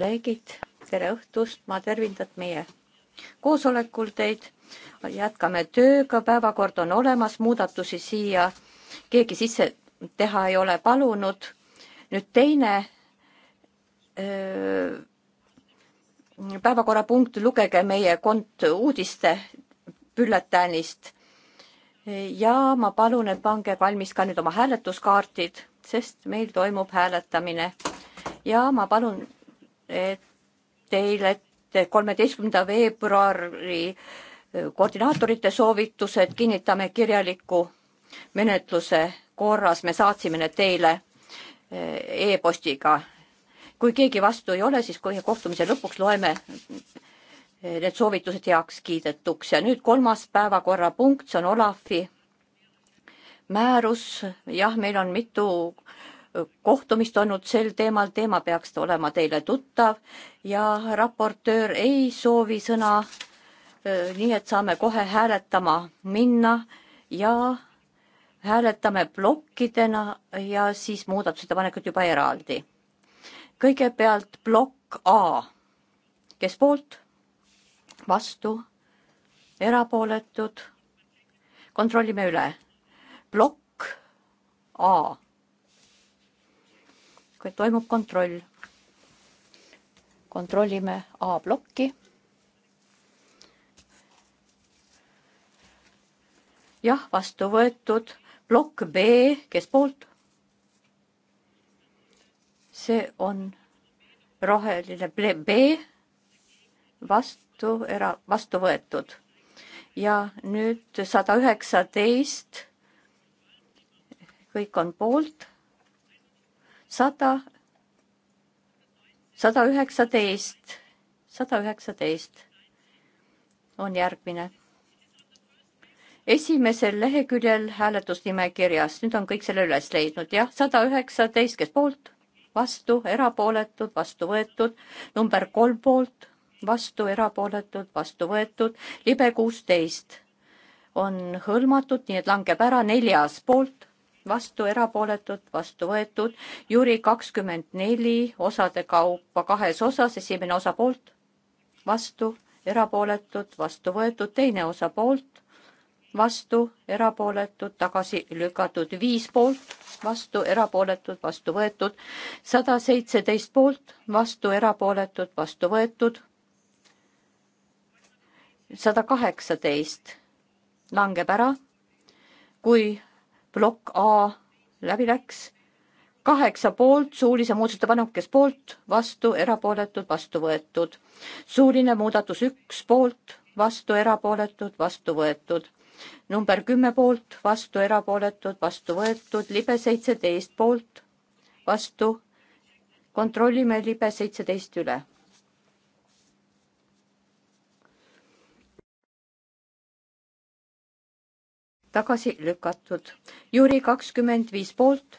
kolleegid, tere õhtust, ma tervitan meie koosolekul teid. jätkame tööga, päevakord on olemas, muudatusi siia keegi sisse teha ei ole palunud. nüüd teine öö, päevakorrapunkt, lugege meie kont uudiste bülletäänist. ja ma palun, et pange valmis ka nüüd oma hääletuskaardid, sest meil toimub hääletamine. ja ma palun et teile kolmeteistkümnenda veebruari eh, koordinaatorite soovitused kinnitame kirjaliku menetluse korras, me saatsime need teile eh, e-postiga. kui keegi vastu ei ole, siis kohe kohtumise lõpuks loeme eh, need soovitused heaks kiidetuks ja nüüd kolmas päevakorrapunkt, see on Olafi määrus. jah, meil on mitu kohtumist olnud sel teemal, teema peaks olema teile tuttav ja raportöör ei soovi sõna. Äh, nii et saame kohe hääletama minna ja hääletame plokkidena ja siis muudatusettepanekud juba eraldi. kõigepealt plokk A, kes poolt, vastu, erapooletud, kontrollime üle. plokk A toimub kontroll. kontrollime A-plokki. jah, vastu võetud plokk B, kes poolt? see on roheline B vastu era-, vastu võetud ja nüüd sada üheksateist, kõik on poolt, sada, sada üheksateist, sada üheksateist on järgmine. esimesel leheküljel hääletusnimekirjas, nüüd on kõik selle üles leidnud, jah, sada üheksateist, kes poolt, vastu, erapooletud, vastu võetud, number kolm poolt, vastu, erapooletud, vastu võetud, libe kuusteist on hõlmatud, nii et langeb ära neljas poolt vastu erapooletud, vastu võetud. Jüri kakskümmend neli osade kaupa kahes osas, esimene osa poolt, vastu, erapooletud, vastu võetud, teine osa poolt, vastu, erapooletud, tagasi lükatud, viis poolt, vastu, erapooletud, vastu võetud, sada seitseteist poolt, vastu, erapooletud, vastu võetud, sada kaheksateist langeb ära, kui plokk A läbi läks. kaheksa poolt suulise muudatusettepaneku, kes poolt, vastu, erapooletud, vastu võetud. suuline muudatus üks poolt, vastu, erapooletud, vastu võetud. number kümme poolt, vastu, erapooletud, vastu võetud, libe seitseteist poolt, vastu. kontrollime libe seitseteist üle tagasi lükatud. Jüri kakskümmend viis poolt,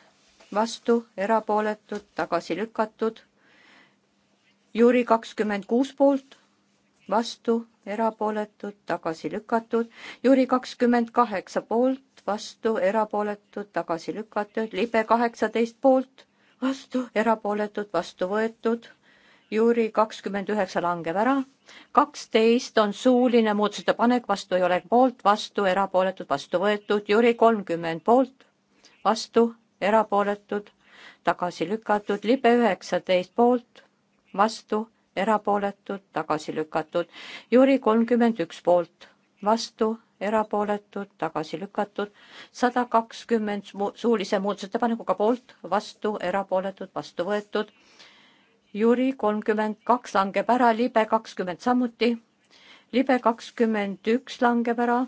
vastu, erapooletud, tagasi lükatud. Jüri kakskümmend kuus poolt, vastu, erapooletud, tagasi lükatud. Jüri kakskümmend kaheksa poolt, vastu, erapooletud, tagasi lükatud. libe kaheksateist poolt, vastu, erapooletud, vastu võetud Juri kakskümmend üheksa langeb ära, kaksteist on suuline muudatusettepanek, vastu ei ole poolt, vastu erapooletud, vastu võetud, Jüri kolmkümmend poolt, vastu erapooletud, tagasi lükatud, libe üheksateist poolt, vastu erapooletud, tagasi lükatud, Jüri kolmkümmend üks poolt, vastu erapooletud, tagasi lükatud, sada kakskümmend suulise muudatusettepanekuga poolt, vastu erapooletud, vastu võetud Jüri kolmkümmend kaks langeb ära, libe kakskümmend samuti. libe kakskümmend üks langeb ära.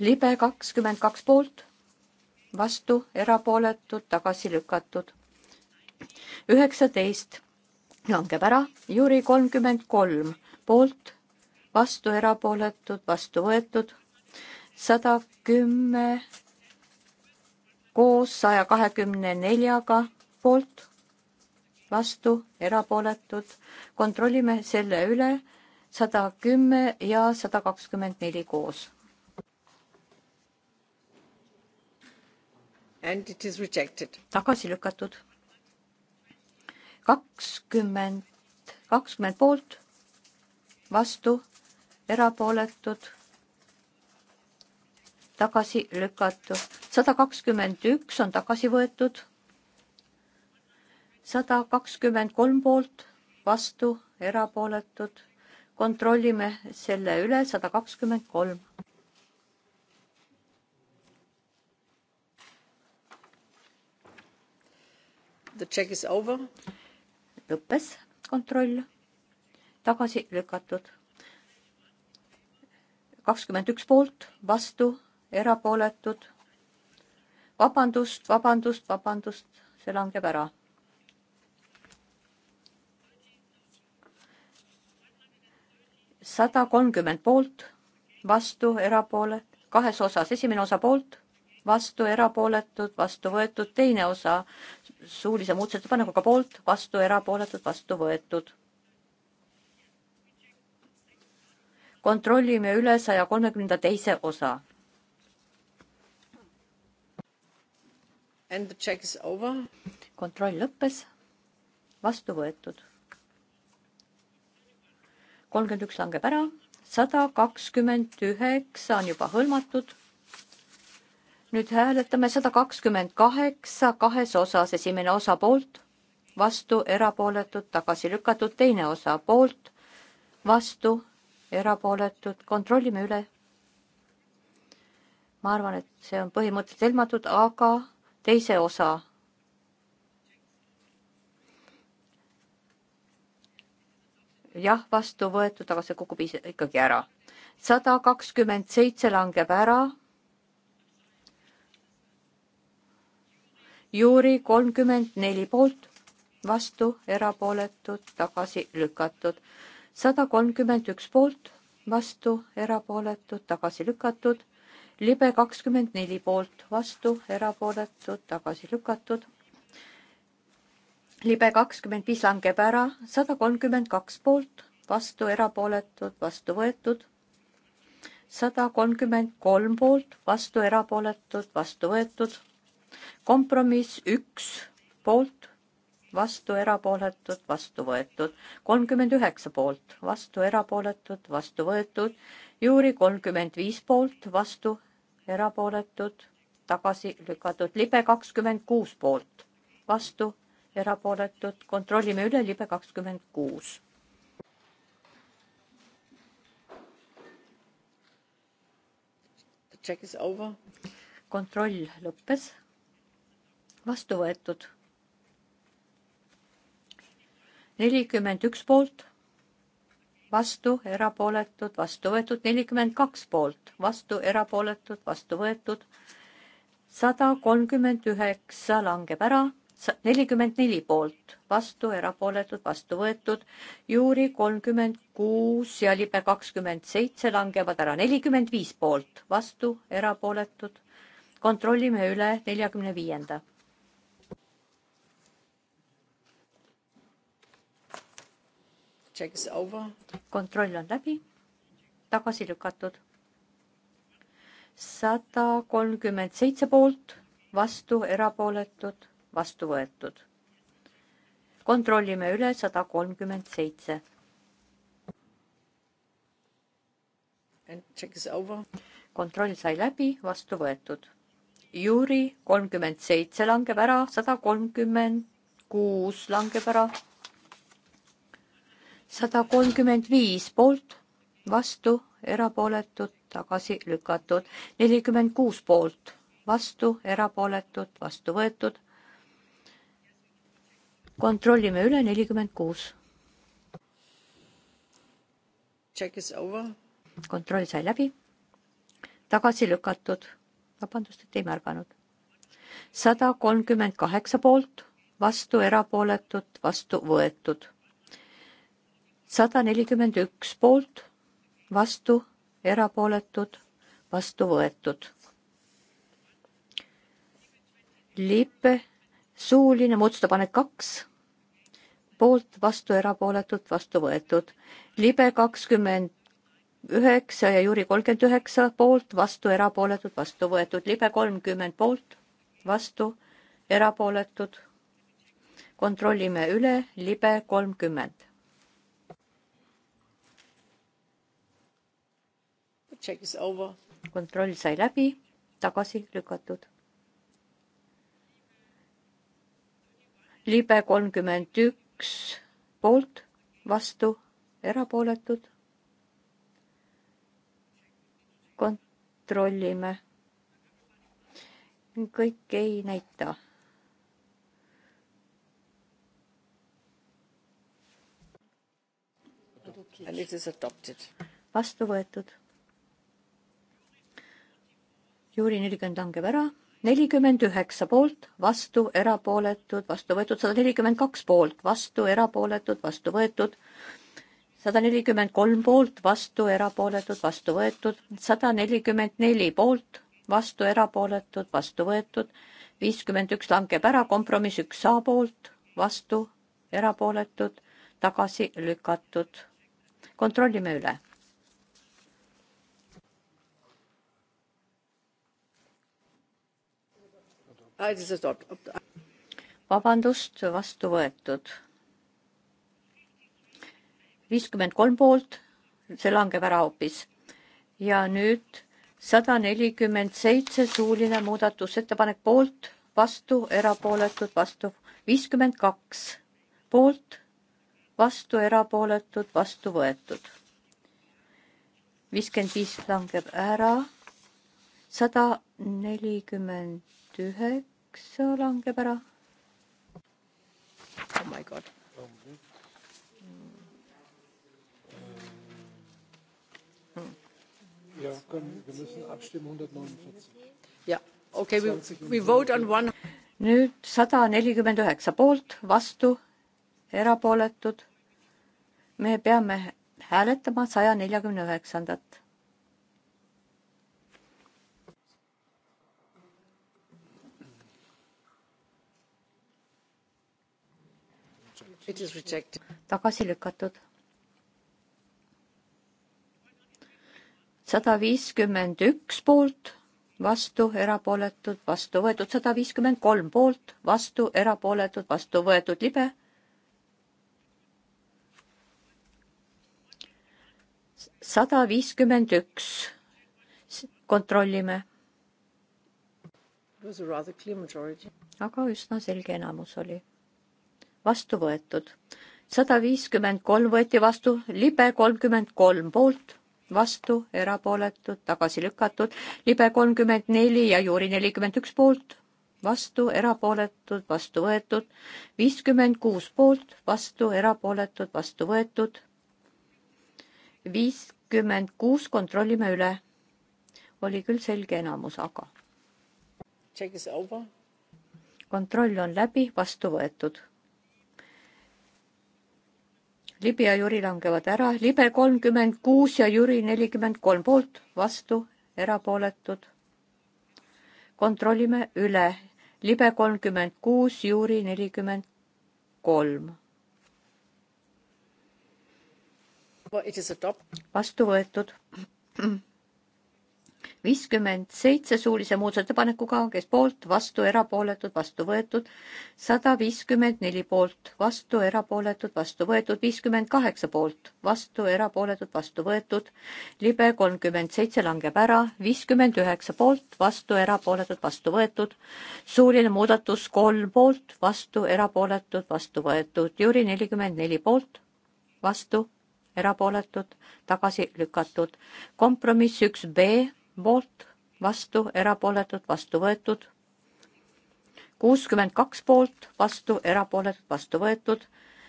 libe kakskümmend kaks poolt, vastu, erapooletud, tagasi lükatud. üheksateist langeb ära, Jüri kolmkümmend kolm poolt, vastu, erapooletud, vastu võetud. sada kümme koos saja kahekümne neljaga poolt, vastu, erapooletud. kontrollime selle üle sada kümme ja sada kakskümmend neli koos. And it is rejected. tagasi lükatud. kakskümmend, kakskümmend poolt, vastu, erapooletud tagasi lükatud, sada kakskümmend üks on tagasi võetud, sada kakskümmend kolm poolt, vastu, erapooletud. kontrollime selle üle, sada kakskümmend kolm. The check is over. lõppes kontroll, tagasi lükatud kakskümmend üks poolt, vastu, erapooletud. vabandust, vabandust, vabandust, see langeb ära. sada kolmkümmend poolt, vastu, erapoolet, kahes osas, esimene osa poolt, vastu, erapooletud, vastu võetud, teine osa suulise muudatusettepanekuga poolt, vastu, erapooletud, vastu võetud kontrollime üle saja kolmekümne teise osa. And the check is over. kontroll lõppes, vastu võetud. kolmkümmend üks langeb ära, sada kakskümmend üheksa on juba hõlmatud. nüüd hääletame sada kakskümmend kaheksa kahes osas, esimene osa poolt, vastu, erapooletud, tagasi lükatud, teine osa poolt, vastu, erapooletud, kontrollime üle. ma arvan, et see on põhimõtteliselt hõlmatud, aga teise osa jah, vastu võetud, aga see kukub ise ikkagi ära. sada kakskümmend seitse langeb ära. juuri kolmkümmend neli poolt, vastu, erapooletud, tagasi lükatud. sada kolmkümmend üks poolt, vastu, erapooletud, tagasi lükatud libe kakskümmend neli poolt, vastu, erapooletud, tagasi lükatud. libe kakskümmend viis langeb ära, sada kolmkümmend kaks poolt, vastu, erapooletud, vastu võetud. sada kolmkümmend kolm poolt, vastu, erapooletud, vastu võetud. kompromiss üks poolt vastu erapooletud, vastu võetud, kolmkümmend üheksa poolt, vastu erapooletud, vastu võetud, Jüri kolmkümmend viis poolt, vastu erapooletud, tagasi lükatud, libe kakskümmend kuus poolt, vastu, erapooletud, kontrollime üle, libe kakskümmend kuus. Check is over. kontroll lõppes, vastu võetud. nelikümmend üks poolt vastu erapooletud, vastu võetud nelikümmend kaks poolt, vastu erapooletud, vastu võetud sada kolmkümmend üheksa langeb ära, nelikümmend neli poolt, vastu erapooletud, vastu võetud, juuri kolmkümmend kuus ja libe kakskümmend seitse langevad ära, nelikümmend viis poolt, vastu erapooletud. kontrollime üle neljakümne viienda kontroll on läbi, tagasi lükatud. sada kolmkümmend seitse poolt, vastu erapooletud, vastu võetud. kontrollime üle sada kolmkümmend seitse. kontroll sai läbi, vastu võetud. Jüri kolmkümmend seitse langeb ära, sada kolmkümmend kuus langeb ära sada kolmkümmend viis poolt, vastu, erapooletud, tagasi lükatud, nelikümmend kuus poolt, vastu, erapooletud, vastu võetud. kontrollime üle, nelikümmend kuus. Check is over. kontroll sai läbi. tagasi lükatud. vabandust, et ei märganud. sada kolmkümmend kaheksa poolt, vastu, erapooletud, vastu võetud sada nelikümmend üks poolt, vastu, erapooletud, vastu võetud. Liipe, suuline muudatusettepanek kaks, poolt, vastu, erapooletud, vastu võetud. libe kakskümmend üheksa ja Jüri kolmkümmend üheksa poolt, vastu, erapooletud, vastu võetud. libe kolmkümmend poolt, vastu, erapooletud. kontrollime üle, libe kolmkümmend kontroll sai läbi, tagasi lükatud. libe kolmkümmend üks poolt, vastu, erapooletud. kontrollime. kõik ei näita vastu võetud juuri nelikümmend langeb ära, nelikümmend üheksa poolt, vastu, erapooletud, vastu võetud, sada nelikümmend kaks poolt, vastu, erapooletud, vastu võetud, sada nelikümmend kolm poolt, vastu, erapooletud, vastu võetud, sada nelikümmend neli poolt, vastu, erapooletud, vastu võetud, viiskümmend üks langeb ära, kompromiss üks A poolt, vastu, erapooletud, tagasi lükatud. kontrollime üle vabandust, vastu võetud. viiskümmend kolm poolt, see langeb ära hoopis. ja nüüd sada nelikümmend seitse suuline muudatusettepanek poolt, vastu, erapooletud, vastu viiskümmend kaks poolt, vastu, erapooletud, vastu võetud. viiskümmend viis langeb ära, sada nelikümmend üheksa langeb ära. Oh my god. Ja, können, wir müssen abstimmen 149. Ja, okay, we, we vote on one. nüüd sada nelikümmend üheksa poolt, vastu, erapooletud. me peame hääletama saja neljakümne üheksandat tagasi lükatud. sada viiskümmend üks poolt, vastu, erapooletud, vastu võetud, sada viiskümmend kolm poolt, vastu, erapooletud, vastu võetud, libe. sada viiskümmend üks, kontrollime aga üsna selge enamus oli vastu võetud. sada viiskümmend kolm võeti vastu, libe kolmkümmend kolm poolt, vastu, erapooletud, tagasi lükatud, libe kolmkümmend neli ja juuri nelikümmend üks poolt, vastu, erapooletud, vastu võetud, viiskümmend kuus poolt, vastu, erapooletud, vastu võetud, viiskümmend kuus, kontrollime üle. oli küll selge enamus, aga. kontroll on läbi, vastu võetud Libi ja Jüri langevad ära, libe kolmkümmend kuus ja Jüri nelikümmend kolm poolt, vastu, erapooletud. kontrollime üle, libe kolmkümmend kuus, Jüri nelikümmend kolm. vastu võetud viiskümmend seitse suulise muudatusettepanekuga, kes poolt, vastu, erapooletud, vastu võetud, sada viiskümmend neli poolt, vastu, erapooletud, vastu võetud, viiskümmend kaheksa poolt, vastu, erapooletud, vastu võetud, libe kolmkümmend seitse langeb ära, viiskümmend üheksa poolt, vastu, erapooletud, vastu võetud, suuline muudatus kolm poolt, vastu, erapooletud, vastu võetud, Jüri nelikümmend neli poolt, vastu, erapooletud, tagasi lükatud, kompromiss üks B poolt, vastu, erapooletud, vastu võetud. kuuskümmend kaks poolt, vastu, erapooletud, vastu võetud.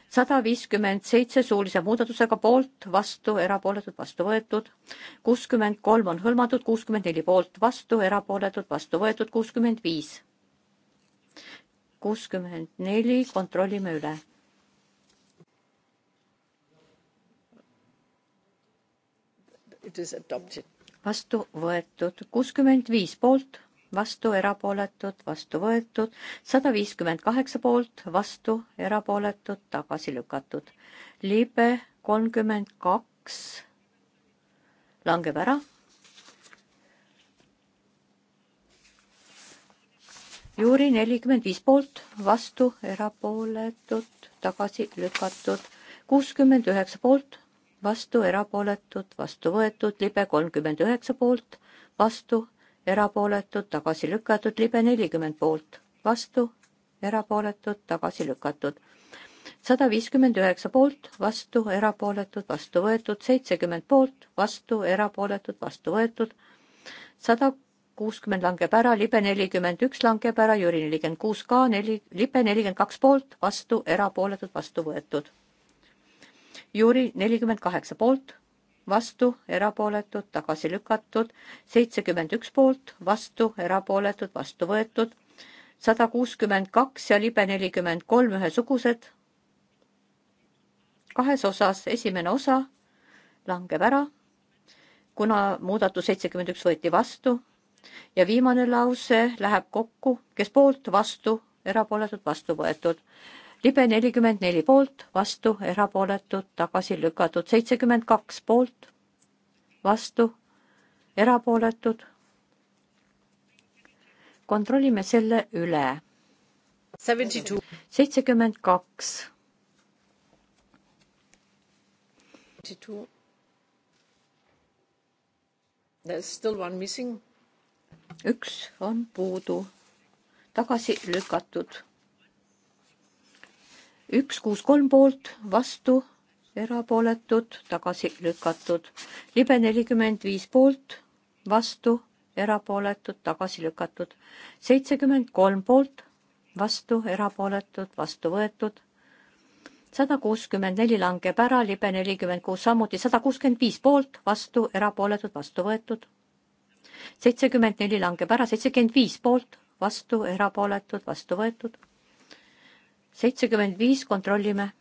sada viiskümmend seitse suulise muudatusega poolt, vastu, erapooletud, vastu võetud. kuuskümmend kolm on hõlmatud, kuuskümmend neli poolt, vastu, erapooletud, vastu võetud, kuuskümmend viis. kuuskümmend neli, kontrollime üle it is adopted vastu võetud, kuuskümmend viis poolt, vastu erapooletud, vastu võetud, sada viiskümmend kaheksa poolt, vastu erapooletud, tagasi lükatud. libe kolmkümmend kaks langeb ära. juuri nelikümmend viis poolt, vastu erapooletud, tagasi lükatud, kuuskümmend üheksa poolt vastu, erapooletud, vastu võetud, libe kolmkümmend üheksa poolt, vastu, erapooletud, tagasi lükatud, libe nelikümmend poolt, vastu, erapooletud, tagasi lükatud. sada viiskümmend üheksa poolt, vastu, erapooletud, vastu võetud, seitsekümmend poolt, vastu, erapooletud, vastu võetud, sada kuuskümmend langeb ära, libe nelikümmend üks langeb ära, Jüri nelikümmend kuus ka, neli, libe nelikümmend kaks poolt, vastu, erapooletud, vastu võetud Juri nelikümmend kaheksa poolt, vastu, erapooletud, tagasi lükatud, seitsekümmend üks poolt, vastu, erapooletud, vastu võetud, sada kuuskümmend kaks ja libe nelikümmend kolm ühesugused. kahes osas esimene osa langeb ära, kuna muudatus seitsekümmend üks võeti vastu ja viimane lause läheb kokku, kes poolt, vastu, erapooletud, vastu võetud libe nelikümmend neli poolt, vastu, erapooletud, tagasi lükatud, seitsekümmend kaks poolt, vastu, erapooletud. kontrollime selle üle. seitsekümmend kaks. üks on puudu, tagasi lükatud üks, kuus, kolm poolt, vastu, erapooletud, tagasi lükatud. libe nelikümmend viis poolt, vastu, erapooletud, tagasi lükatud. seitsekümmend kolm poolt, vastu, erapooletud, vastu võetud. sada kuuskümmend neli langeb ära, libe nelikümmend kuus samuti, sada kuuskümmend viis poolt, vastu, erapooletud, vastu võetud. seitsekümmend neli langeb ära, seitsekümmend viis poolt, vastu, erapooletud, vastu võetud seitsekümmend viis, kontrollime.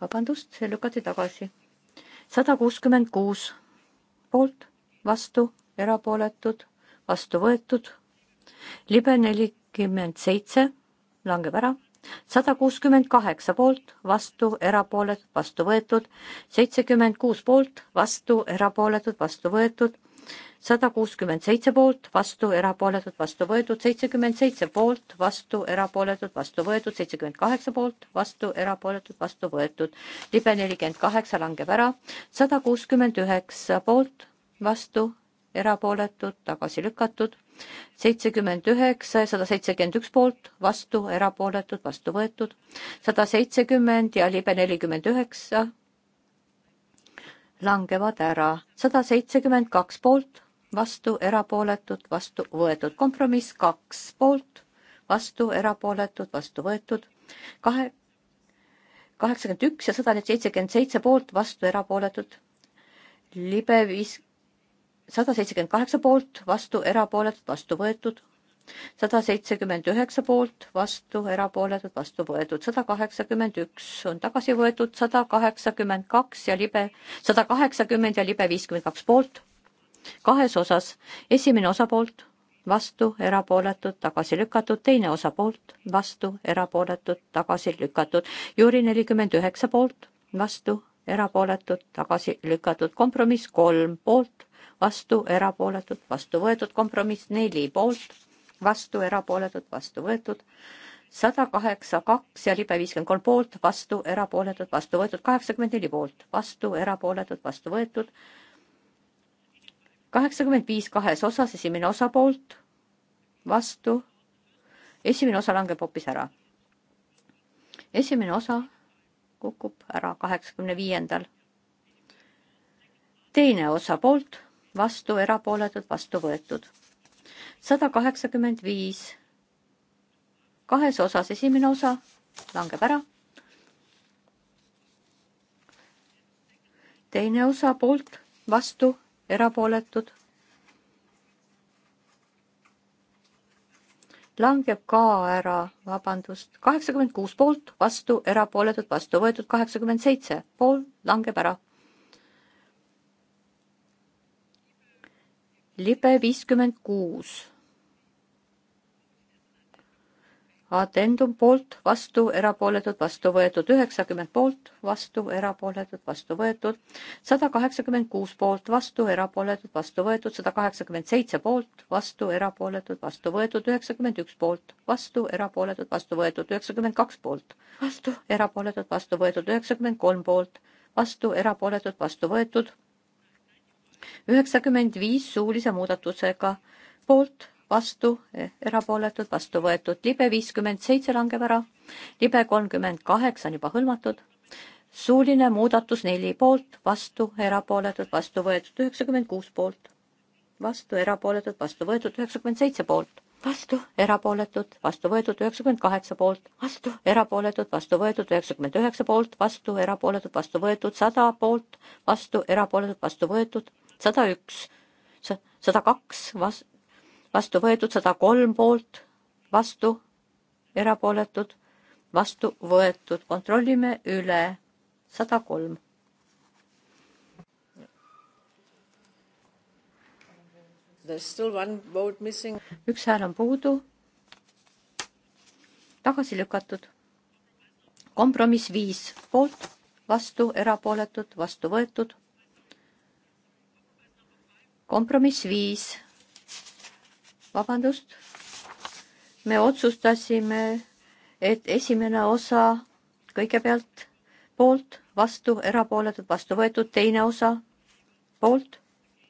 vabandust, see lükati tagasi. sada kuuskümmend kuus poolt, vastu, erapooletud, vastu võetud. libe nelikümmend seitse langeb ära sada kuuskümmend kaheksa poolt, vastu, erapooletud, vastu võetud, seitsekümmend kuus poolt, vastu, erapooletud, vastu võetud, sada kuuskümmend seitse poolt, vastu, erapooletud, vastu võetud, seitsekümmend seitse poolt, vastu, erapooletud, vastu võetud, seitsekümmend kaheksa poolt, vastu, erapooletud, vastu võetud. libe nelikümmend kaheksa langeb ära, sada kuuskümmend üheksa poolt, vastu, erapooletud, tagasi lükatud seitsekümmend üheksa ja sada seitsekümmend üks poolt, vastu, erapooletud, vastu võetud, sada seitsekümmend ja libe nelikümmend üheksa langevad ära, sada seitsekümmend kaks poolt, vastu, erapooletud, vastu võetud, kompromiss kaks poolt, vastu, erapooletud, vastu võetud, kahe, kaheksakümmend üks ja sada seitsekümmend seitse poolt, vastu, erapooletud, libe viis sada seitsekümmend kaheksa poolt, vastu, erapooletud, vastu võetud. sada seitsekümmend üheksa poolt, vastu, erapooletud, vastu võetud, sada kaheksakümmend üks on tagasi võetud, sada kaheksakümmend kaks ja libe, sada kaheksakümmend ja libe viiskümmend kaks poolt. kahes osas, esimene osa poolt, vastu, erapooletud, tagasi lükatud, teine osa poolt, vastu, erapooletud, tagasi lükatud, Jüri nelikümmend üheksa poolt, vastu, erapooletud, tagasi lükatud, kompromiss kolm poolt, vastu, erapooletud, vastu võetud, kompromiss neli poolt, vastu, erapooletud, vastu võetud, sada kaheksa, kaks ja libe viiskümmend kolm poolt, vastu, erapooletud, vastu võetud, kaheksakümmend neli poolt, vastu, erapooletud, vastu võetud, kaheksakümmend viis kahes osas, esimene osa poolt, vastu, esimene osa langeb hoopis ära. esimene osa kukub ära kaheksakümne viiendal. teine osa poolt, vastu, erapooletud, vastu võetud. sada kaheksakümmend viis. kahes osas esimene osa langeb ära. teine osa poolt, vastu, erapooletud langeb ka ära, vabandust, kaheksakümmend kuus poolt, vastu, erapooletud, vastu võetud kaheksakümmend seitse, pool langeb ära. libe viiskümmend kuus addendum poolt, vastu, erapooletud, vastu võetud, üheksakümmend poolt, vastu, erapooletud, vastu võetud, sada kaheksakümmend kuus poolt, vastu, erapooletud, vastu võetud, sada kaheksakümmend seitse poolt, vastu, erapooletud, vastu võetud, üheksakümmend üks poolt, vastu, erapooletud, vastu võetud, üheksakümmend kaks poolt, vastu, erapooletud, vastu võetud, üheksakümmend kolm poolt, vastu, erapooletud, vastu võetud, üheksakümmend viis suulise muudatusega poolt vastu, erapooletud, vastu võetud, libe viiskümmend seitse langeb ära, libe kolmkümmend kaheksa on juba hõlmatud, suuline muudatus neli poolt, vastu, erapooletud, vastu võetud, üheksakümmend kuus poolt, vastu, erapooletud, vastu võetud, üheksakümmend seitse poolt vastu, erapooletud, vastu võetud üheksakümmend kaheksa poolt, vastu, erapooletud, vastu võetud üheksakümmend üheksa poolt, vastu, erapooletud, vastu võetud sada poolt, vastu, erapooletud, vastu võetud sada üks, sada kaks, vas-, vastu võetud sada kolm poolt, vastu erapooletud, vastu võetud, kontrollime üle sada kolm. üks hääl on puudu. tagasi lükatud. kompromiss viis poolt, vastu erapooletud, vastu võetud kompromiss viis vabandust, me otsustasime, et esimene osa kõigepealt poolt, vastu, erapooletud, vastu võetud, teine osa poolt,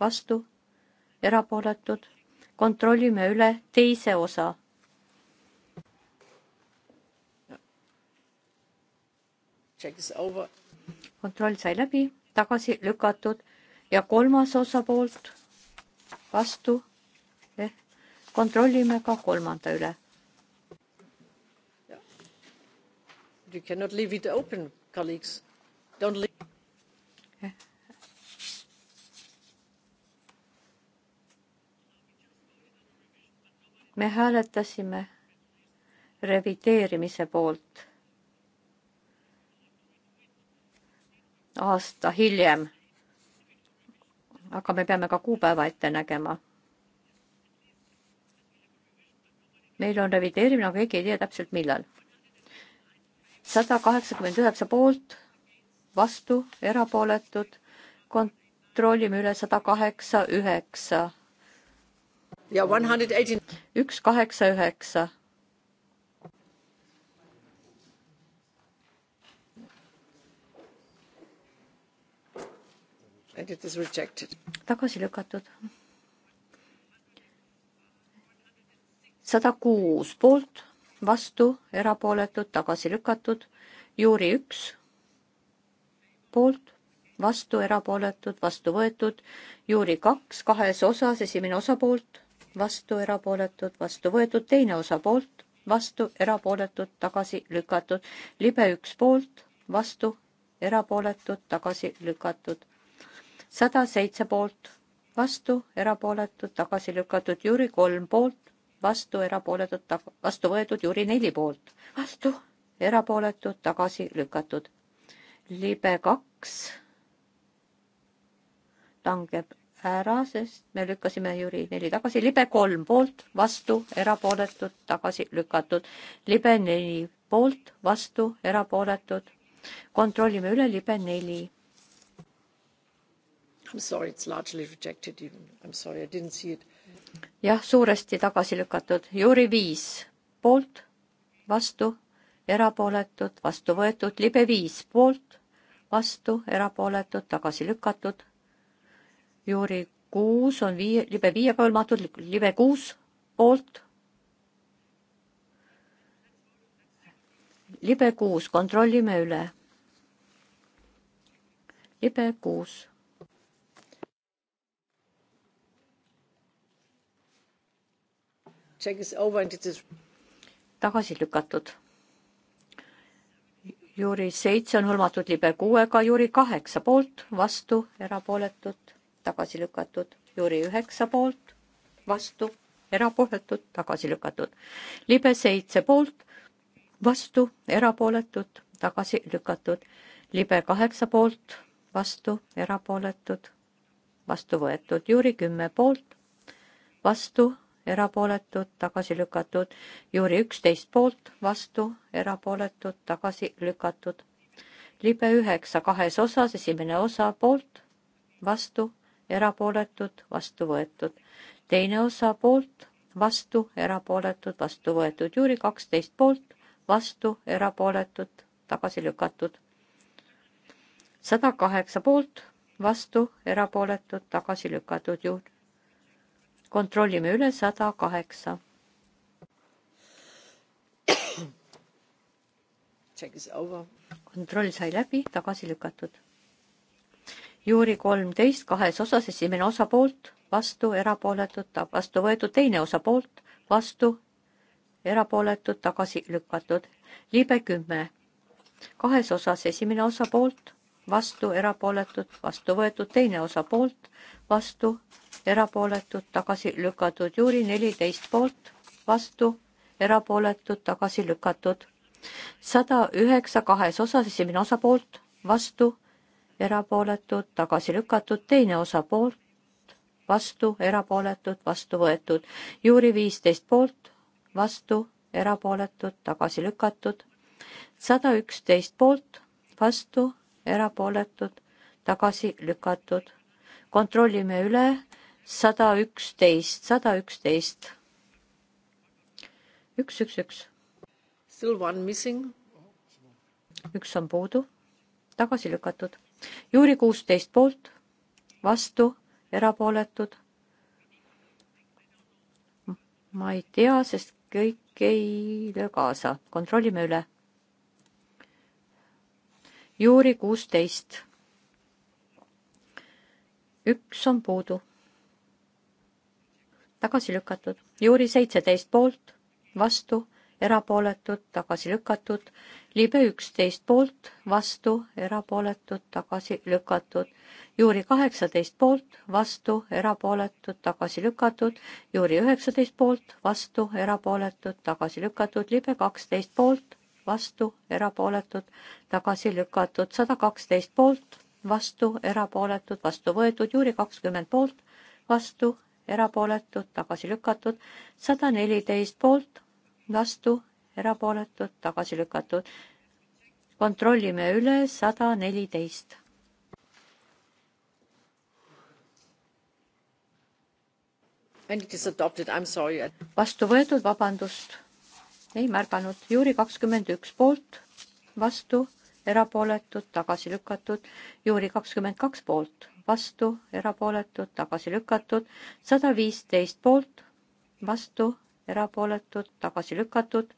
vastu, erapooletud. kontrollime üle teise osa. kontroll sai läbi, tagasi lükatud ja kolmas osa poolt, vastu eh,, kontrollime ka kolmanda üle. You cannot leave it open, colleagues. Don't leave. me hääletasime revideerimise poolt aasta hiljem. aga me peame ka kuupäeva ette nägema meil on revideerimine, aga keegi ei tea täpselt, millal. sada kaheksakümmend üheksa poolt, vastu, erapooletud, kontrollime üle sada kaheksa, üheksa. ja üks, kaheksa, üheksa. tagasi lükatud sada kuus poolt, vastu, erapooletud, tagasi lükatud. juuri üks poolt, vastu, erapooletud, vastu võetud. juuri kaks kahes osas, esimene osa poolt, vastu, erapooletud, vastu võetud, teine osa poolt, vastu, erapooletud, tagasi lükatud. libe üks poolt, vastu, erapooletud, tagasi lükatud. sada seitse poolt, vastu, erapooletud, tagasi lükatud. Jüri kolm poolt, vastu, erapooletud, vastu võetud, Jüri neli poolt, vastu, erapooletud, tagasi lükatud. libe kaks langeb ära, sest me lükkasime Jüri neli tagasi, libe kolm poolt, vastu, erapooletud, tagasi lükatud, libe neli poolt, vastu, erapooletud. kontrollime üle, libe neli I am sorry, it's largely rejected even. I am sorry, I didn't see it jah, suuresti tagasi lükatud. Juri viis poolt, vastu, erapooletud, vastu võetud. libe viis poolt, vastu, erapooletud, tagasi lükatud. Juri kuus on viie, libe viie peal mahtud, libe kuus poolt. libe kuus, kontrollime üle. libe kuus tagasi lükatud. juuri seitse on hõlmatud libe kuuega, juuri kaheksa poolt, vastu, erapooletud, tagasi lükatud, juuri üheksa poolt, vastu, erapooletud, tagasi lükatud. libe seitse poolt, vastu, erapooletud, tagasi lükatud. libe kaheksa poolt, vastu, erapooletud, vastu võetud. juuri kümme poolt, vastu, erapooletud, tagasi lükatud. juuri üksteist poolt, vastu, erapooletud, tagasi lükatud. libe üheksa kahes osas, esimene osa poolt, vastu, erapooletud, vastu võetud. teine osa poolt, vastu, erapooletud, vastu võetud. juuri kaksteist poolt, vastu, erapooletud, tagasi lükatud. sada kaheksa poolt, vastu, erapooletud, tagasi lükatud. juurde kontrollime üle sada kaheksa. kontroll sai läbi, tagasi lükatud. juuri kolmteist kahes osas, esimene osa poolt, vastu, erapooletud, vastu võetud, teine osa poolt, vastu, erapooletud, tagasi lükatud. libe kümme, kahes osas, esimene osa poolt, vastu erapooletud, vastu võetud, teine osa poolt, vastu erapooletud, tagasi lükatud, juuri neliteist poolt, vastu erapooletud, tagasi lükatud. sada üheksa kahes osas, esimene osa poolt, vastu erapooletud, tagasi lükatud, teine osa poolt, vastu erapooletud, vastu võetud, juuri viisteist poolt, vastu erapooletud, tagasi lükatud, sada üksteist poolt, vastu erapooletud, tagasi lükatud. kontrollime üle, sada üksteist, sada üksteist. üks, üks, üks. Still one missing. üks on puudu, tagasi lükatud. juuri kuusteist poolt, vastu, erapooletud. ma ei tea, sest kõik ei löö kaasa, kontrollime üle juuri kuusteist. üks on puudu. tagasi lükatud, juuri seitseteist poolt, vastu, erapooletud, tagasi lükatud, libe üksteist poolt, vastu, erapooletud, tagasi lükatud, juuri kaheksateist poolt, vastu, erapooletud, tagasi lükatud, juuri üheksateist poolt, vastu, erapooletud, tagasi lükatud, libe kaksteist poolt vastu, erapooletud, tagasi lükatud, sada kaksteist poolt, vastu, erapooletud, vastu võetud, juuri kakskümmend poolt, vastu, erapooletud, tagasi lükatud, sada neliteist poolt, vastu, erapooletud, tagasi lükatud. kontrollime üle sada neliteist. vastu võetud, vabandust ei märganud. Juuri kakskümmend üks poolt, vastu, erapooletud, tagasi lükatud. Juuri kakskümmend kaks poolt, vastu, erapooletud, tagasi lükatud. sada viisteist poolt, vastu, erapooletud, tagasi lükatud.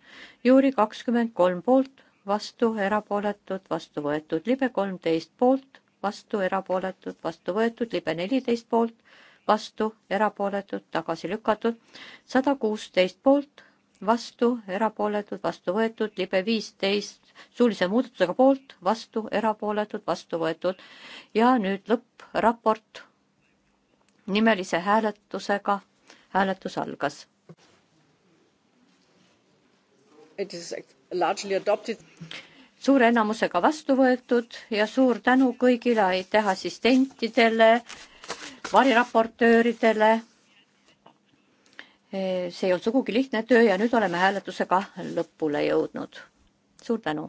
Juuri kakskümmend kolm poolt, vastu, erapooletud, vastu võetud. libe kolmteist poolt, vastu, erapooletud, vastu võetud. libe neliteist poolt, vastu, erapooletud, tagasi lükatud. sada kuusteist poolt vastu, erapooletud, vastu võetud, libe viisteist suulise muudatusega poolt, vastu, erapooletud, vastu võetud. ja nüüd lõppraport nimelise hääletusega. hääletus algas. suure enamusega vastu võetud ja suur tänu kõigile aitäh assistentidele, variraportööridele see ei olnud sugugi lihtne töö ja nüüd oleme hääletusega lõpule jõudnud. suur tänu.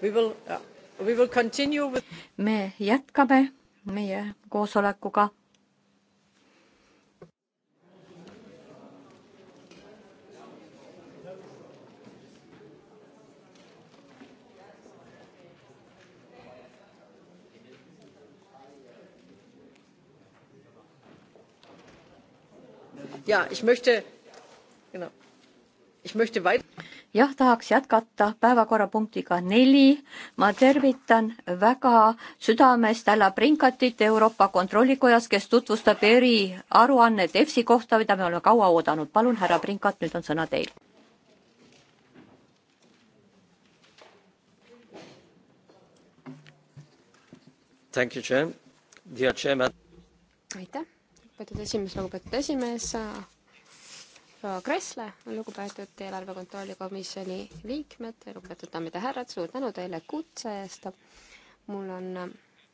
Uh, with... me jätkame meie koosolekuga jah, tahaks jätkata päevakorrapunktiga neli. ma tervitan väga südamest Älla Prinkatit Euroopa Kontrollikojas, kes tutvustab eriaruannet EFSi kohta, mida me oleme kaua oodanud. palun, härra Prinkat, nüüd on sõna teil. aitäh lugupeetud esimees, lugupeetud esimees, proua Kressle, lugupeetud eelarve kontrolli komisjoni liikmed, lugupeetud daamid ja härrad, suur tänu teile kutse eest. mul on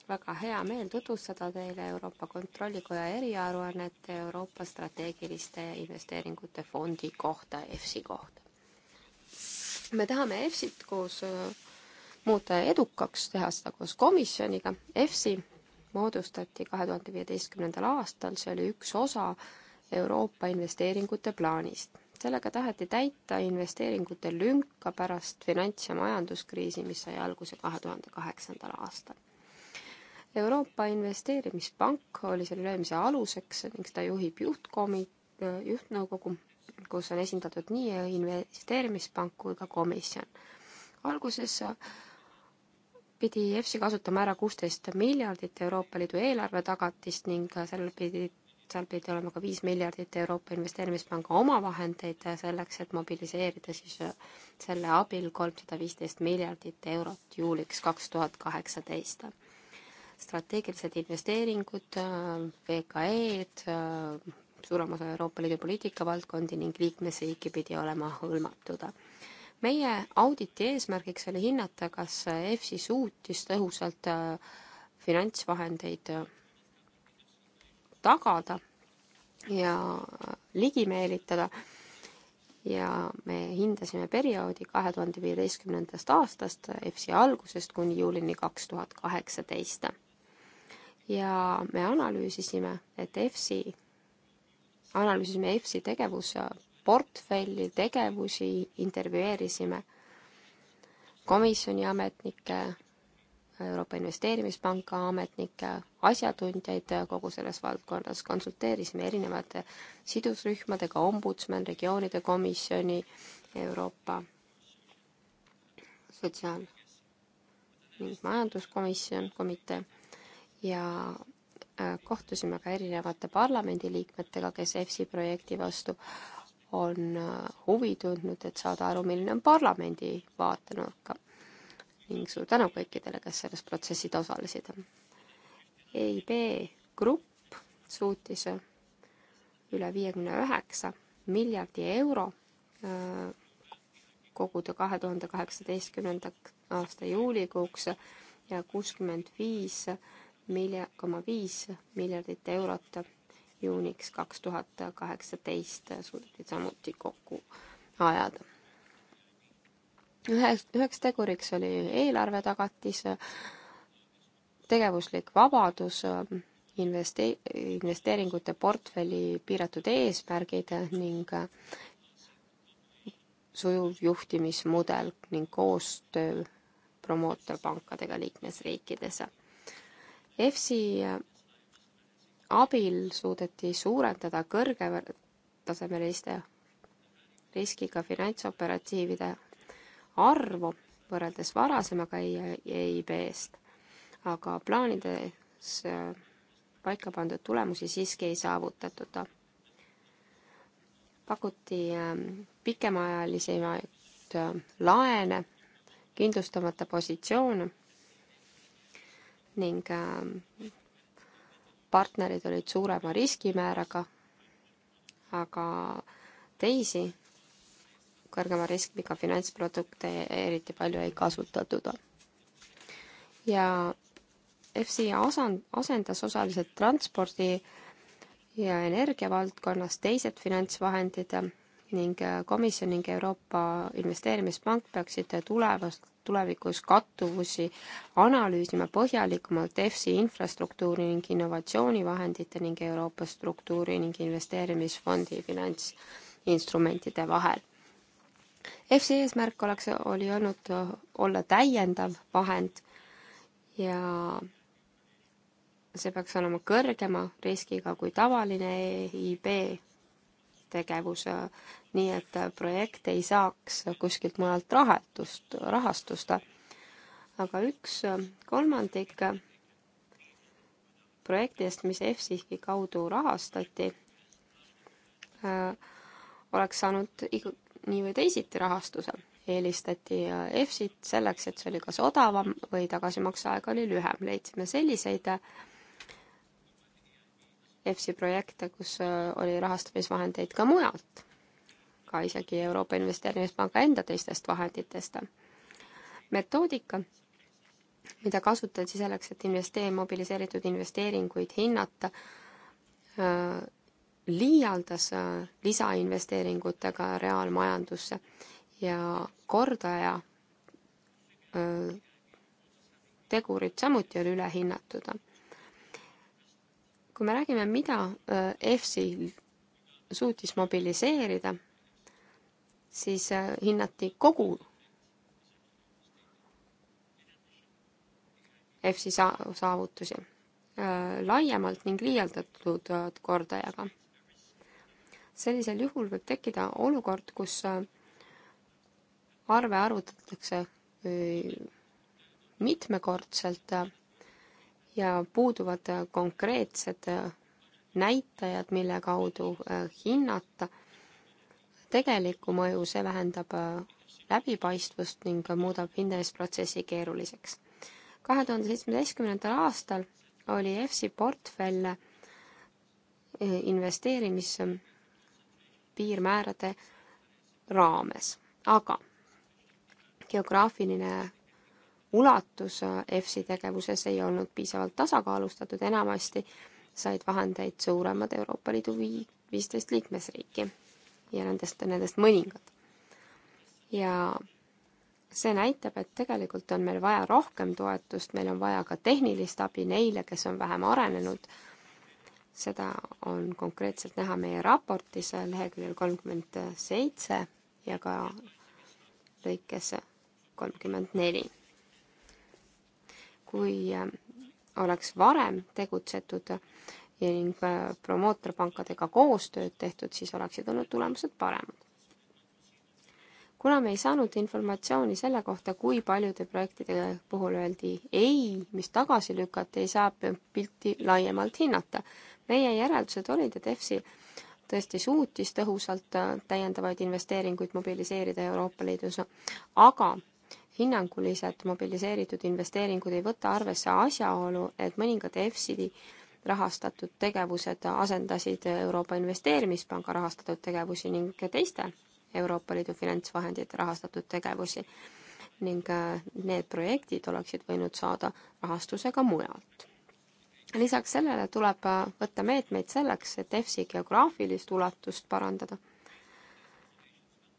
väga hea meel tutvustada teile Euroopa Kontrollikoja eriaruannet Euroopa strateegiliste investeeringute fondi kohta, EFSI kohta. me tahame EFSit koos äh, muuta edukaks, teha seda koos komisjoniga. EFSi moodustati kahe tuhande viieteistkümnendal aastal, see oli üks osa Euroopa investeeringute plaanist. sellega taheti täita investeeringute lünka pärast finants- ja majanduskriisi, mis sai alguse kahe tuhande kaheksandal aastal. Euroopa Investeerimispank oli selle löömise aluseks ning seda juhib juhtkomi-, juhtnõukogu, kus on esindatud nii investeerimispank kui ka komisjon. alguses pidi EFSI kasutama ära kuusteist miljardit Euroopa Liidu eelarve tagatist ning sellel pidi, seal pidi olema ka viis miljardit Euroopa Investeerimispanga omavahendeid selleks, et mobiliseerida siis äh, selle abil kolmsada viisteist miljardit eurot juuliks kaks tuhat kaheksateist. strateegilised investeeringud, äh, VKE-d, äh, suurem osa Euroopa Liidu poliitikavaldkondi ning liikmesriiki pidi olema hõlmatud meie auditi eesmärgiks oli hinnata, kas EFSI suutis tõhusalt äh, finantsvahendeid äh, tagada ja äh, ligi meelitada ja me hindasime perioodi kahe tuhande viieteistkümnendast aastast, EFSI algusest kuni juulini kaks tuhat kaheksateist. ja me analüüsisime, et EFSI, analüüsisime EFSI tegevuse portfelli tegevusi intervjueerisime komisjoni ametnikke, Euroopa Investeerimispanga ametnikke, asjatundjaid kogu selles valdkonnas, konsulteerisime erinevate sidusrühmadega, ombudsman, regioonide komisjoni, Euroopa sotsiaal- ning majanduskomisjon, komitee ja äh, kohtusime ka erinevate parlamendiliikmetega, kes EFSI projekti vastu on äh, huvi tundnud, et saada aru, milline on parlamendi vaatenurk. ning suur tänu kõikidele, kes selles protsessis osalesid. EIB grupp suutis äh, üle viiekümne üheksa miljardi euro äh, koguda kahe tuhande kaheksateistkümnenda aasta juulikuuks ja kuuskümmend viis milja-, koma viis miljardit eurot juuniks kaks tuhat kaheksateist suudeti samuti kokku ajada. üheks, üheks teguriks oli eelarve tagatis, tegevuslik vabadus, investe-, investeeringute portfelli piiratud eesmärgid ning sujuv juhtimismudel ning koostöö promootorpankadega liikmesriikides. EFSI abil suudeti suurendada kõrgetasemeliste riskiga finantsoperatiivide arvu võrreldes varasemaga EIB-st, aga plaanides äh, paika pandud tulemusi siiski ei saavutatud. pakuti ähm, pikemaajalisemaid äh, laene, kindlustamata positsioone ning ähm, partnerid olid suurema riskimääraga, aga teisi kõrgema riskiga finantsprodukte eriti palju ei kasutatud. ja FCI asand, asendas osaliselt transpordi ja energia valdkonnas teised finantsvahendid ning komisjon ning Euroopa Investeerimispank peaksid tulevast tulevikus kattuvusi analüüsima põhjalikumalt EFSI infrastruktuuri ning innovatsioonivahendite ning Euroopa struktuuri ning investeerimisfondi finantsinstrumentide vahel. EFSI eesmärk oleks, oli olnud olla täiendav vahend ja see peaks olema kõrgema riskiga kui tavaline EIB tegevus, nii et projekt ei saaks kuskilt mujalt rahetust, rahastust. aga üks kolmandik projektidest, mis EFSIHK-i kaudu rahastati, oleks saanud nii või teisiti rahastuse. eelistati EFSIT selleks, et see oli kas odavam või tagasimakseaeg oli lühem. leidsime selliseid äh, EFSI projekte, kus äh, oli rahastamisvahendeid ka mujalt, ka isegi Euroopa Investeerimispanga enda teistest vahenditest. metoodika, mida kasutati selleks, et investee-, mobiliseeritud investeeringuid hinnata, äh, liialdas äh, lisainvesteeringutega reaalmajandusse ja kordaja tegurid samuti on üle hinnatud kui me räägime, mida EFSI äh, suutis mobiliseerida, siis äh, hinnati kogu EFSI saavutusi äh, laiemalt ning liialdatud kordajaga. sellisel juhul võib tekkida olukord, kus arve arvutatakse mitmekordselt ja puuduvad äh, konkreetsed äh, näitajad, mille kaudu äh, hinnata tegelikku mõju, see vähendab läbipaistvust ning muudab hindamisprotsessi keeruliseks. kahe tuhande seitsmeteistkümnendal aastal oli EFSI portfell investeerimispiirmäärade raames, aga geograafiline ulatus äh, EFSI tegevuses ei olnud piisavalt tasakaalustatud, enamasti said vahendeid suuremad Euroopa Liidu vii-, viisteist liikmesriiki ja nendest, nendest mõningad. ja see näitab, et tegelikult on meil vaja rohkem toetust, meil on vaja ka tehnilist abi neile, kes on vähem arenenud, seda on konkreetselt näha meie raportis leheküljel kolmkümmend seitse ja ka lõikes kolmkümmend neli kui ähm, oleks varem tegutsetud äh, ja ning äh, promootorpankadega koostööd tehtud, siis oleksid olnud tulemused paremad. kuna me ei saanud informatsiooni selle kohta, kui paljude projektide puhul öeldi ei, mis tagasi lükati, ei saa pilti laiemalt hinnata. meie järeldused olid, et EFSI tõesti suutis tõhusalt äh, täiendavaid investeeringuid mobiliseerida Euroopa Liidus, aga hinnanguliselt mobiliseeritud investeeringud ei võta arvesse asjaolu, et mõningad EFSI rahastatud tegevused asendasid Euroopa Investeerimispanga rahastatud tegevusi ning teiste Euroopa Liidu finantsvahendite rahastatud tegevusi ning äh, need projektid oleksid võinud saada rahastuse ka mujalt. lisaks sellele tuleb äh, võtta meetmeid selleks, et EFSI geograafilist ulatust parandada.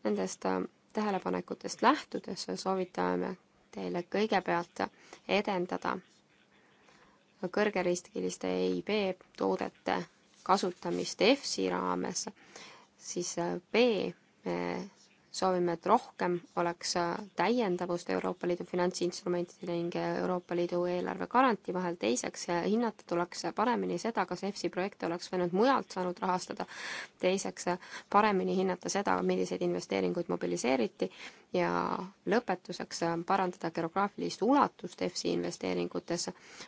Nendest äh, tähelepanekutest lähtudes soovitame teile kõigepealt edendada kõrgeriskiliste EIB toodete kasutamist EFSI raames, siis B soovime, et rohkem oleks äh, täiendavust Euroopa Liidu finantsinstrumentide ning Euroopa Liidu eelarve garanti vahel, teiseks äh, hinnata tuleks paremini seda, kas EFSI projekte oleks võinud mujalt saanud rahastada, teiseks äh, paremini hinnata seda, milliseid investeeringuid mobiliseeriti ja lõpetuseks äh, parandada geograafilist ulatust EFSI investeeringutes.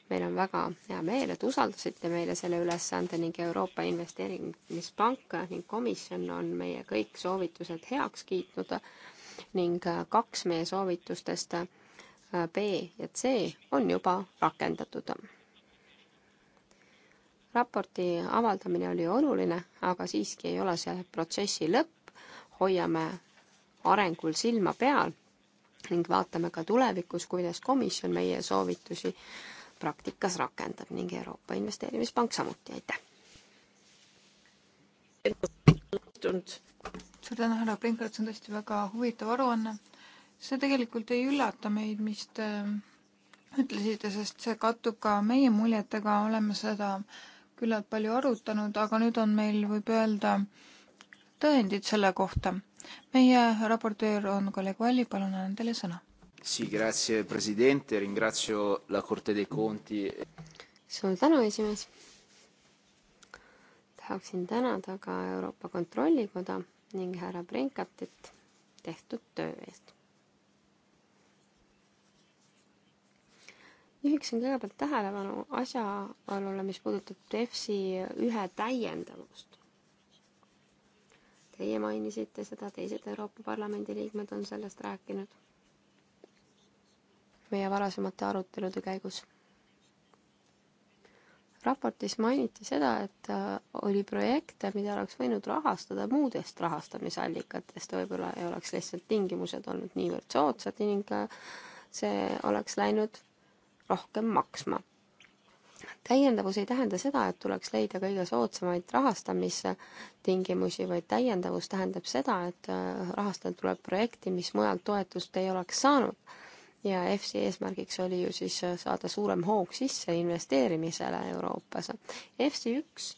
meil on väga hea meel, et usaldasite meile selle ülesande ning Euroopa Investeerimispank ning komisjon on meie kõik soovitused heaks kiitnud ning äh, kaks meie soovitustest äh, B ja C on juba rakendatud. raporti avaldamine oli oluline, aga siiski ei ole see protsessi lõpp, hoiame arengul silma peal ning vaatame ka tulevikus, kuidas komisjon meie soovitusi praktikas rakendab ning Euroopa Investeerimispank samuti, aitäh! suur tänu, härra Prinkrat, see on tõesti väga huvitav aruanne. see tegelikult ei üllata meid, mis te ütlesite, sest see kattub ka meie muljetega, oleme seda küllalt palju arutanud, aga nüüd on meil, võib öelda, tõendid selle kohta meie raportöör on kolleeg Valli, palun annan teile sõna. suur tänu, esimees. tahaksin tänada ka Euroopa Kontrollikoda ning härra Brinkatit tehtud töö eest. juhiksin kõigepealt tähelepanu asjaolule, mis puudutab EFSi ühe täiendavust teie mainisite seda, teised Euroopa Parlamendi liikmed on sellest rääkinud meie varasemate arutelude käigus. raportis mainiti seda, et äh, oli projekte, mida oleks võinud rahastada muudest rahastamisallikatest, võib-olla ei oleks lihtsalt tingimused olnud niivõrd soodsad ning äh, see oleks läinud rohkem maksma täiendavus ei tähenda seda, et tuleks leida kõige soodsamaid rahastamistingimusi, vaid täiendavus tähendab seda, et äh, rahastada tuleb projekti, mis mujalt toetust ei oleks saanud. ja EFSI eesmärgiks oli ju siis äh, saada suurem hoog sisse investeerimisele Euroopas. EFSI üks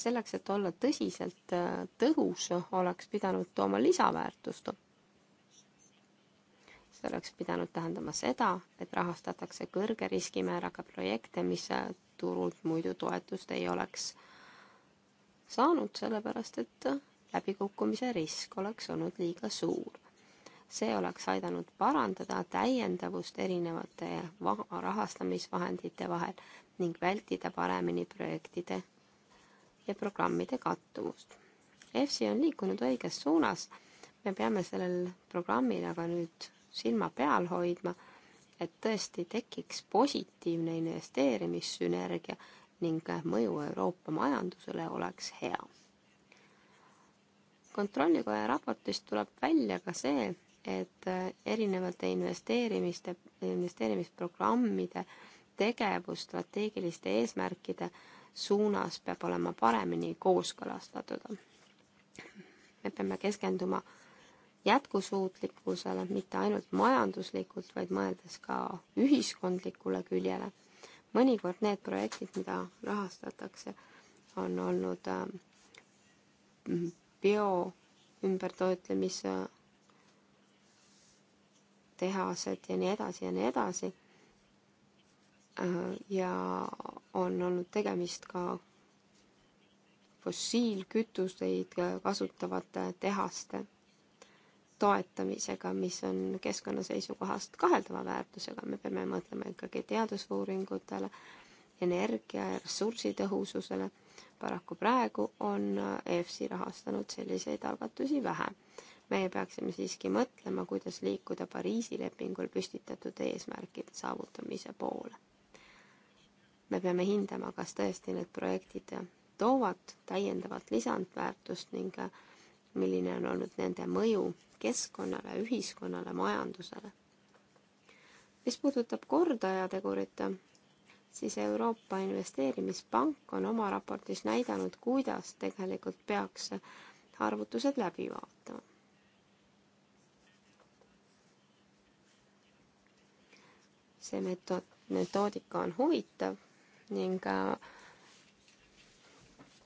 selleks, et olla tõsiselt äh, tõhus, oleks pidanud tooma lisaväärtust see oleks pidanud tähendama seda, et rahastatakse kõrge riskimääraga projekte, mis äh, turult muidu toetust ei oleks saanud, sellepärast et äh, läbikukkumise risk oleks olnud liiga suur. see oleks aidanud parandada täiendavust erinevate rahastamisvahendite vahel ning vältida paremini projektide ja programmide kattuvust. EFSI on liikunud õiges suunas, me peame sellel programmil aga nüüd silma peal hoidma, et tõesti tekiks positiivne investeerimissünergia ning mõju Euroopa majandusele oleks hea. kontrollikoja raportist tuleb välja ka see, et erinevate investeerimiste, investeerimisprogrammide tegevus strateegiliste eesmärkide suunas peab olema paremini kooskõlastatud. me peame keskenduma jätkusuutlikkusele, mitte ainult majanduslikult, vaid mõeldes ka ühiskondlikule küljele. mõnikord need projektid, mida rahastatakse, on olnud äh, bio ümbertoitlemise tehased ja nii edasi ja nii edasi. Äh, ja on olnud tegemist ka fossiilkütuseid kasutavate tehaste toetamisega, mis on keskkonna seisukohast kaheldava väärtusega, me peame mõtlema ikkagi teadusuuringutele, energia ja ressursitõhususele. paraku praegu on EFSI rahastanud selliseid algatusi vähe. meie peaksime siiski mõtlema, kuidas liikuda Pariisi lepingul püstitatud eesmärkide saavutamise poole. me peame hindama, kas tõesti need projektid toovad täiendavat lisandväärtust ning milline on olnud nende mõju keskkonnale, ühiskonnale, majandusele. mis puudutab kordajategurit, siis Euroopa Investeerimispank on oma raportis näidanud, kuidas tegelikult peaks arvutused läbi vaatama. see metood, metoodika on huvitav ning äh,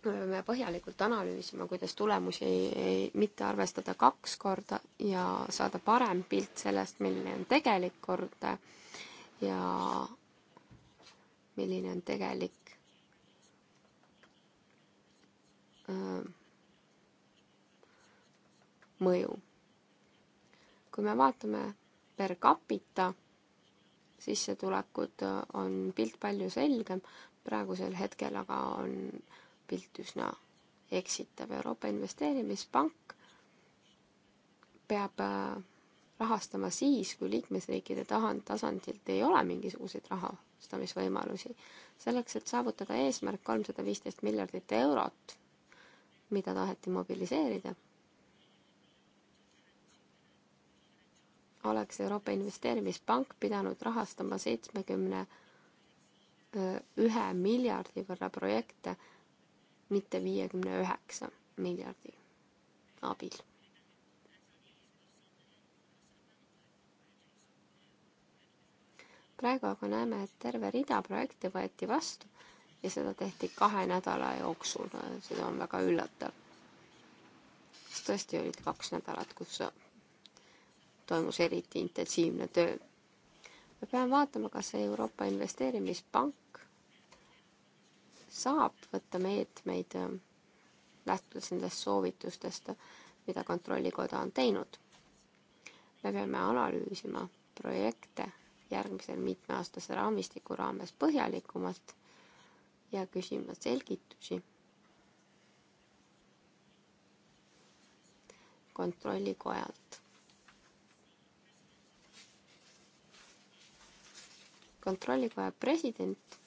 me peame põhjalikult analüüsima, kuidas tulemusi ei, ei, mitte arvestada kaks korda ja saada parem pilt sellest, milline on tegelik kord ja milline on tegelik öö, äh, mõju. kui me vaatame per capita sissetulekud, on pilt palju selgem, praegusel hetkel aga on pilt üsna eksitav. Euroopa Investeerimispank peab äh, rahastama siis, kui liikmesriikide tahand, tasandilt ei ole mingisuguseid rahastamisvõimalusi. selleks, et saavutada eesmärk kolmsada viisteist miljardit eurot, mida taheti mobiliseerida, oleks Euroopa Investeerimispank pidanud rahastama seitsmekümne äh, ühe miljardi võrra projekte mitte viiekümne üheksa miljardi abil. praegu aga näeme, et terve rida projekte võeti vastu ja seda tehti kahe nädala jooksul, seda on väga üllatav. sest tõesti olid kaks nädalat, kus toimus eriti intensiivne töö. me peame vaatama, kas Euroopa Investeerimispank saab võtta meetmeid äh, lähtudes nendest soovitustest, mida Kontrollikoda on teinud. me peame analüüsima projekte järgmisel mitmeaastase raamistiku raames põhjalikumalt ja küsima selgitusi kontrollikojalt. kontrollikoja president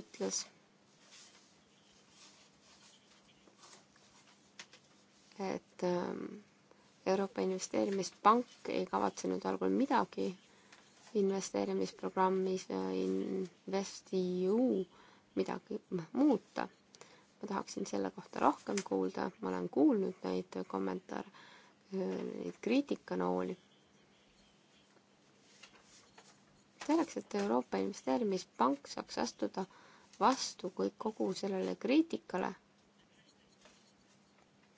ütles et ähm, Euroopa Investeerimispank ei kavatsenud algul midagi investeerimisprogrammis InvestEU midagi noh, muuta. ma tahaksin selle kohta rohkem kuulda, ma olen kuulnud neid kommentaare, neid kriitikanooli. selleks, et Euroopa Investeerimispank saaks astuda vastu kõik kogu sellele kriitikale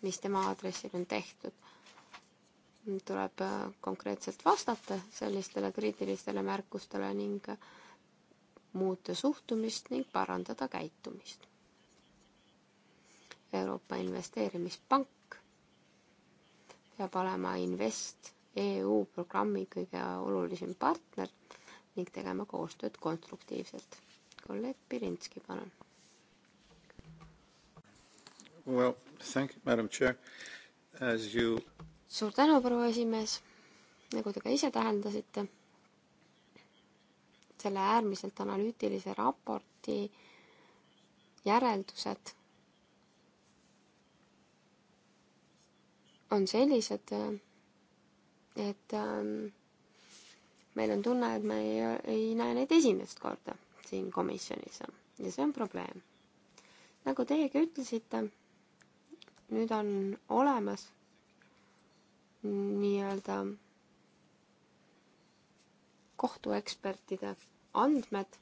mis tema aadressil on tehtud. tuleb äh, konkreetselt vastata sellistele kriitilistele märkustele ning muuta suhtumist ning parandada käitumist. Euroopa Investeerimispank peab olema Invest EU programmi kõige olulisem partner ning tegema koostööd konstruktiivselt. kolleeg Pirinski, palun well,. You... suur tänu, proua esimees, nagu te ka ise täheldasite, selle äärmiselt analüütilise raporti järeldused on sellised, et ähm, meil on tunne, et me ei, ei näe neid esimest korda siin komisjonis ja see on probleem. nagu teiegi ütlesite, nüüd on olemas nii-öelda kohtuekspertide andmed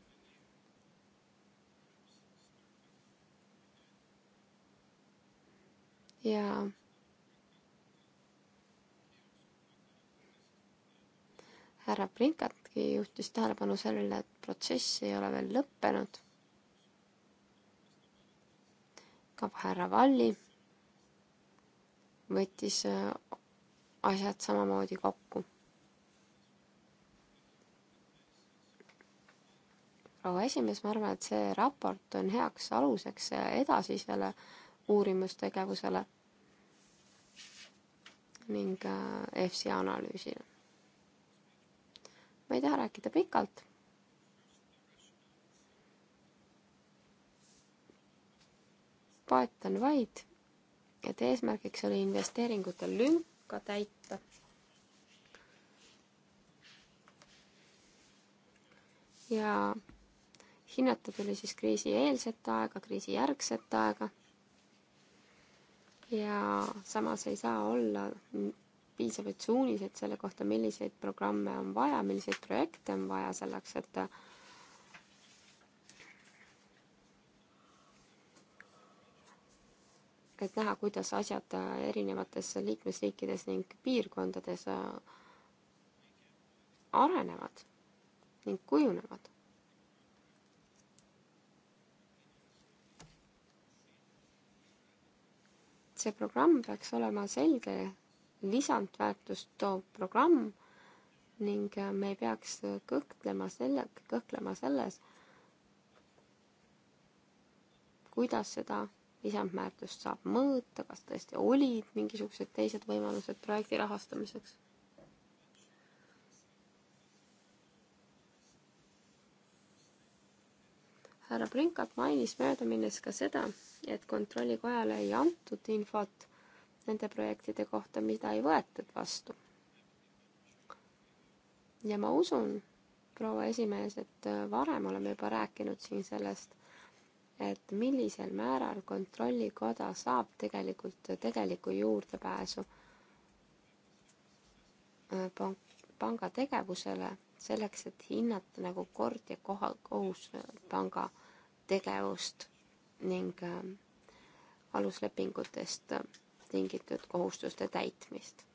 ja härra Brinkatki juhtis tähelepanu sellele, et protsess ei ole veel lõppenud. ka härra Valli võttis äh, asjad samamoodi kokku. proua esimees, ma arvan, et see raport on heaks aluseks edasisele uurimustegevusele ning EFSI äh, analüüsile. ma ei taha rääkida pikalt. poetan vaid et eesmärgiks oli investeeringute lünka täita. ja hinnata tuli siis kriisieelset aega, kriisijärgset aega. ja samas ei saa olla piisavaid suuniseid selle kohta, milliseid programme on vaja, milliseid projekte on vaja selleks, et et näha, kuidas asjad äh, erinevates liikmesriikides ning piirkondades äh, arenevad ning kujunevad. see programm peaks olema selge lisandväärtust toov programm ning äh, me ei peaks kõhklema selle, kõhklema selles, kuidas seda lisandväärtust saab mõõta, kas tõesti olid mingisugused teised võimalused projekti rahastamiseks? härra Brinkat mainis möödaminnes ka seda, et kontrollikojale ei antud infot nende projektide kohta, mida ei võetud vastu. ja ma usun, proua esimees, et varem oleme juba rääkinud siin sellest, et millisel määral Kontrollikoda saab tegelikult tegelikku juurdepääsu äh, panga tegevusele selleks, et hinnata nagu kord ja koha, kohus äh, panga tegevust ning äh, aluslepingutest tingitud kohustuste täitmist.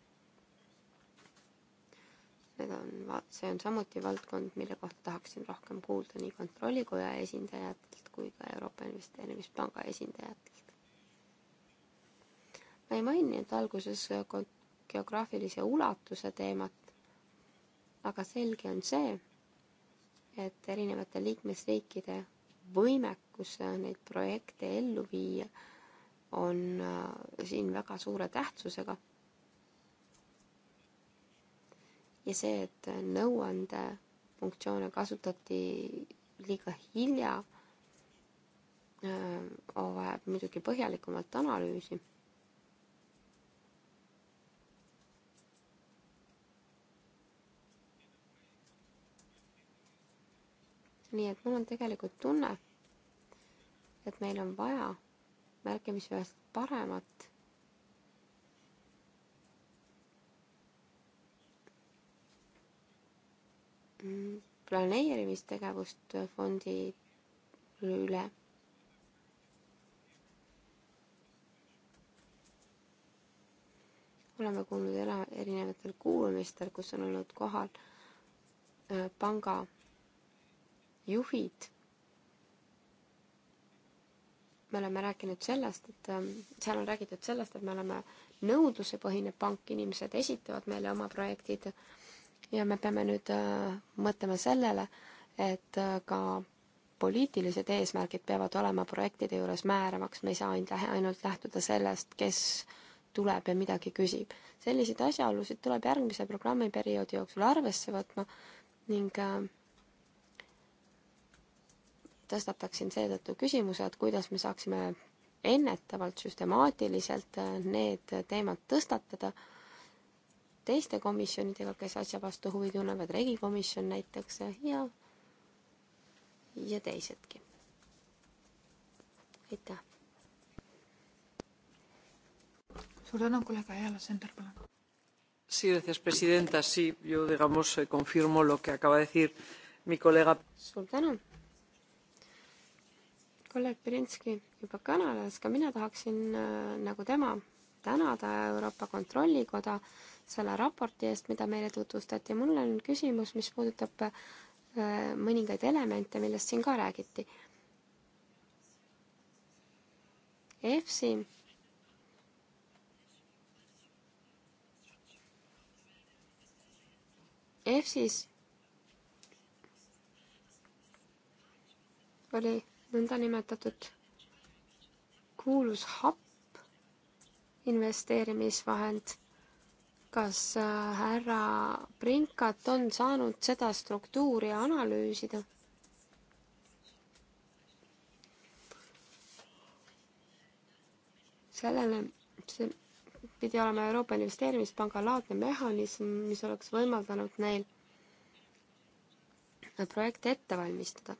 Need on, see on samuti valdkond, mille kohta tahaksin rohkem kuulda nii Kontrollikoja esindajatelt kui ka Euroopa Investeerimispanga esindajatelt. ma ei maininud alguses geograafilise ulatuse teemat, aga selge on see, et erinevate liikmesriikide võimekus neid projekte ellu viia on äh, siin väga suure tähtsusega ja see, et nõuandefunktsioone kasutati liiga hilja, vajab muidugi põhjalikumalt analüüsi. nii et mul on tegelikult tunne, et meil on vaja märkimisväärselt paremat planeerimistegevust fondi üle. oleme kuulnud ära erinevatel kuulamistel, kus on olnud kohal panga juhid. me oleme rääkinud sellest, et seal on räägitud sellest, et me oleme nõudlusepõhine pank, inimesed esitavad meile oma projektid ja me peame nüüd äh, mõtlema sellele, et äh, ka poliitilised eesmärgid peavad olema projektide juures määravaks, me ei saa ainult lähtuda sellest, kes tuleb ja midagi küsib. selliseid asjaolusid tuleb järgmise programmiperioodi jooksul arvesse võtma ning äh, tõstataksin seetõttu küsimuse, et kuidas me saaksime ennetavalt, süstemaatiliselt need teemad tõstatada teiste komisjonidega, kes asja vastu huvi tunnevad, regikomisjon näiteks ja, ja teisedki. aitäh. suur tänu, kolleeg Ajala Sender, palun. Sí, gracias, presidenta. Sí, yo, digamos, eh, confirmo lo que acaba de decir mi colega. Suur tänu. kolleeg Pirinski juba kõneles, ka mina tahaksin äh, nagu tema tänada Euroopa Kontrollikoda äh, selle raporti eest, mida meile tutvustati. mul on küsimus, mis puudutab äh, mõningaid elemente, millest siin ka räägiti. EFSi EFSis oli nõndanimetatud kuulus happ investeerimisvahend kas äh, härra Brinkat on saanud seda struktuuri analüüsida? sellele, see pidi olema Euroopa Investeerimispanga laadne mehhanism, mis oleks võimaldanud neil projekte ette valmistada.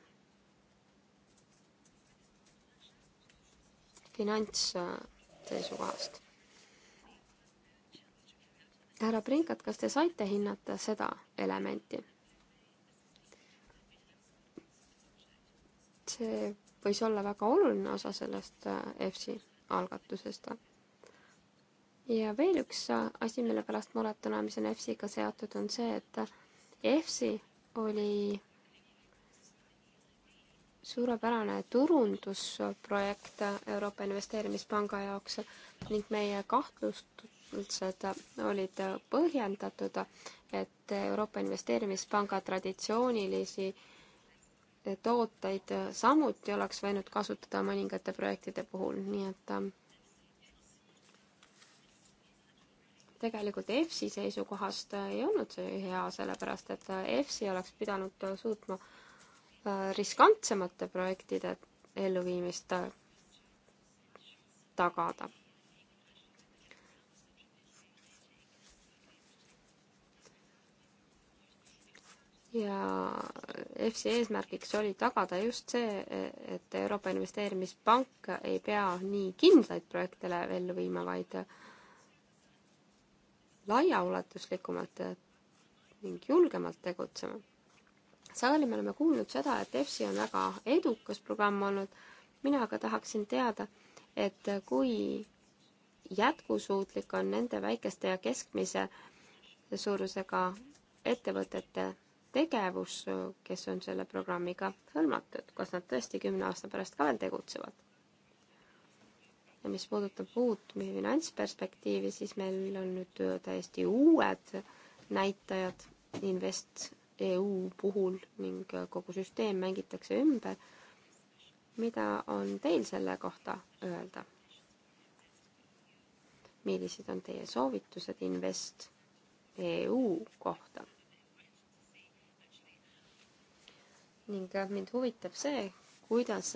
finants äh, seisukohast härra Prinkat, kas te saite hinnata seda elementi? see võis olla väga oluline osa sellest äh, EFSI algatusest. ja veel üks äh, asi, mille pärast muret täna, mis on EFSI-ga seotud, on see, et äh, EFSI oli suurepärane turundusprojekt Euroopa Investeerimispanga jaoks ning meie kahtlust, järeldused olid põhjendatud, et Euroopa Investeerimispanga traditsioonilisi tooteid samuti oleks võinud kasutada mõningate projektide puhul, nii et ähm, tegelikult EFSI seisukohast ei olnud see hea, sellepärast et EFSI oleks pidanud suutma äh, riskantsemate projektide elluviimist tagada ja EFSi eesmärgiks oli tagada just see, et Euroopa Investeerimispank ei pea nii kindlaid projekte ellu viima, vaid laiaulatuslikumalt ning julgemalt tegutsema. sageli me oleme kuulnud seda, et EFSi on väga edukas programm olnud, mina aga tahaksin teada, et kui jätkusuutlik on nende väikeste ja keskmise suurusega ettevõtete tegevus, kes on selle programmiga hõlmatud, kas nad tõesti kümne aasta pärast ka veel tegutsevad? ja mis puudutab uut finantsperspektiivi, siis meil on nüüd täiesti uued näitajad InvestEU puhul ning kogu süsteem mängitakse ümber. mida on teil selle kohta öelda? millised on teie soovitused InvestEU kohta? ning mind huvitab see, kuidas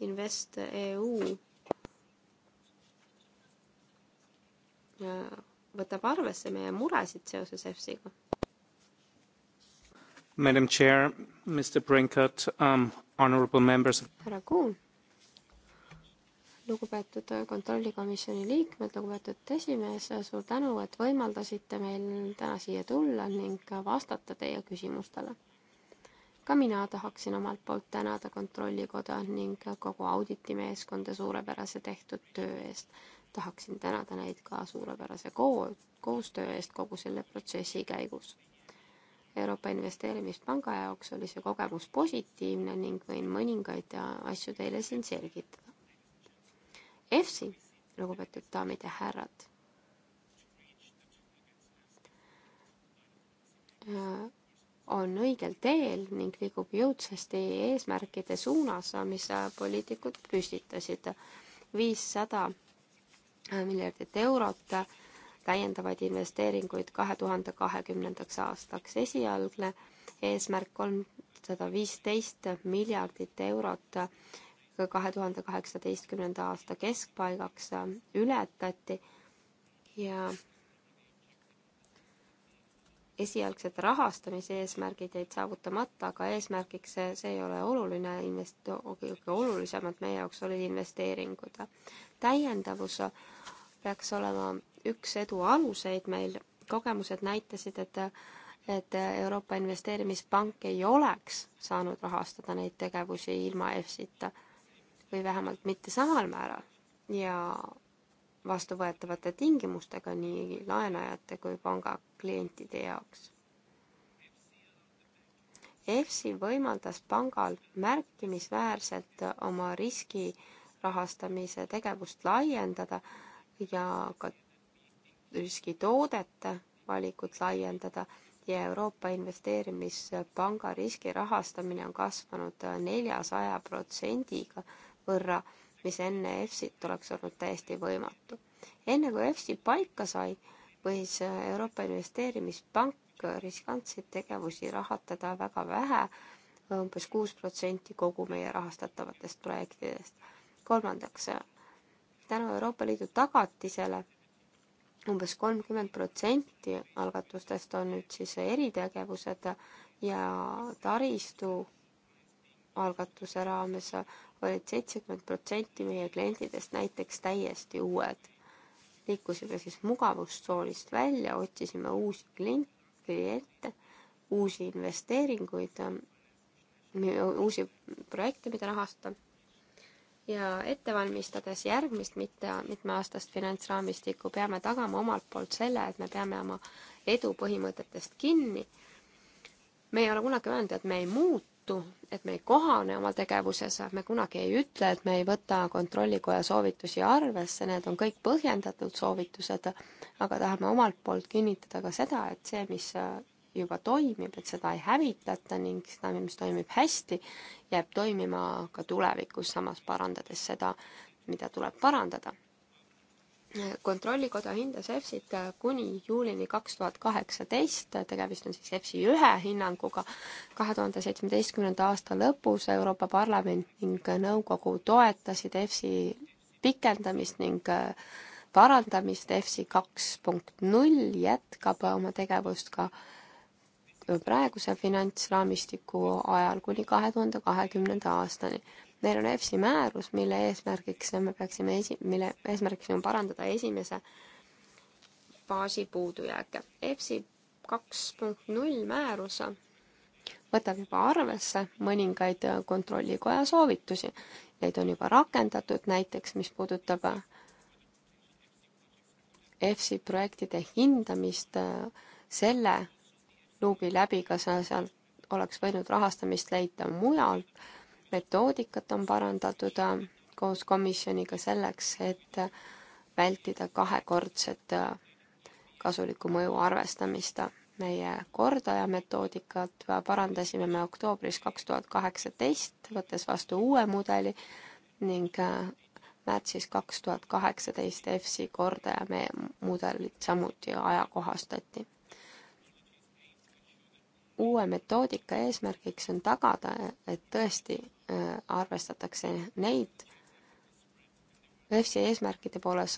InvestEU äh, võtab arvesse meie muresid seoses EFSiga. Madam Chair, Mr Brinkert um,, honorable members. härra Kuhn, lugupeetud kontrollikomisjoni liikmed, lugupeetud esimees, suur tänu, et võimaldasite meil täna siia tulla ning vastata teie küsimustele ka mina tahaksin omalt poolt tänada Kontrollikoda ning kogu auditimeeskonda suurepärase tehtud töö eest. tahaksin tänada neid ka suurepärase ko koostöö eest kogu selle protsessi käigus. Euroopa Investeerimispanga jaoks oli see kogemus positiivne ning võin mõningaid asju teile siin selgitada. EFSI, lugupeetud daamid ja härrad on õigel teel ning liigub jõudsasti eesmärkide suunas, mis äh, poliitikud püstitasid. viissada äh, miljardit eurot äh, täiendavaid investeeringuid kahe tuhande kahekümnendaks aastaks. esialgne eesmärk kolmsada viisteist miljardit eurot kahe tuhande kaheksateistkümnenda aasta keskpaigaks ületati ja esialgsed rahastamise eesmärgid jäid saavutamata, aga eesmärgiks see, see ei ole oluline, invest-, kõige olulisemad meie jaoks olid investeeringud. täiendavus peaks olema üks edu aluseid meil, kogemused näitasid, et et Euroopa Investeerimispank ei oleks saanud rahastada neid tegevusi ilma EFSita või vähemalt mitte samal määral ja vastuvõetavate tingimustega nii laenajate kui panga klientide jaoks. EFSI võimaldas pangal märkimisväärselt oma riski rahastamise tegevust laiendada ja ka riskitoodete valikut laiendada ja Euroopa Investeerimispanga riski rahastamine on kasvanud neljasaja protsendiga võrra mis enne EFSit oleks olnud täiesti võimatu. enne kui EFSi paika sai, võis äh, Euroopa Investeerimispank riskantseid tegevusi rahatada väga vähe, umbes kuus protsenti kogu meie rahastatavatest projektidest. kolmandaks, äh, tänu Euroopa Liidu tagatisele umbes kolmkümmend protsenti algatustest on nüüd siis eritegevused ja taristu algatuse raames olid seitsekümmend protsenti meie klientidest näiteks täiesti uued. liikusime siis mugavustsoonist välja, otsisime uusi klient, kliente, uusi investeeringuid, uusi projekte, mida rahastada ja ette valmistades järgmist mitte, mitmeaastast finantsraamistikku peame tagama omalt poolt selle, et me peame oma edu põhimõtetest kinni. me ei ole kunagi öelnud, et me ei muutu, juhtu, et me ei kohane oma tegevuses, me kunagi ei ütle, et me ei võta Kontrollikoja soovitusi arvesse, need on kõik põhjendatud soovitused, aga tahame omalt poolt kinnitada ka seda, et see, mis juba toimib, et seda ei hävitata ning seda, mis toimib hästi, jääb toimima ka tulevikus, samas parandades seda, mida tuleb parandada kontrollikoda hindas EFSit äh, kuni juulini kaks tuhat kaheksateist, tegemist on siis EFSi ühe hinnanguga. kahe tuhande seitsmeteistkümnenda aasta lõpus Euroopa Parlament ning nõukogu toetasid EFSi pikendamist ning äh, parandamist. EFSi kaks punkt null jätkab oma tegevust ka äh, praeguse finantsraamistiku ajal kuni kahe tuhande kahekümnenda aastani meil on EFSI määrus, mille eesmärgiks me peaksime esi-, mille eesmärgiks on parandada esimese baasi puudujääke. EFSI kaks punkt null määrus võtab juba arvesse mõningaid kontrollikoja soovitusi. Neid on juba rakendatud, näiteks mis puudutab EFSI projektide hindamist selle luubi läbi, kas sealt oleks võinud rahastamist leida mujalt metoodikat on parandatud äh, koos komisjoniga selleks, et äh, vältida kahekordset äh, kasuliku mõju arvestamist. meie kordaja metoodikat parandasime me oktoobris kaks tuhat kaheksateist, võttes vastu uue mudeli ning märtsis kaks tuhat kaheksateist EFSI kordaja meie mudelit samuti ajakohastati uue metoodika eesmärgiks on tagada, et tõesti äh, arvestatakse neid EFSI eesmärkide pooles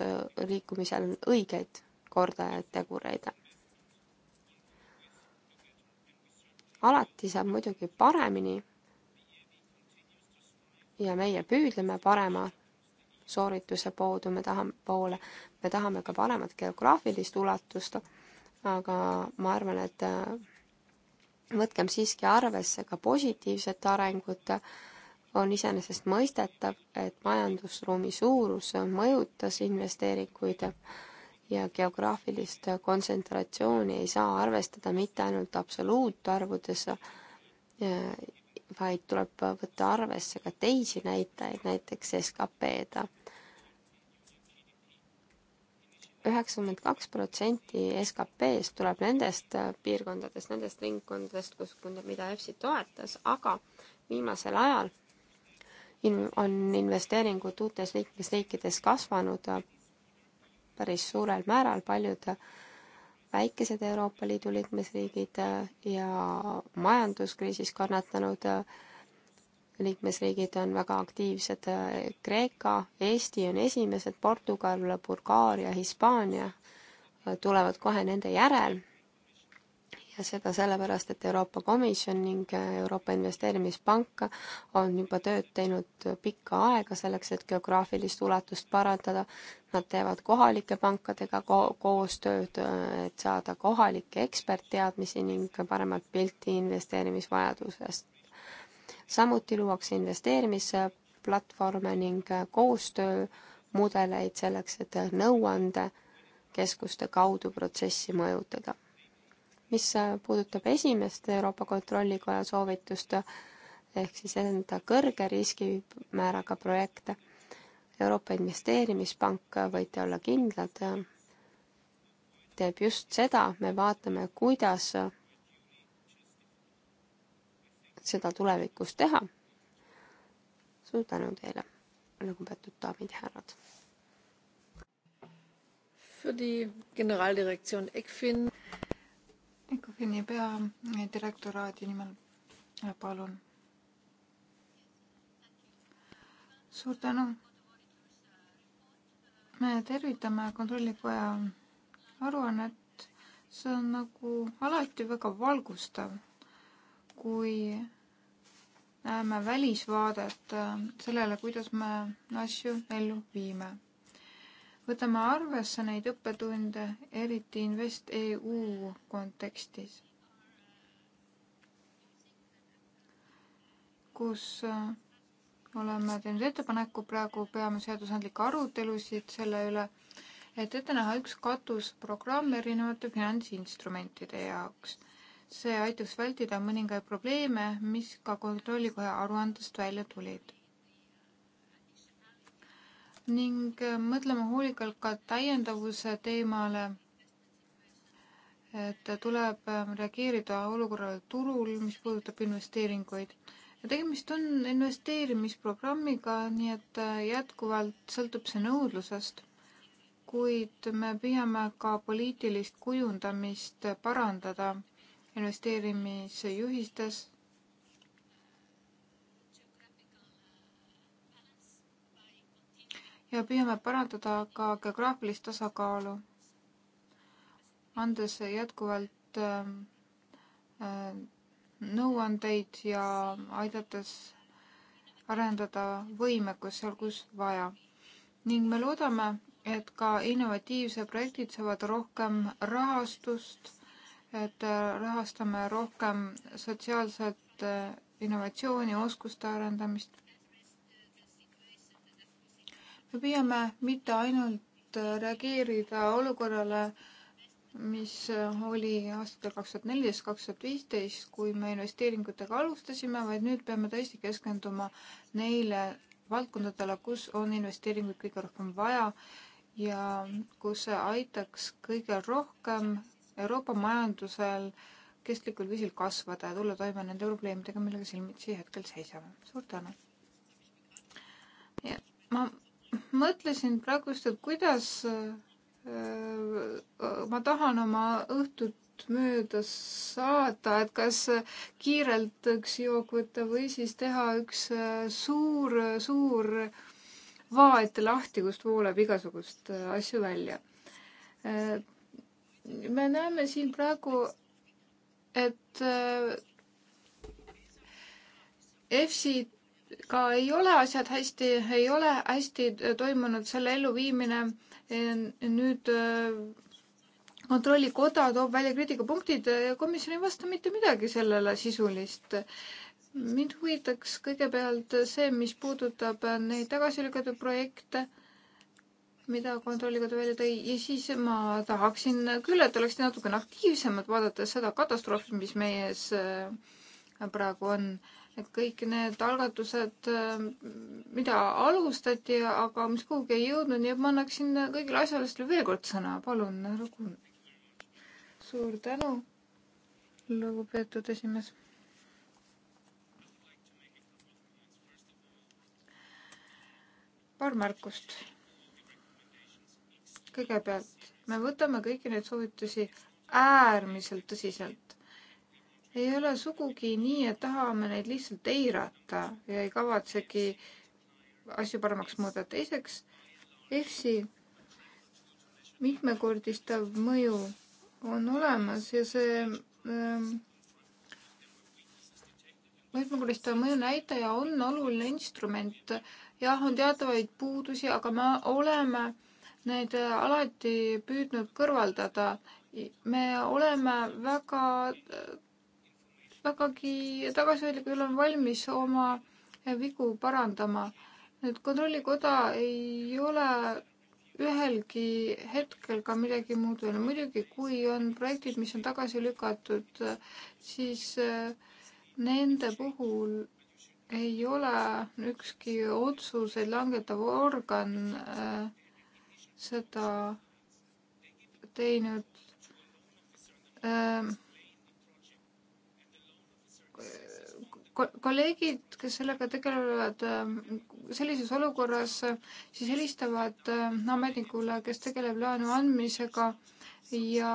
liikumisel õigeid kordajaid, tegureid. alati saab muidugi paremini ja meie püüdleme parema soorituse poodu, me tahame, poole, me tahame ka paremat geograafilist ulatust, aga ma arvan, et äh, võtkem siiski arvesse ka positiivset arengut, on iseenesestmõistetav, et majandusruumi suurus mõjutas investeeringuid ja geograafilist kontsentratsiooni ei saa arvestada mitte ainult absoluutarvudes, vaid tuleb võtta arvesse ka teisi näitajaid, näiteks SKP-d üheksakümmend kaks protsenti SKP-st tuleb nendest äh, piirkondadest, nendest ringkondadest, kus, mida EFSI toetas, aga viimasel ajal in-, on investeeringud uutes liikmesriikides kasvanud äh, päris suurel määral, paljud äh, väikesed Euroopa Liidu liikmesriigid ja majanduskriisis kannatanud liikmesriigid on väga aktiivsed, äh, Kreeka, Eesti on esimesed, Portugal, Bulgaaria, Hispaania äh, tulevad kohe nende järel. ja seda sellepärast, et Euroopa Komisjon ning äh, Euroopa Investeerimispank on juba tööd teinud pikka aega selleks, et geograafilist ulatust parandada. Nad teevad kohalike pankadega ko koostööd, et saada kohalikke ekspertteadmisi ning paremat pilti investeerimisvajadusest samuti luuakse investeerimisplatvorme ning koostöömudeleid selleks, et nõuandekeskuste kaudu protsessi mõjutada. mis puudutab esimest Euroopa Kontrollikoja soovitust, ehk siis enda kõrge riskimääraga projekte, Euroopa Investeerimispank, võite olla kindlad, teeb just seda, me vaatame, kuidas seda tulevikus teha. suur tänu teile, lugupeetud daamid ja härrad. Für die Generaldirektion ECFIN. ECFIN-i peadirektoraadi nimel äh, palun. suur tänu. me tervitame kontrollikoja aruannet. see on nagu alati väga valgustav kui näeme välisvaadet äh, sellele, kuidas me asju ellu viime. võtame arvesse neid õppetunde, eriti InvestEU kontekstis, kus äh, oleme teinud ettepaneku, praegu peame seadusandlikke arutelusid selle üle, et ette näha üks katusprogramm erinevate finantsinstrumentide jaoks see aitaks vältida mõningaid probleeme, mis ka kontrollikoja aruandest välja tulid. ning äh, mõtleme hoolikalt ka täiendavuse teemale, et tuleb äh, reageerida olukorrale turul, mis puudutab investeeringuid. ja tegemist on investeerimisprogrammiga, nii et äh, jätkuvalt sõltub see nõudlusest kuid me püüame ka poliitilist kujundamist parandada investeerimisjuhistes. ja püüame parandada ka geograafilist tasakaalu, andes jätkuvalt äh, äh nõuandeid ja aidates arendada võimekust seal, kus vaja. ning me loodame, et ka innovatiivsed projektid saavad rohkem rahastust et äh, rahastame rohkem sotsiaalset äh, innovatsiooni, oskuste arendamist. me püüame mitte ainult äh, reageerida olukorrale, mis oli aastatel kaks tuhat neliteist, kaks tuhat viisteist, kui me investeeringutega alustasime, vaid nüüd peame tõesti keskenduma neile valdkondadele, kus on investeeringuid kõige rohkem vaja ja kus see aitaks kõige rohkem Euroopa majandusel kestlikul viisil kasvada ja tulla toime nende probleemidega, millega silmitsi hetkel seisame. suur tänu! ma mõtlesin praegu just, et kuidas öö, äh, äh, ma tahan oma õhtut mööda saada, et kas kiirelt üks jook võtta või siis teha üks äh, suur, suur vaat lahti, kust voolab igasugust asju välja me näeme siin praegu, et EFSI-ga äh, ei ole asjad hästi, ei ole hästi toimunud selle elluviimine. nüüd äh, kontrollikoda toob välja kriitikapunktid ja komisjon ei vasta mitte midagi sellele sisulist. mind huvitaks kõigepealt see, mis puudutab neid tagasilükatud projekte mida Kontrollikoda välja tõi ja siis ma tahaksin küll, et oleksid natukene aktiivsemad, vaadates seda katastroofi, mis meie ees äh, praegu on. et kõik need algatused, äh, mida alustati, aga mis kuhugi ei jõudnud, nii et ma annaksin kõigile asjaolustele veel kord sõna, palun, härra Kuhn. suur tänu, lugupeetud esimees paar märkust kõigepealt me võtame kõiki neid soovitusi äärmiselt tõsiselt. ei ole sugugi nii, et tahame neid lihtsalt eirata ja ei kavatsegi asju paremaks muuta. teiseks, EFSi mitmekordistav mõju on olemas ja see ähm, mitmekordistav mõju näitaja on oluline instrument. jah, on teatavaid puudusi, aga me oleme äh, neid äh, alati püüdnud kõrvaldada. me oleme väga, vägagi tagasihoidlikud, oleme valmis oma vigu parandama. et Kontrollikoda ei ole ühelgi hetkel ka midagi muud öelnud. muidugi, kui on projektid, mis on tagasi lükatud, siis äh, nende puhul ei ole ükski otsuseid langetav organ äh, seda teinud ähm, kolleegid, kes sellega tegelevad ähm, sellises olukorras, äh, siis helistavad ähm, ametnikule, kes tegeleb laenu andmisega ja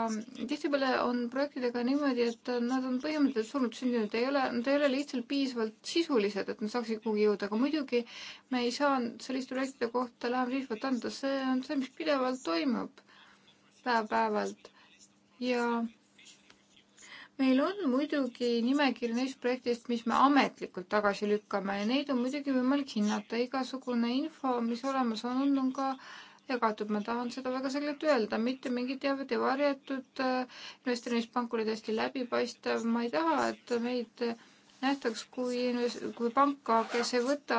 tihtipeale on projektidega niimoodi, et nad on põhimõtteliselt surnud sündinud, ei ole, nad ei ole lihtsalt piisavalt sisulised, et nad saaksid kuhugi jõuda, aga muidugi me ei saa selliste projektide kohta lähemalt infot anda, see on see, mis pidevalt toimub päev-päevalt ja meil on muidugi nimekiri neist projektidest, mis me ametlikult tagasi lükkame ja neid on muidugi võimalik hinnata, igasugune info, mis olemas on, on ka äh, jagatud, ma tahan seda väga selgelt öelda, mitte mingit teavet ei varjatud, investeerimispank oli täiesti läbipaistev, ma ei taha, et meid nähtaks kui, kui panka, kes ei võta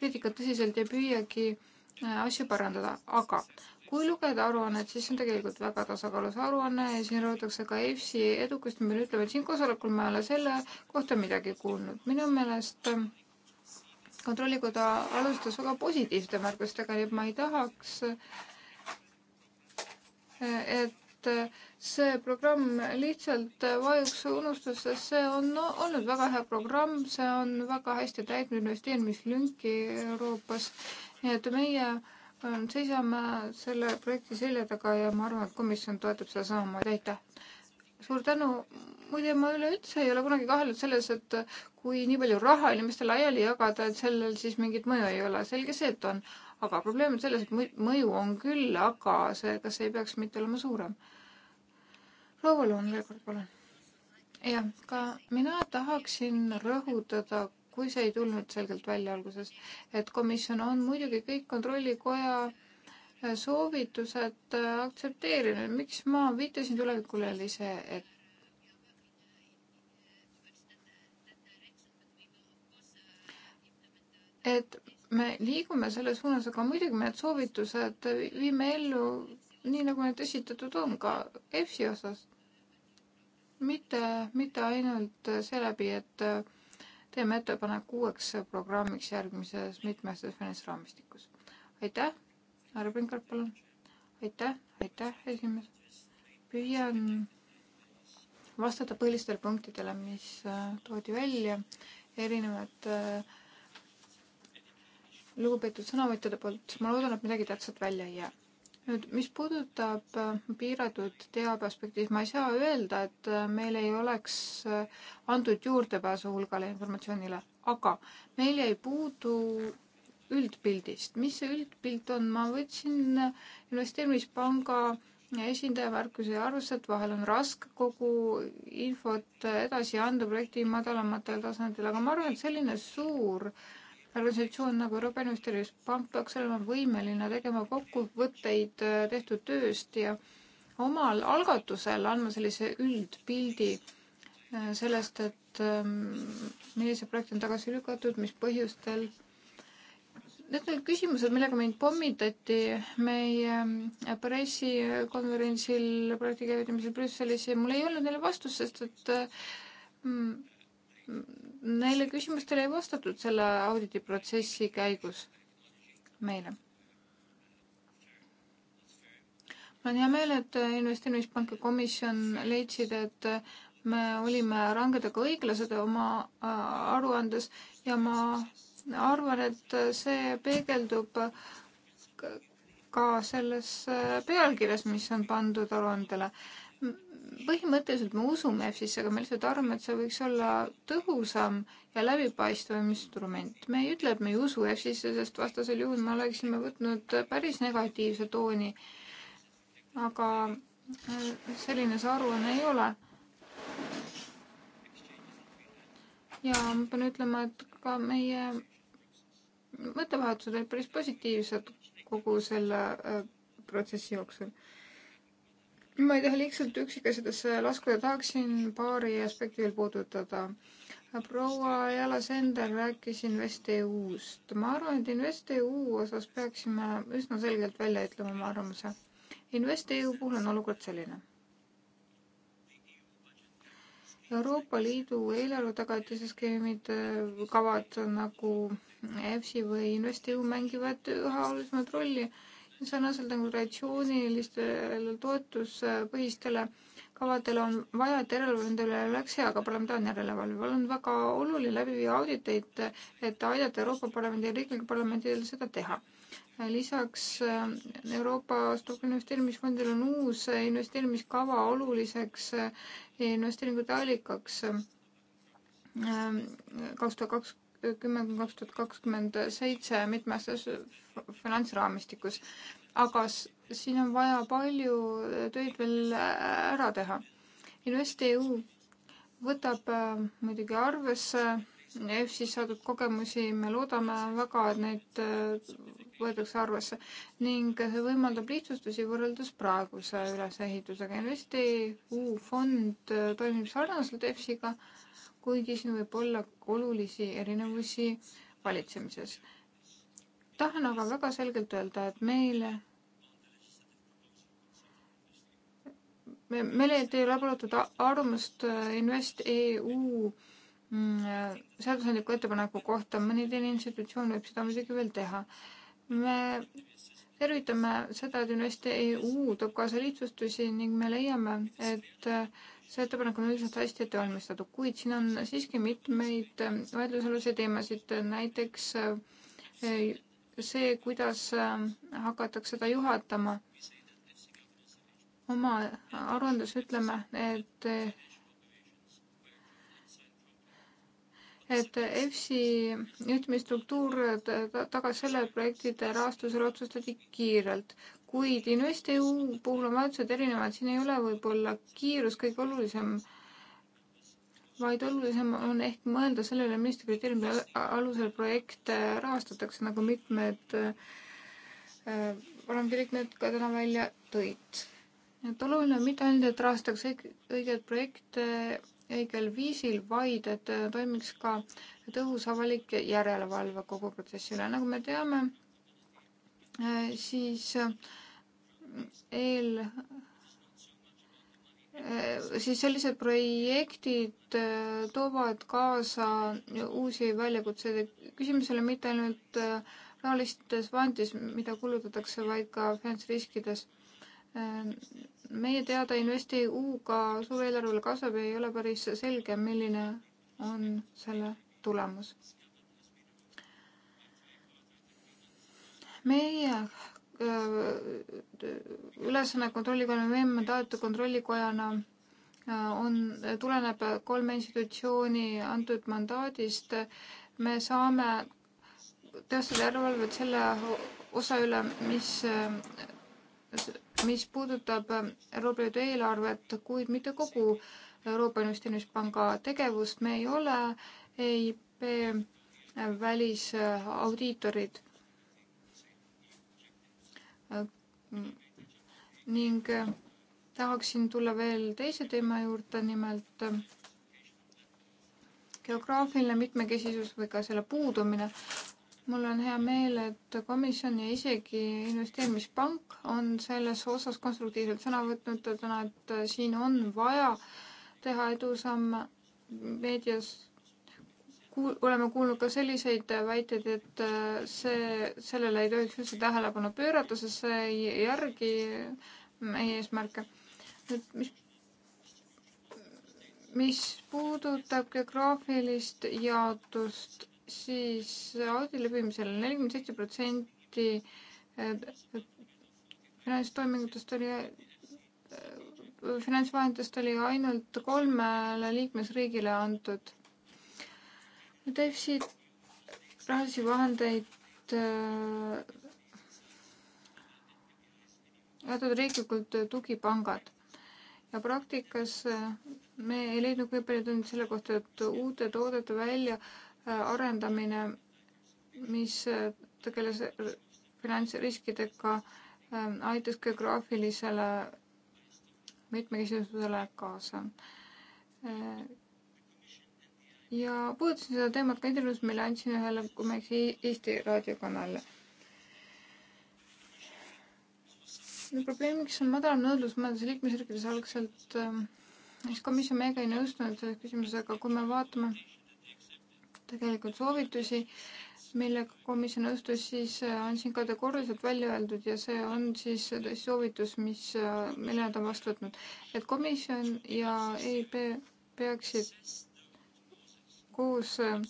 kriitikat tõsiselt ja püüagi äh, asju parandada, aga kui lugeda aruannet, siis see on tegelikult väga tasakaalus aruanne ja siin rõhutakse ka EFSi edukust, me ütleme, et siin koosolekul ma ei ole selle kohta midagi kuulnud. minu meelest äh, kontrollikoda alustas väga positiivsete märkustega, nii et ma ei tahaks, et see programm lihtsalt vajuks unustusse, see on no, olnud väga hea programm, see on väga hästi täitnud investeerimislünki Euroopas. nii et meie äh, seisame selle projekti selja taga ja ma arvan, et komisjon toetab seda samamoodi, aitäh! suur tänu, muide, ma üleüldse ei ole kunagi kahelnud selles, et kui nii palju raha inimestele laiali jagada, et sellel siis mingit mõju ei ole. selge see, et on. aga probleem on selles, et mõju on küll, aga see, kas ei peaks mitte olema suurem? proua Loon veel kord, palun. jah, ka mina tahaksin rõhutada, kui see ei tulnud selgelt välja alguses, et komisjon on muidugi kõik kontrollikoja äh, soovitused äh, aktsepteerinud. miks ma viitasin tulevikule oli see, et et me liigume selle suunas, aga muidugi need soovitused viime ellu nii, nagu need esitatud on ka EFSi osas. mitte, mitte ainult seeläbi, et äh, teeme ettepaneku uueks programmiks järgmises mitmeaastas finantsraamistikus. aitäh, härra Pinkar, palun. aitäh, aitäh, esimees. püüan vastata põhilistele punktidele, mis äh, toodi välja, erinevad äh, lugupeetud sõnavõtjate poolt, ma loodan, et midagi tähtsat välja ei jää. nüüd, mis puudutab äh, piiratud teabe aspekti, siis ma ei saa öelda, et äh, meil ei oleks äh, antud juurdepääsu hulgale informatsioonile, aga meil jäi puudu üldpildist. mis see üldpilt on, ma võtsin investeerimispanga esindaja märkuse arvesse, et vahel on raske kogu infot edasi anda projekti madalamatel tasandil, aga ma arvan, et selline suur äh, organisatsioon nagu Euroopa Investeerimispank peaks olema võimeline tegema kokkuvõtteid äh, tehtud tööst ja omal algatusel andma sellise üldpildi äh, sellest, et millised ähm, projektid on tagasi lükatud, mis põhjustel. Need on küsimused, millega mind pommitati meie ähm, pressikonverentsil projekti käivitamisel Brüsselis ja mul ei olnud neile vastust, sest et äh, mm, Neile küsimustele ei vastatud selle auditiprotsessi käigus meile. mul on hea meel, et investeerimispank ja komisjon leidsid, et me olime ranged, aga õiglased oma äh, aruandes ja ma arvan, et see peegeldub ka selles äh, pealkirjas, mis on pandud aruandele põhimõtteliselt me usume EFSisse, aga me lihtsalt arvame, et see võiks olla tõhusam ja läbipaistvam instrument. me ei ütle, et me ei usu EFSisse, sest vastasel juhul me oleksime võtnud päris negatiivse tooni. aga äh, selline see aruanne ei ole. ja ma pean ütlema, et ka meie mõttevahetused olid päris positiivsed kogu selle äh, protsessi jooksul ma ei taha liigselt üksikasjadesse laskuda, tahaksin paari aspekti veel puudutada. proua Jala Sender rääkis InvestEU-st. ma arvan, et InvestEU osas peaksime üsna selgelt välja ütlema oma arvamuse. InvestEU puhul on olukord selline. Euroopa Liidu eelarvetagatise skeemid, kavad nagu EFSI või InvestEU mängivad üha olulisemat rolli sarnaselt regulatsioonilistel nagu toetuspõhistele kavadel on vaja, et järelevalve nende üle oleks hea, aga parlamentaarne järelevalve on väga oluline läbi viia auditeid, et aidata Euroopa Parlamendi ja riiklikul parlamendil seda teha. lisaks äh, Euroopa Stockholmi investeerimisfondil on uus investeerimiskava oluliseks äh, investeeringute allikaks äh, kaks tuhat kaks kümme kuni kaks tuhat kakskümmend seitse mitmeaastases finantsraamistikus. aga siin on vaja palju töid veel ära teha. InvestEU võtab äh, muidugi arvesse EFSis saadud kogemusi, me loodame väga, et neid äh, võetakse arvesse ning see võimaldab lihtsustusi võrreldes praeguse ülesehitusega. InvestEU fond äh, toimib sarnaselt EFSiga kuigi siin võib olla olulisi erinevusi valitsemises. tahan aga väga selgelt öelda, et meile me, meile ei ole palutud arvamust äh, Invest EU mm, äh, seadusandliku ettepaneku kohta, mõni teine institutsioon võib seda muidugi veel teha. me tervitame seda, et Invest EU toob kaasa lihtsustusi ning me leiame, et äh, see ettepanek on üldiselt hästi ette valmistatud, kuid siin on siiski mitmeid ähm, vaidlusaluseid teemasid, näiteks äh, see, kuidas ähm, hakatakse seda juhatama. oma aruandes ütleme, et et EFSI juhtimisstruktuur tagas selle, et projektide rahastusele otsustati kiirelt, kuid InvestEU puhul on vajadused erinevad, siin ei ole võib-olla kiirus kõige olulisem, vaid olulisem on ehk mõelda sellele, milliste kriteeriumide alusel projekte rahastatakse, nagu mitmed parlamendiliikmed äh, ka täna välja tõid. et oluline on mitte ainult, et rahastatakse õigeid projekte õigel viisil, vaid et äh, toimiks ka tõhus avalik järelevalve kogu protsessi üle, nagu me teame, äh, siis äh, eel äh, siis sellised projektid äh, toovad kaasa uusi väljakutseid. küsimus ei ole mitte ainult äh, rahalistes vahendites, mida kulutatakse, vaid ka finantsriskides. meie teada InvestEU-ga suur eelarvele kasvab ja ei ole päris selge, milline on selle tulemus. me ei ülesanne kontrollikoja, meie mandaat kontrollikojana äh, on, tuleneb kolme institutsiooni antud mandaadist. me saame teostada järelevalvet selle osa üle, mis, äh, mis puudutab Euroopa Liidu eelarvet, kuid mitte kogu Euroopa Investeerimispanga tegevust. me ei ole EIP välisaudiitorid Äh, ning äh, tahaksin tulla veel teise teema juurde, nimelt äh, geograafiline mitmekesisus või ka selle puudumine. mul on hea meel, et komisjon ja isegi investeerimispank on selles osas konstruktiivselt sõna võtnud, et siin on vaja teha edusamme meedias kuul-, oleme kuulnud ka selliseid väiteid, et äh, see, sellele ei tohiks üldse tähelepanu pöörata, sest see ei järgi meie eesmärke. nüüd mis, mis puudutab geograafilist jaotust, siis audi läbimisel nelikümmend seitse protsenti äh, finantstoimingutest oli äh, finantsvahenditest oli ainult kolmele liikmesriigile antud Deficit rahalisi vahendeid äh, jätavad riiklikult tugipangad ja praktikas äh, me ei leidnud nii palju tundnud selle kohta, et uute toodete väljaarendamine, äh, mis tegeles finantsriskidega, aitas geograafilisele mitmekesisusele kaasa ja puudutasin seda teemat ka intervjuus, mille andsin ühele Kumeksi Eesti raadiokanalile. probleemiks on madalam nõudlus mõnedes liikmesriikides algselt äh,, siis komisjon meiega ei nõustunud selles küsimuses, aga kui me vaatame tegelikult soovitusi, millega komisjon nõustus, siis on äh, siin kategooriliselt välja öeldud ja see on siis soovitus, mis, äh, mille nad on vastu võtnud. et komisjon ja EIB peaksid koos äh,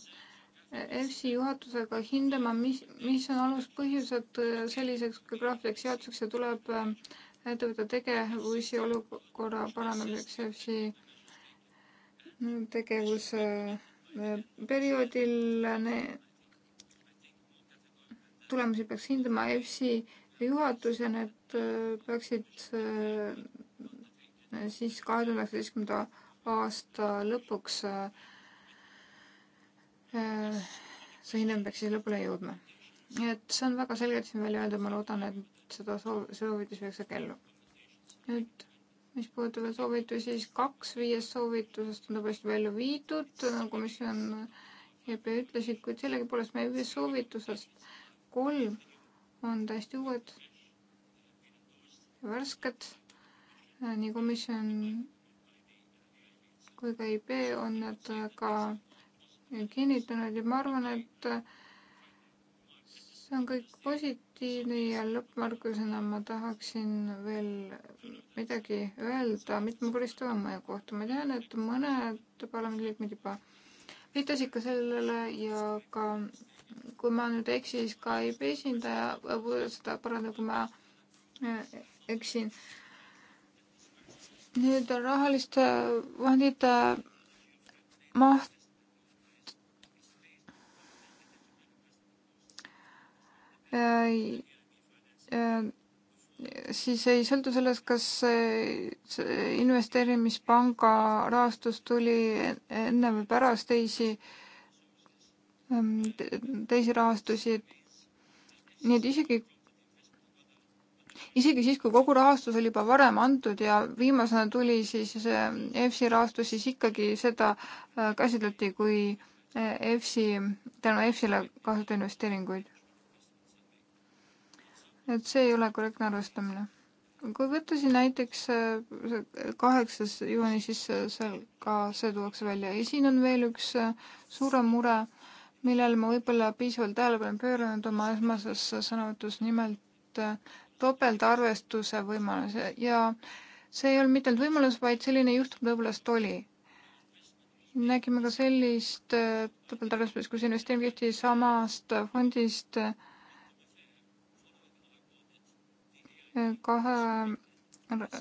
EFSi juhatusega hindama, mis, mis on aluspõhjused äh, selliseks graafiliseks jaotuseks ja tuleb äh, ettevõtte tegevusi olukorra parandamiseks EFSi mm, tegevuse perioodil ne, tulemusi peaks hindama EFSi juhatus ja need peaksid siis kahe tuhande üheksateistkümnenda aasta lõpuks äh, Äh, see hinnang peaks siis lõpule jõudma. nii et see on väga selgelt siin välja öeldud, ma loodan, et seda soov, soovitus viiakse ellu. nüüd, mis puudutab soovitusi, siis kaks viiest soovitusest on tõepoolest juba ellu viidud, nagu komisjon EP ütlesid, kuid sellegipoolest meie viiest soovitusest kolm on täiesti uued ja värsked. nii komisjon kui ka IP on nad ka äh, kinnitanud ja ma arvan, et see on kõik positiivne ja lõppmärkusena ma tahaksin veel midagi öelda mitmekordistuva mõju kohta. ma tean, et mõned parlamendiliikmed juba viitasid ka sellele ja ka kui ma nüüd ei eksi, siis Skype'i esindaja seda parandab, kui ma äh, eksin. nüüd on rahaliste vahendite maht Äh, äh, siis ei sõltu sellest, kas investeerimispanga rahastus tuli enne või pärast teisi, ähm, teisi rahastusi. nii et isegi, isegi siis, kui kogu rahastus oli juba varem antud ja viimasena tuli siis EFSI rahastus, siis ikkagi seda äh, käsitleti kui EFSI, tänu EFSI-le kasutatud investeeringuid et see ei ole korrektne arvestamine. kui võtta siin näiteks äh, kaheksas juuni, siis seal ka see tuuakse välja ja siin on veel üks äh, suurem mure, millele ma võib-olla piisavalt tähelepanu pööranud oma esmases sõnavõtus, nimelt äh, topeltarvestuse võimalus ja see ei olnud mitte ainult võimalus, vaid selline juhtum tõepoolest oli nägime ka sellist topeltarvestust, kus investeering tehti samast fondist äh, kahe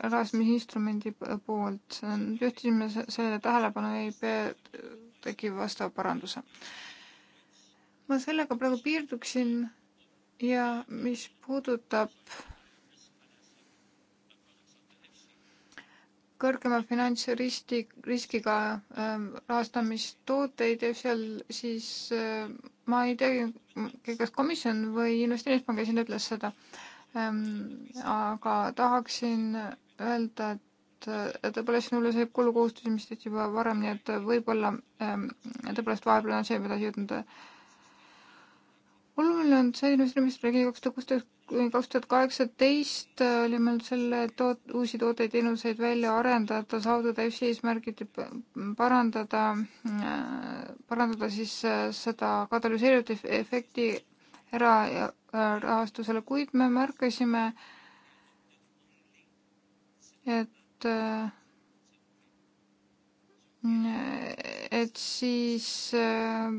Erasmus instrumendi poolt. juhtisime sellele tähelepanu, EIP tegi vastava paranduse. ma sellega praegu piirduksin ja mis puudutab kõrgema finantsristi, riskiga ähm, rahastamistooteid ja seal siis äh, ma ei tea, kas komisjon või investeerimispank esindajad ütles seda äh,, Ehm, aga tahaksin öelda, et tõepoolest sinule see kulukohustusi, mis tehti juba varem, nii et võib-olla ehm, tõepoolest vahepeal on see, mida ei jõudnud. oluline on see investeerimisstrateegia kaks tuhat kuusteist kuni kaks tuhat kaheksateist äh, oli meil selle toot-, uusi tooteid, teenuseid välja arendada, saavutada EFSI eesmärgid, parandada, äh, parandada siis äh, seda katalüseerivat efekti erarahastusele, äh, kuid me märkasime, et äh, et siis äh,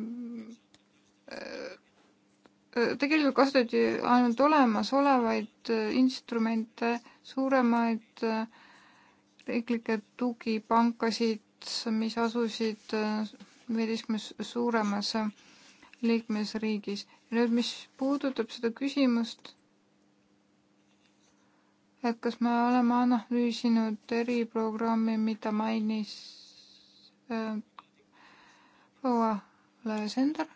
tegelikult kasutati ainult olemasolevaid instrumente, suuremaid riiklikke tugipankasid, mis asusid viieteistkümnes suuremas liikmesriigis nüüd, mis puudutab seda küsimust, et kas me oleme analüüsinud eriprogrammi, mida mainis äh, proua Sender.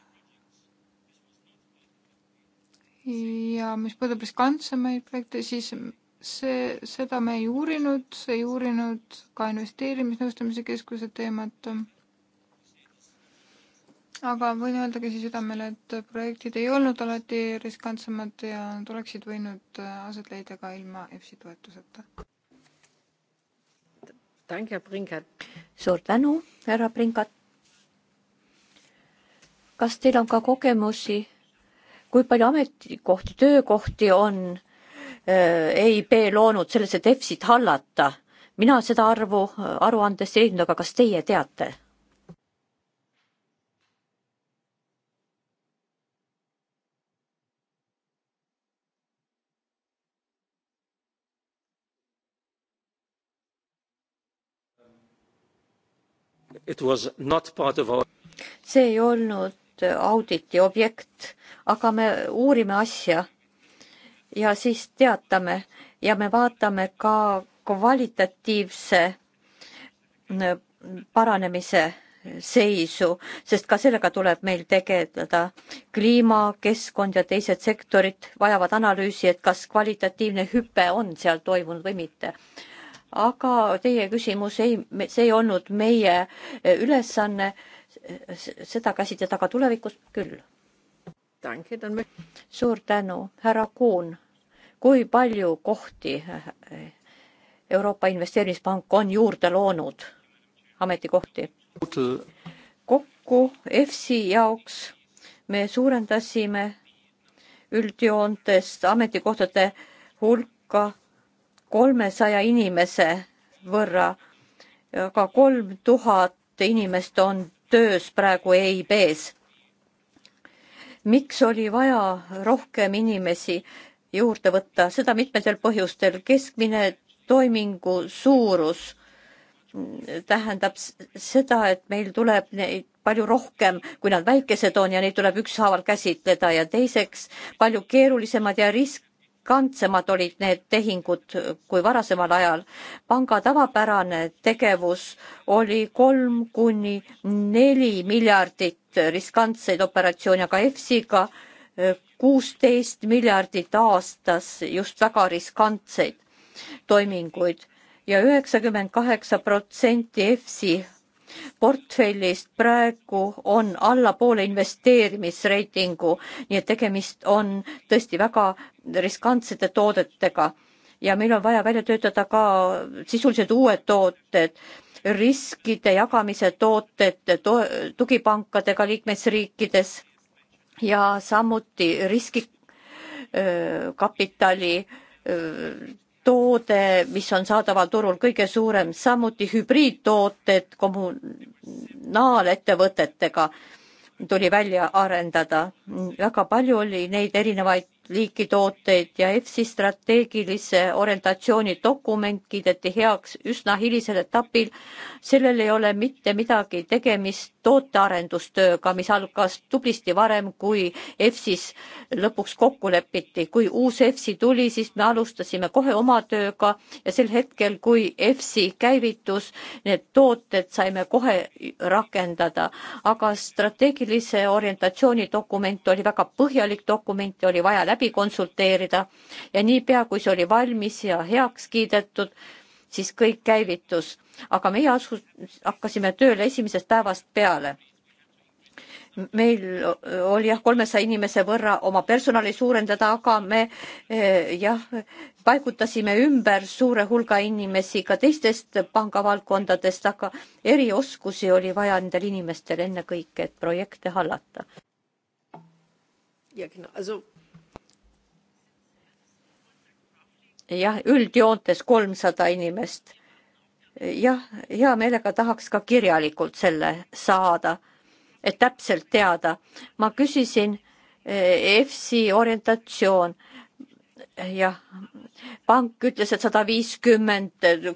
ja mis puudutab riskantsemaid projekte, siis see, seda me ei uurinud, ei uurinud ka investeerimisnõustamise keskuse teemat aga võin öelda ka siis südamele, et projektid ei olnud alati riskantsemad ja nad oleksid võinud äh, aset leida ka ilma EFSI toetuseta. suur tänu, härra Pringat. kas teil on ka kogemusi, kui palju ametikohti, töökohti on äh, EIB loonud selles, et EFSI-t hallata? mina seda arvu äh, aruandest ei leidnud, aga kas teie teate? see ei olnud äh, auditi objekt, aga me uurime asja ja siis teatame ja me vaatame ka kvalitatiivse paranemise seisu, sest ka sellega tuleb meil tegeleda. kliima, keskkond ja teised sektorid vajavad analüüsi, et kas kvalitatiivne hüpe on seal toimunud või mitte aga teie küsimus ei, see ei olnud meie eh, ülesanne seda käsitleda, aga tulevikus küll. suur tänu, härra Kuhn. kui palju kohti eh, Euroopa Investeerimispank on juurde loonud, ametikohti? kokku EFSi jaoks me suurendasime üldjoontes ametikohtade hulka kolmesaja inimese võrra. aga kolm tuhat inimest on töös praegu EIB-s. miks oli vaja rohkem inimesi juurde võtta, seda mitmetel põhjustel. keskmine toimingu suurus tähendab seda, et meil tuleb neid palju rohkem, kui nad väikesed on ja neid tuleb ükshaaval käsitleda ja teiseks palju keerulisemad ja risk, elegantsemad olid need tehingud kui varasemal ajal. panga tavapärane tegevus oli kolm kuni neli miljardit riskantseid operatsioone, aga EFSiga e, kuusteist miljardit aastas just väga riskantseid toiminguid ja üheksakümmend kaheksa protsenti EFSi portfellist praegu on allapoole investeerimisreitingu, nii et tegemist on tõesti väga riskantsete toodetega ja meil on vaja välja töötada ka sisuliselt uued tooted, riskide jagamise tooted to tugipankadega liikmesriikides ja samuti riskikapitali toode, mis on saadaval turul kõige suurem, samuti hübriidtooted kommunaalettevõtetega tuli välja arendada. väga palju oli neid erinevaid liiki tooteid ja EFSI strateegilise orientatsiooni dokument kiideti heaks üsna hilisel etapil. sellel ei ole mitte midagi tegemist tootearendustööga, mis algas tublisti varem, kui EFSis lõpuks kokku lepiti. kui uus EFSi tuli, siis me alustasime kohe oma tööga ja sel hetkel, kui EFSi käivitus, need tooted saime kohe rakendada. aga strateegilise orientatsiooni dokument oli väga põhjalik dokument ja oli vaja läbi läbi konsulteerida ja niipea, kui see oli valmis ja heaks kiidetud, siis kõik käivitus, aga meie asus, hakkasime tööle esimesest päevast peale meil oli jah, kolmesaja inimese võrra oma personali suurendada, aga me eh, jah, paigutasime ümber suure hulga inimesi ka teistest pangavaldkondadest, aga erioskusi oli vaja nendel inimestel ennekõike, et projekte hallata. ja, also jah, üldjoontes kolmsada inimest. jah, hea meelega tahaks ka kirjalikult selle saada, et täpselt teada. ma küsisin EFSi eh, orientatsioon. jah, pank ütles, et sada viiskümmend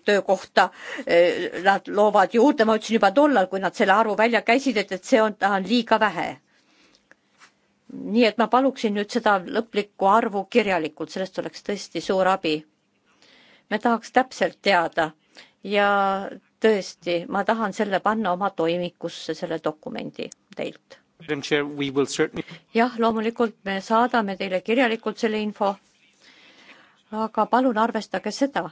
töökohta eh, nad loovad juurde, ma ütlesin juba tollal, kui nad selle arvu välja käisid, et, et see on, on liiga vähe nii et ma paluksin nüüd seda lõplikku arvu kirjalikult, sellest oleks tõesti suur abi. me tahaks täpselt teada ja tõesti, ma tahan selle panna oma toimikusse, selle dokumendi teilt. jah, loomulikult me saadame teile kirjalikult selle info. aga palun arvestage seda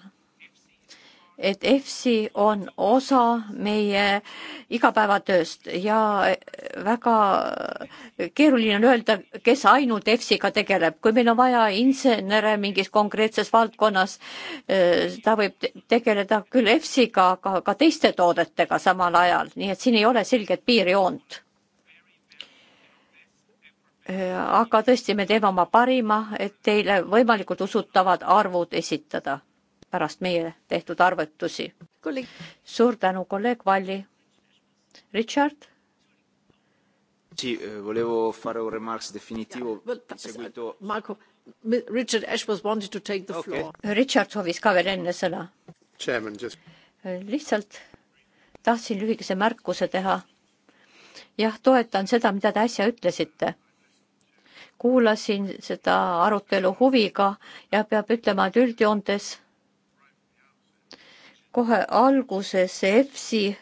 et EFSI on osa meie igapäevatööst ja väga keeruline on öelda, kes ainult EFSI-ga tegeleb, kui meil on vaja insenere mingis konkreetses valdkonnas, eh, ta võib tegeleda küll EFSI-ga, aga ka teiste toodetega samal ajal, nii et siin ei ole selget piirjoont. Eh, aga tõesti, me teeme oma parima, et teile võimalikult usutavad arvud esitada pärast meie tehtud arvutusi. suur tänu, kolleeg Valli. Richard? Sì, eh, volevo fare un remarks definitivo yeah, well, seguito... Uh, Marco, Richard Ashworth wanted to take the okay. floor. Richard soovis ka veel enne sõna. Chairman, just... Eh, lihtsalt tahtsin lühikese märkuse teha. Jah, toetan seda, mida te äsja ütlesite kuulasin seda arutelu huviga ja peab ütlema, et üldjoontes kohe alguses see EFSI äh,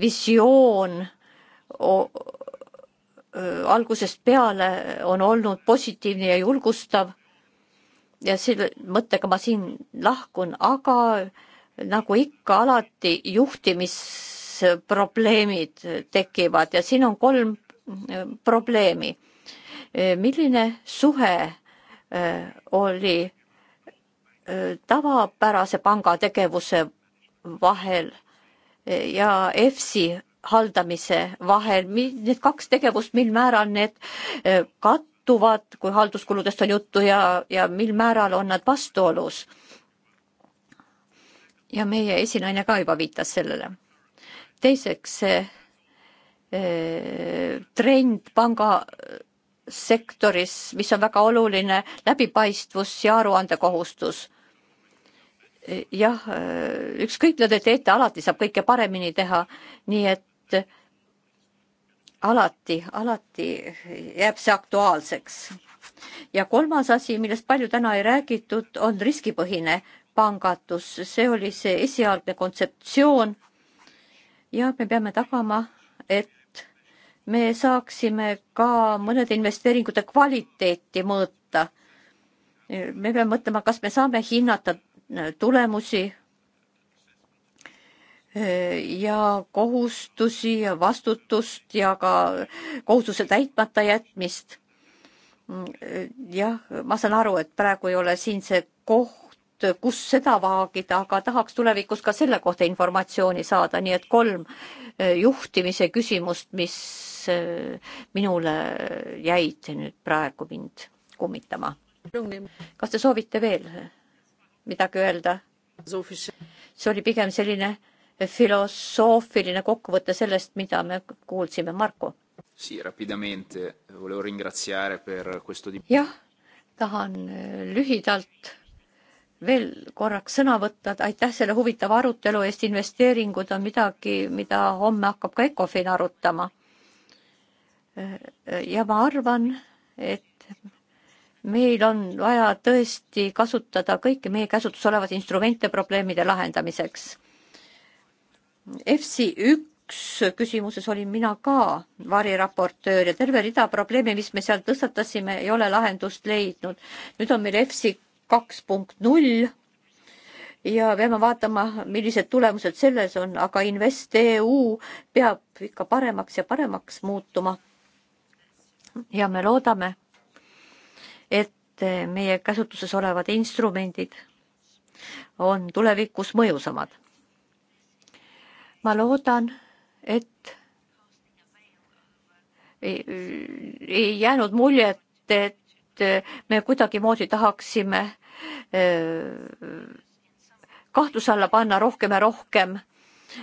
visioon äh, algusest peale on olnud positiivne ja julgustav. ja selle mõttega ma siin lahkun, aga nagu ikka alati juhtimisprobleemid tekivad ja siin on kolm äh, probleemi. milline suhe oli tavapärase pangategevuse vahel ja EFSI haldamise vahel, need kaks tegevust, mil määral need e, kattuvad, kui halduskuludest on juttu ja, ja mil määral on nad vastuolus? ja meie esinaine ka juba viitas sellele. teiseks see e, trend pangasektoris, mis on väga oluline, läbipaistvus ja aruandekohustus jah, äh, ükskõik mida te teete, alati saab kõike paremini teha, nii et äh, alati, alati jääb see aktuaalseks. ja kolmas asi, millest palju täna ei räägitud, on riskipõhine pangatus, see oli see esialgne kontseptsioon. ja me peame tagama, et me saaksime ka mõnede investeeringute kvaliteeti mõõta me peame mõtlema, kas me saame hinnata tulemusi ja kohustusi ja vastutust ja ka kohustuse täitmata jätmist. jah, ma saan aru, et praegu ei ole siin see koht, kus seda vaagida, aga tahaks tulevikus ka selle kohta informatsiooni saada, nii et kolm eh, juhtimise küsimust, mis eh, minule jäid nüüd praegu mind kummitama. kas te soovite veel eh, midagi öelda? see oli pigem selline filosoofiline kokkuvõte sellest, mida me kuulsime, Marko. jah, tahan eh, lühidalt veel korraks sõna võtta, et aitäh selle huvitava arutelu eest, investeeringud on midagi, mida homme hakkab ka Ecofin arutama. Eh, eh, ja ma arvan, et meil on vaja tõesti kasutada kõiki meie käsutuses olevaid instrumente probleemide lahendamiseks. EFSI üks küsimuses olin mina ka variraportöör ja terve rida probleeme, mis me seal tõstatasime, ei ole lahendust leidnud. nüüd on meil EFSI kaks punkt null ja peame vaatama, millised tulemused selles on, aga InvestEU peab ikka paremaks ja paremaks muutuma. ja me loodame et eh, meie käsutuses olevad instrumendid on tulevikus mõjusamad. ma loodan, et ei, ei jäänud muljet, et eh, me kuidagimoodi tahaksime eh, kahtluse alla panna rohkem ja rohkem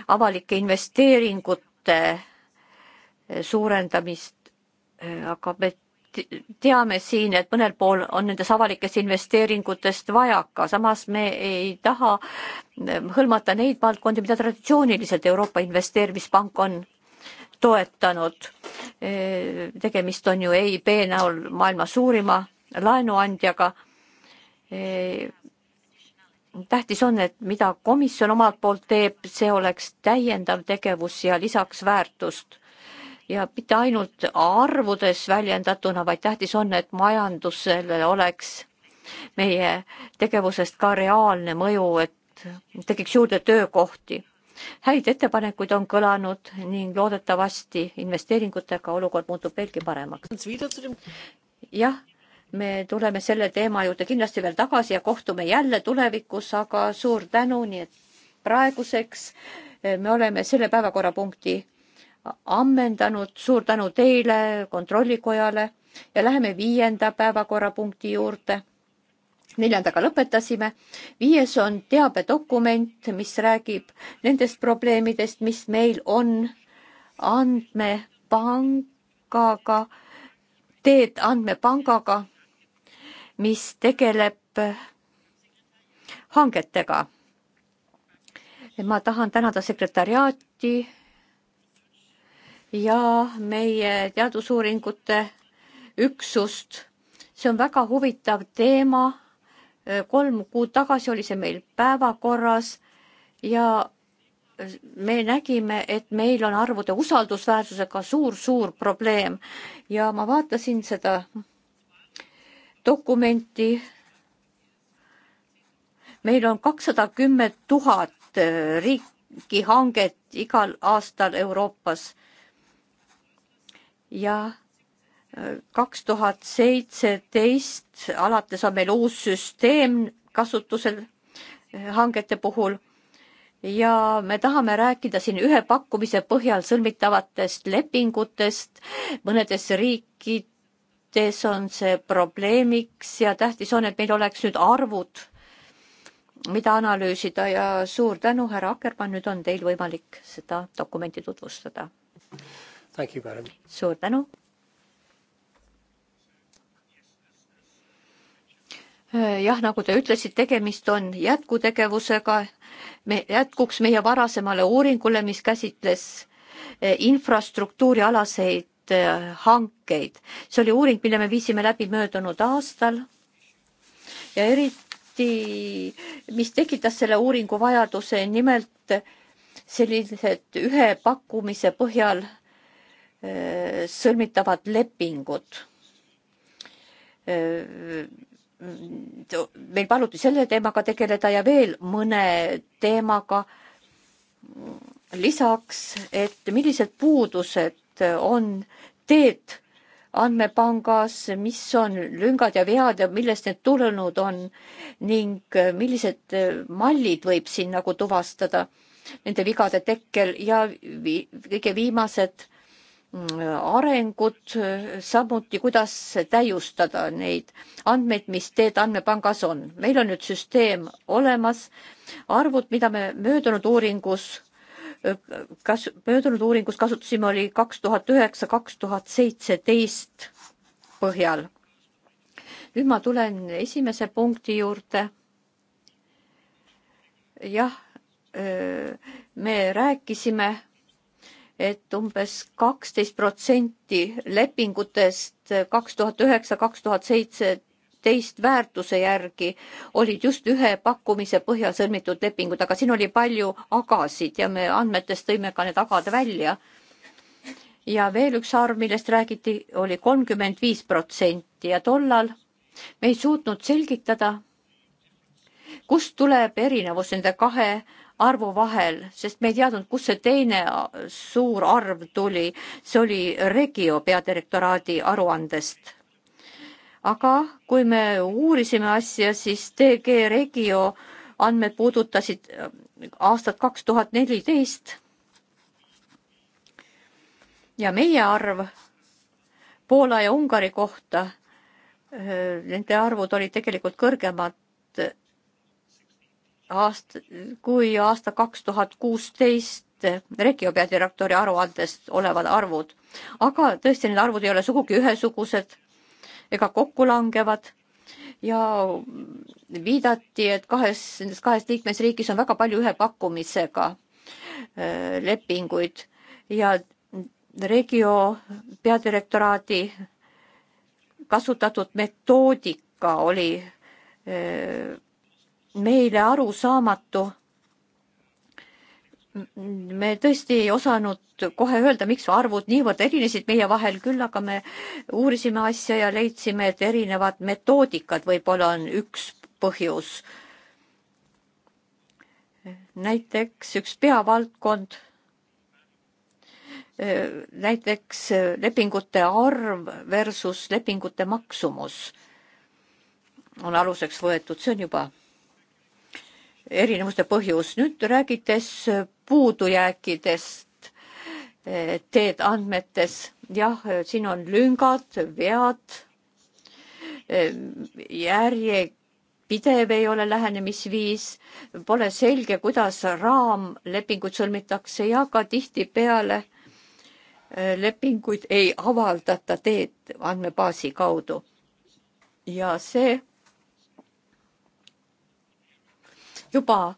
avalike investeeringute suurendamist, aga me teame siin, et mõnel pool on nendes avalikest investeeringutest vajaka, samas me ei taha eh, hõlmata neid valdkondi, mida traditsiooniliselt Euroopa Investeerimispank on toetanud. Eh, tegemist on ju EIB näol maailma suurima laenuandjaga. Eh, tähtis on, et mida komisjon omalt poolt teeb, see oleks täiendav tegevus ja lisaks väärtust ja mitte ainult arvudes väljendatuna, vaid tähtis on, et majandusele oleks meie tegevusest ka reaalne mõju, et tekiks juurde töökohti. häid ettepanekuid on kõlanud ning loodetavasti investeeringutega olukord muutub veelgi paremaks. jah, me tuleme selle teema juurde kindlasti veel tagasi ja kohtume jälle tulevikus, aga suur tänu, nii et praeguseks me oleme selle päevakorrapunkti ammendanud, suur tänu teile, kontrollikojale ja läheme viienda päevakorrapunkti juurde. neljandaga lõpetasime. viies on teabedokument, mis räägib nendest probleemidest, mis meil on andmepangaga, teed andmepangaga, mis tegeleb hangetega. ma tahan tänada sekretariaati ja meie teadusuuringute üksust. see on väga huvitav teema. kolm kuud tagasi oli see meil päevakorras ja me nägime, et meil on arvude usaldusväärsusega suur-suur probleem ja ma vaatasin seda dokumenti. meil on kakssada kümme tuhat riikihanget igal aastal Euroopas ja äh, kaks tuhat seitseteist alates on meil uus süsteem kasutusel äh, hangete puhul ja me tahame rääkida siin ühe pakkumise põhjal sõlmitavatest lepingutest. mõnedes riikides on see probleemiks ja tähtis on, et meil oleks nüüd arvud, mida analüüsida ja suur tänu, härra Akkermann, nüüd on teil võimalik seda dokumenti tutvustada suur tänu. jah, nagu te ütlesite, tegemist on jätkutegevusega. me jätkuks meie varasemale uuringule, mis käsitles eh, infrastruktuurialaseid eh, hankeid. see oli uuring, mille me viisime läbi möödunud aastal. ja eriti, mis tekitas selle uuringu vajaduse, nimelt sellised ühe pakkumise põhjal Äh, sõlmitavad lepingud. Äh, meil paluti selle teemaga tegeleda ja veel mõne teemaga lisaks, et millised puudused on teed andmepangas, mis on lüngad ja vead ja millest need tulenud on ning millised mallid võib siin nagu tuvastada nende vigade tekkel ja vi kõige viimased Mm, arengut, samuti kuidas täiustada neid andmeid, mis teed andmepangas on. meil on nüüd süsteem olemas, arvud, mida me möödunud uuringus kas möödunud uuringus kasutasime, oli kaks tuhat üheksa, kaks tuhat seitseteist põhjal. nüüd ma tulen esimese punkti juurde. jah, me rääkisime et umbes kaksteist protsenti lepingutest kaks tuhat üheksa, kaks tuhat seitseteist väärtuse järgi olid just ühe pakkumise põhjal sõlmitud lepingud, aga siin oli palju agasid ja me andmetest tõime ka need agad välja. ja veel üks arv, millest räägiti, oli kolmkümmend viis protsenti ja tollal me ei suutnud selgitada, kust tuleb erinevus nende kahe arvu vahel, sest me ei teadnud, kust see teine suur arv tuli. see oli Regio peadirektoraadi aruandest. aga kui me uurisime asja, siis TG Regio andmed puudutasid äh, aastat kaks tuhat neliteist. ja meie arv Poola ja Ungari kohta, äh, nende arvud olid tegelikult kõrgemad aast-, kui aasta kaks tuhat kuusteist Rekio peadirektori aruandest olevad arvud. aga tõesti, need arvud ei ole sugugi ühesugused ega kokkulangevad ja viidati, et kahes, nendes kahes liikmesriigis on väga palju ühe pakkumisega äh, lepinguid ja Regio peadirektoraadi kasutatud metoodika oli öö, äh, meile arusaamatu. me tõesti ei osanud kohe öelda, miks arvud niivõrd erinesid meie vahel, küll aga me uurisime asja ja leidsime, et erinevad metoodikad võib-olla on üks põhjus. näiteks üks peavaldkond näiteks lepingute arv versus lepingute maksumus on aluseks võetud, see on juba erinevuste põhjus. nüüd räägites puudujääkidest eh, teed andmetes, jah, siin on lüngad, vead, eh, järjepidev ei ole lähenemisviis, pole selge, kuidas raamlepingud sõlmitakse ja ka tihtipeale eh, lepinguid ei avaldata teed andmebaasi kaudu. ja see juba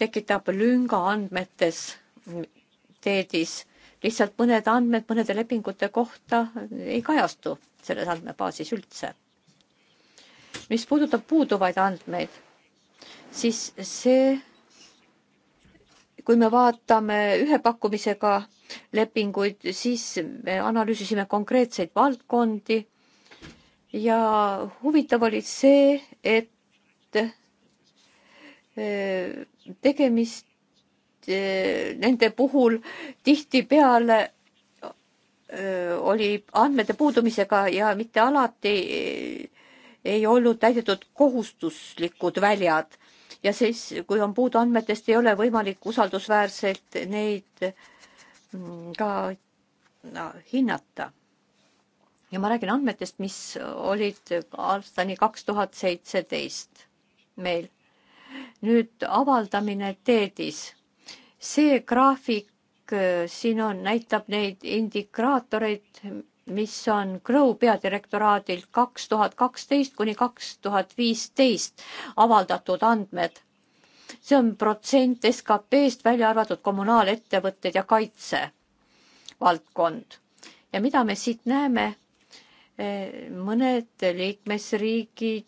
tekitab lünga andmetes, teedis. lihtsalt mõned andmed mõnede lepingute kohta ei kajastu selles andmebaasis üldse. mis puudutab puuduvaid andmeid, siis see, kui me vaatame ühe pakkumisega lepinguid, siis me analüüsisime konkreetseid valdkondi ja huvitav oli see, et Äh, tegemist äh, nende puhul tihtipeale äh, oli andmete puudumisega ja mitte alati ei olnud täidetud kohustuslikud väljad ja siis, kui on puudu andmetest, ei ole võimalik usaldusväärselt neid mm, ka no, hinnata. ja ma räägin andmetest, mis olid aastani kaks tuhat seitseteist meil nüüd avaldamine teedis. see graafik äh, siin on, näitab neid indikaatoreid, mis on Grow peadirektoraadilt kaks tuhat kaksteist kuni kaks tuhat viisteist avaldatud andmed. see on protsent SKP-st, välja arvatud kommunaalettevõtted ja kaitsevaldkond. ja mida me siit näeme? Äh, mõned liikmesriigid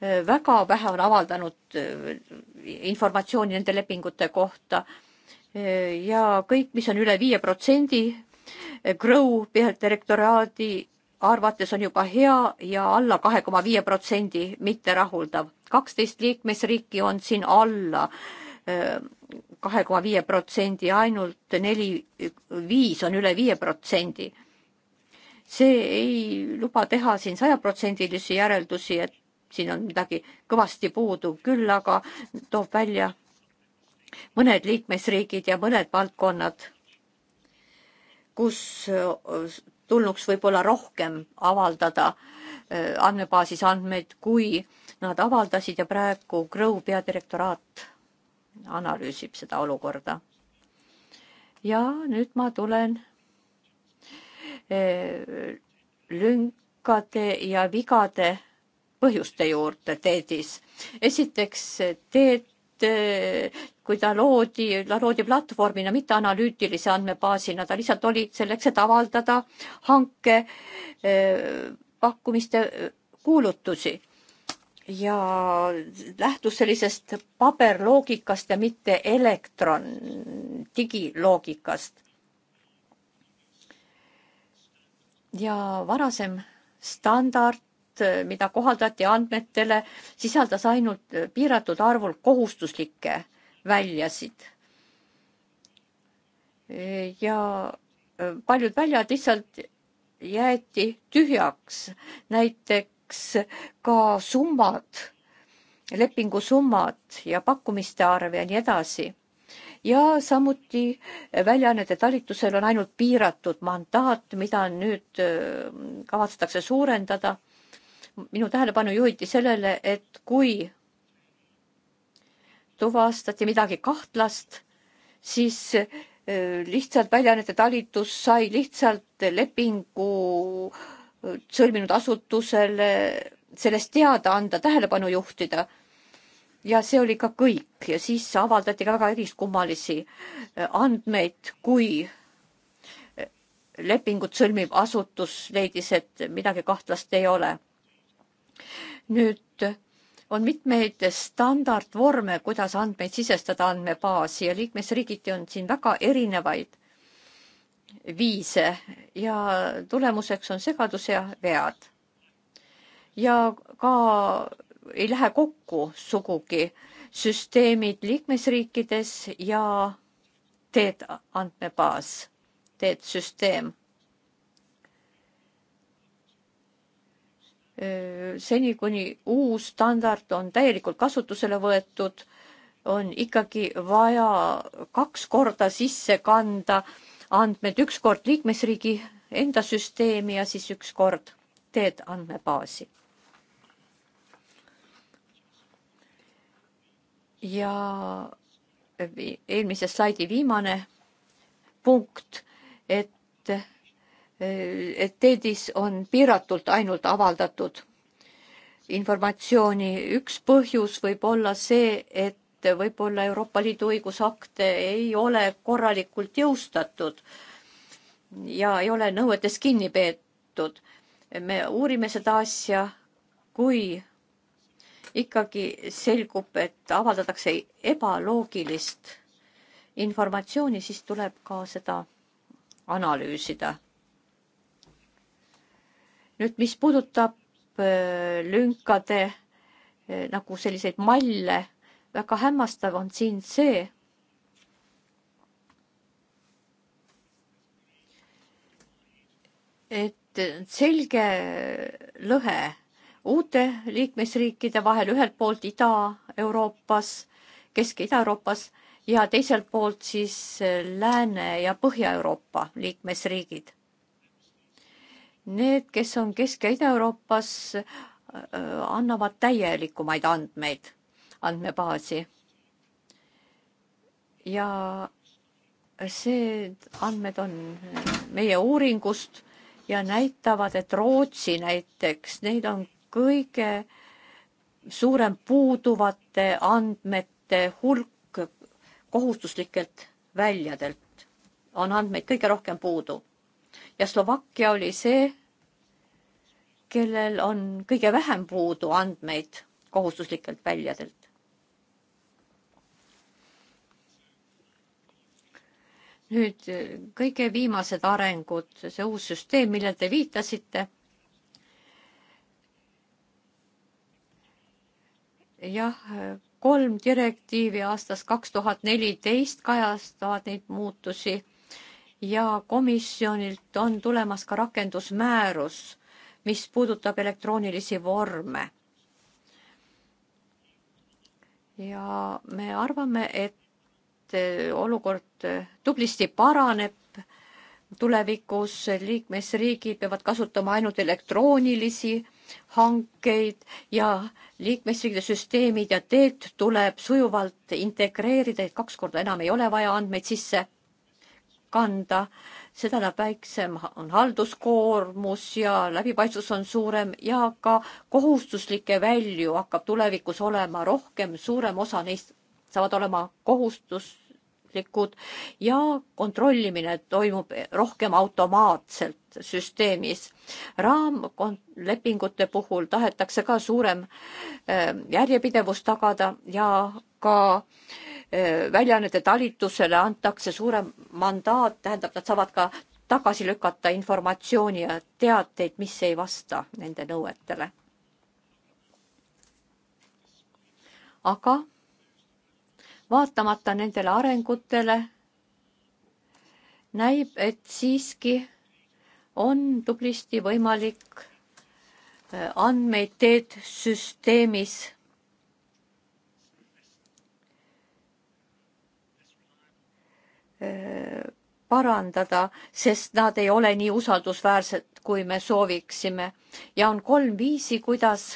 väga vähe on avaldanud äh, informatsiooni nende lepingute kohta äh, ja kõik, mis on üle viie protsendi, äh, Grow peadirektoraadi arvates on juba hea ja alla kahe koma viie protsendi mitterahuldav. kaksteist liikmesriiki on siin alla kahe koma viie protsendi, ainult neli, viis on üle viie protsendi. see ei luba teha siin sajaprotsendilisi järeldusi, et siin on midagi kõvasti puudu, küll aga toob välja mõned liikmesriigid ja mõned valdkonnad, kus äh, tulnuks võib-olla rohkem avaldada äh, andmebaasis andmeid, kui nad avaldasid ja praegu Grow peadirektoraat analüüsib seda olukorda. ja nüüd ma tulen äh, lünkade ja vigade põhjuste juurde TED-is. esiteks, TED, kui ta loodi, ta loodi platvormina, mitte analüütilise andmebaasina, ta lihtsalt oli selleks, et avaldada hanke eh, pakkumiste eh, kuulutusi ja lähtus sellisest paberloogikast ja mitte elektron digiloogikast. ja varasem standard Eh, mida kohaldati andmetele, sisaldas ainult eh, piiratud arvul kohustuslikke väljasid. Eh, ja paljud väljad lihtsalt jäeti tühjaks, näiteks ka summad, lepingusummad ja pakkumiste arv ja nii edasi ja samuti väljaannete talitusel on ainult piiratud mandaat, mida nüüd kavatsetakse suurendada minu tähelepanu juhiti sellele, et kui tuvastati midagi kahtlast, siis äh, lihtsalt väljaannete talitus sai lihtsalt lepingu äh, sõlminud asutusele sellest teada anda, tähelepanu juhtida. ja see oli ka kõik ja siis avaldati ka väga eriskummalisi äh, andmeid, kui lepingut sõlmiv asutus leidis, et midagi kahtlast ei ole nüüd on mitmeid standardvorme, kuidas andmeid sisestada andmebaasi ja liikmesriigiti on siin väga erinevaid viise ja tulemuseks on segadus ja vead. ja ka ei lähe kokku sugugi süsteemid liikmesriikides ja teed andmebaas, teed süsteem seni, kuni uus standard on täielikult kasutusele võetud, on ikkagi vaja kaks korda sisse kanda andmed, üks kord liikmesriigi enda süsteemi ja siis üks kord teed andmebaasi. ja eelmise slaidi viimane punkt, et et teedis on piiratult ainult avaldatud informatsiooni. üks põhjus võib olla see, et võib-olla Euroopa Liidu õigusakte ei ole korralikult jõustatud ja ei ole nõuetes kinni peetud. me uurime seda asja, kui ikkagi selgub, et avaldatakse ebaloogilist informatsiooni, siis tuleb ka seda analüüsida nüüd, mis puudutab äh, lünkade äh, nagu selliseid malle, väga hämmastav on siin see, et selge lõhe uute liikmesriikide vahel, ühelt poolt Ida-Euroopas, Kesk- ja Ida-Euroopas ja teiselt poolt siis äh, Lääne- ja Põhja-Euroopa liikmesriigid Need, kes on Kesk- ja Ida-Euroopas, äh, annavad täielikumaid andmeid andmebaasi. ja see andmed on meie uuringust ja näitavad, et Rootsi näiteks, neid on kõige suurem puuduvate andmete hulk kohustuslikelt väljadelt. on andmeid kõige rohkem puudu ja Slovakkia oli see, kellel on kõige vähem puudu andmeid kohustuslikelt väljadelt. nüüd kõige viimased arengud, see uus süsteem, millele te viitasite. jah, kolm direktiivi aastast kaks tuhat neliteist kajastavad neid muutusi ja komisjonilt on tulemas ka rakendusmäärus, mis puudutab elektroonilisi vorme. ja me arvame, et eh, olukord eh, tublisti paraneb tulevikus liikmesriigid peavad kasutama ainult elektroonilisi hankeid ja liikmesriikide süsteemid ja teed tuleb sujuvalt integreerida, et kaks korda enam ei ole vaja andmeid sisse kanda, seda näeb väiksem on halduskoormus ja läbipaistvus on suurem ja ka kohustuslikke välju hakkab tulevikus olema rohkem, suurem osa neist saavad olema kohustuslikud ja kontrollimine toimub rohkem automaatselt süsteemis. raamlepingute puhul tahetakse ka suurem ehm, järjepidevus tagada ja ka äh, Äh, väljaannete talitusele antakse suurem mandaat, tähendab, nad saavad ka tagasi lükata informatsiooni ja teateid, mis ei vasta nende nõuetele. aga vaatamata nendele arengutele näib, et siiski on tublisti võimalik äh, andmeid teed süsteemis Äh, parandada, sest nad ei ole nii usaldusväärsed, kui me sooviksime ja on kolm viisi, kuidas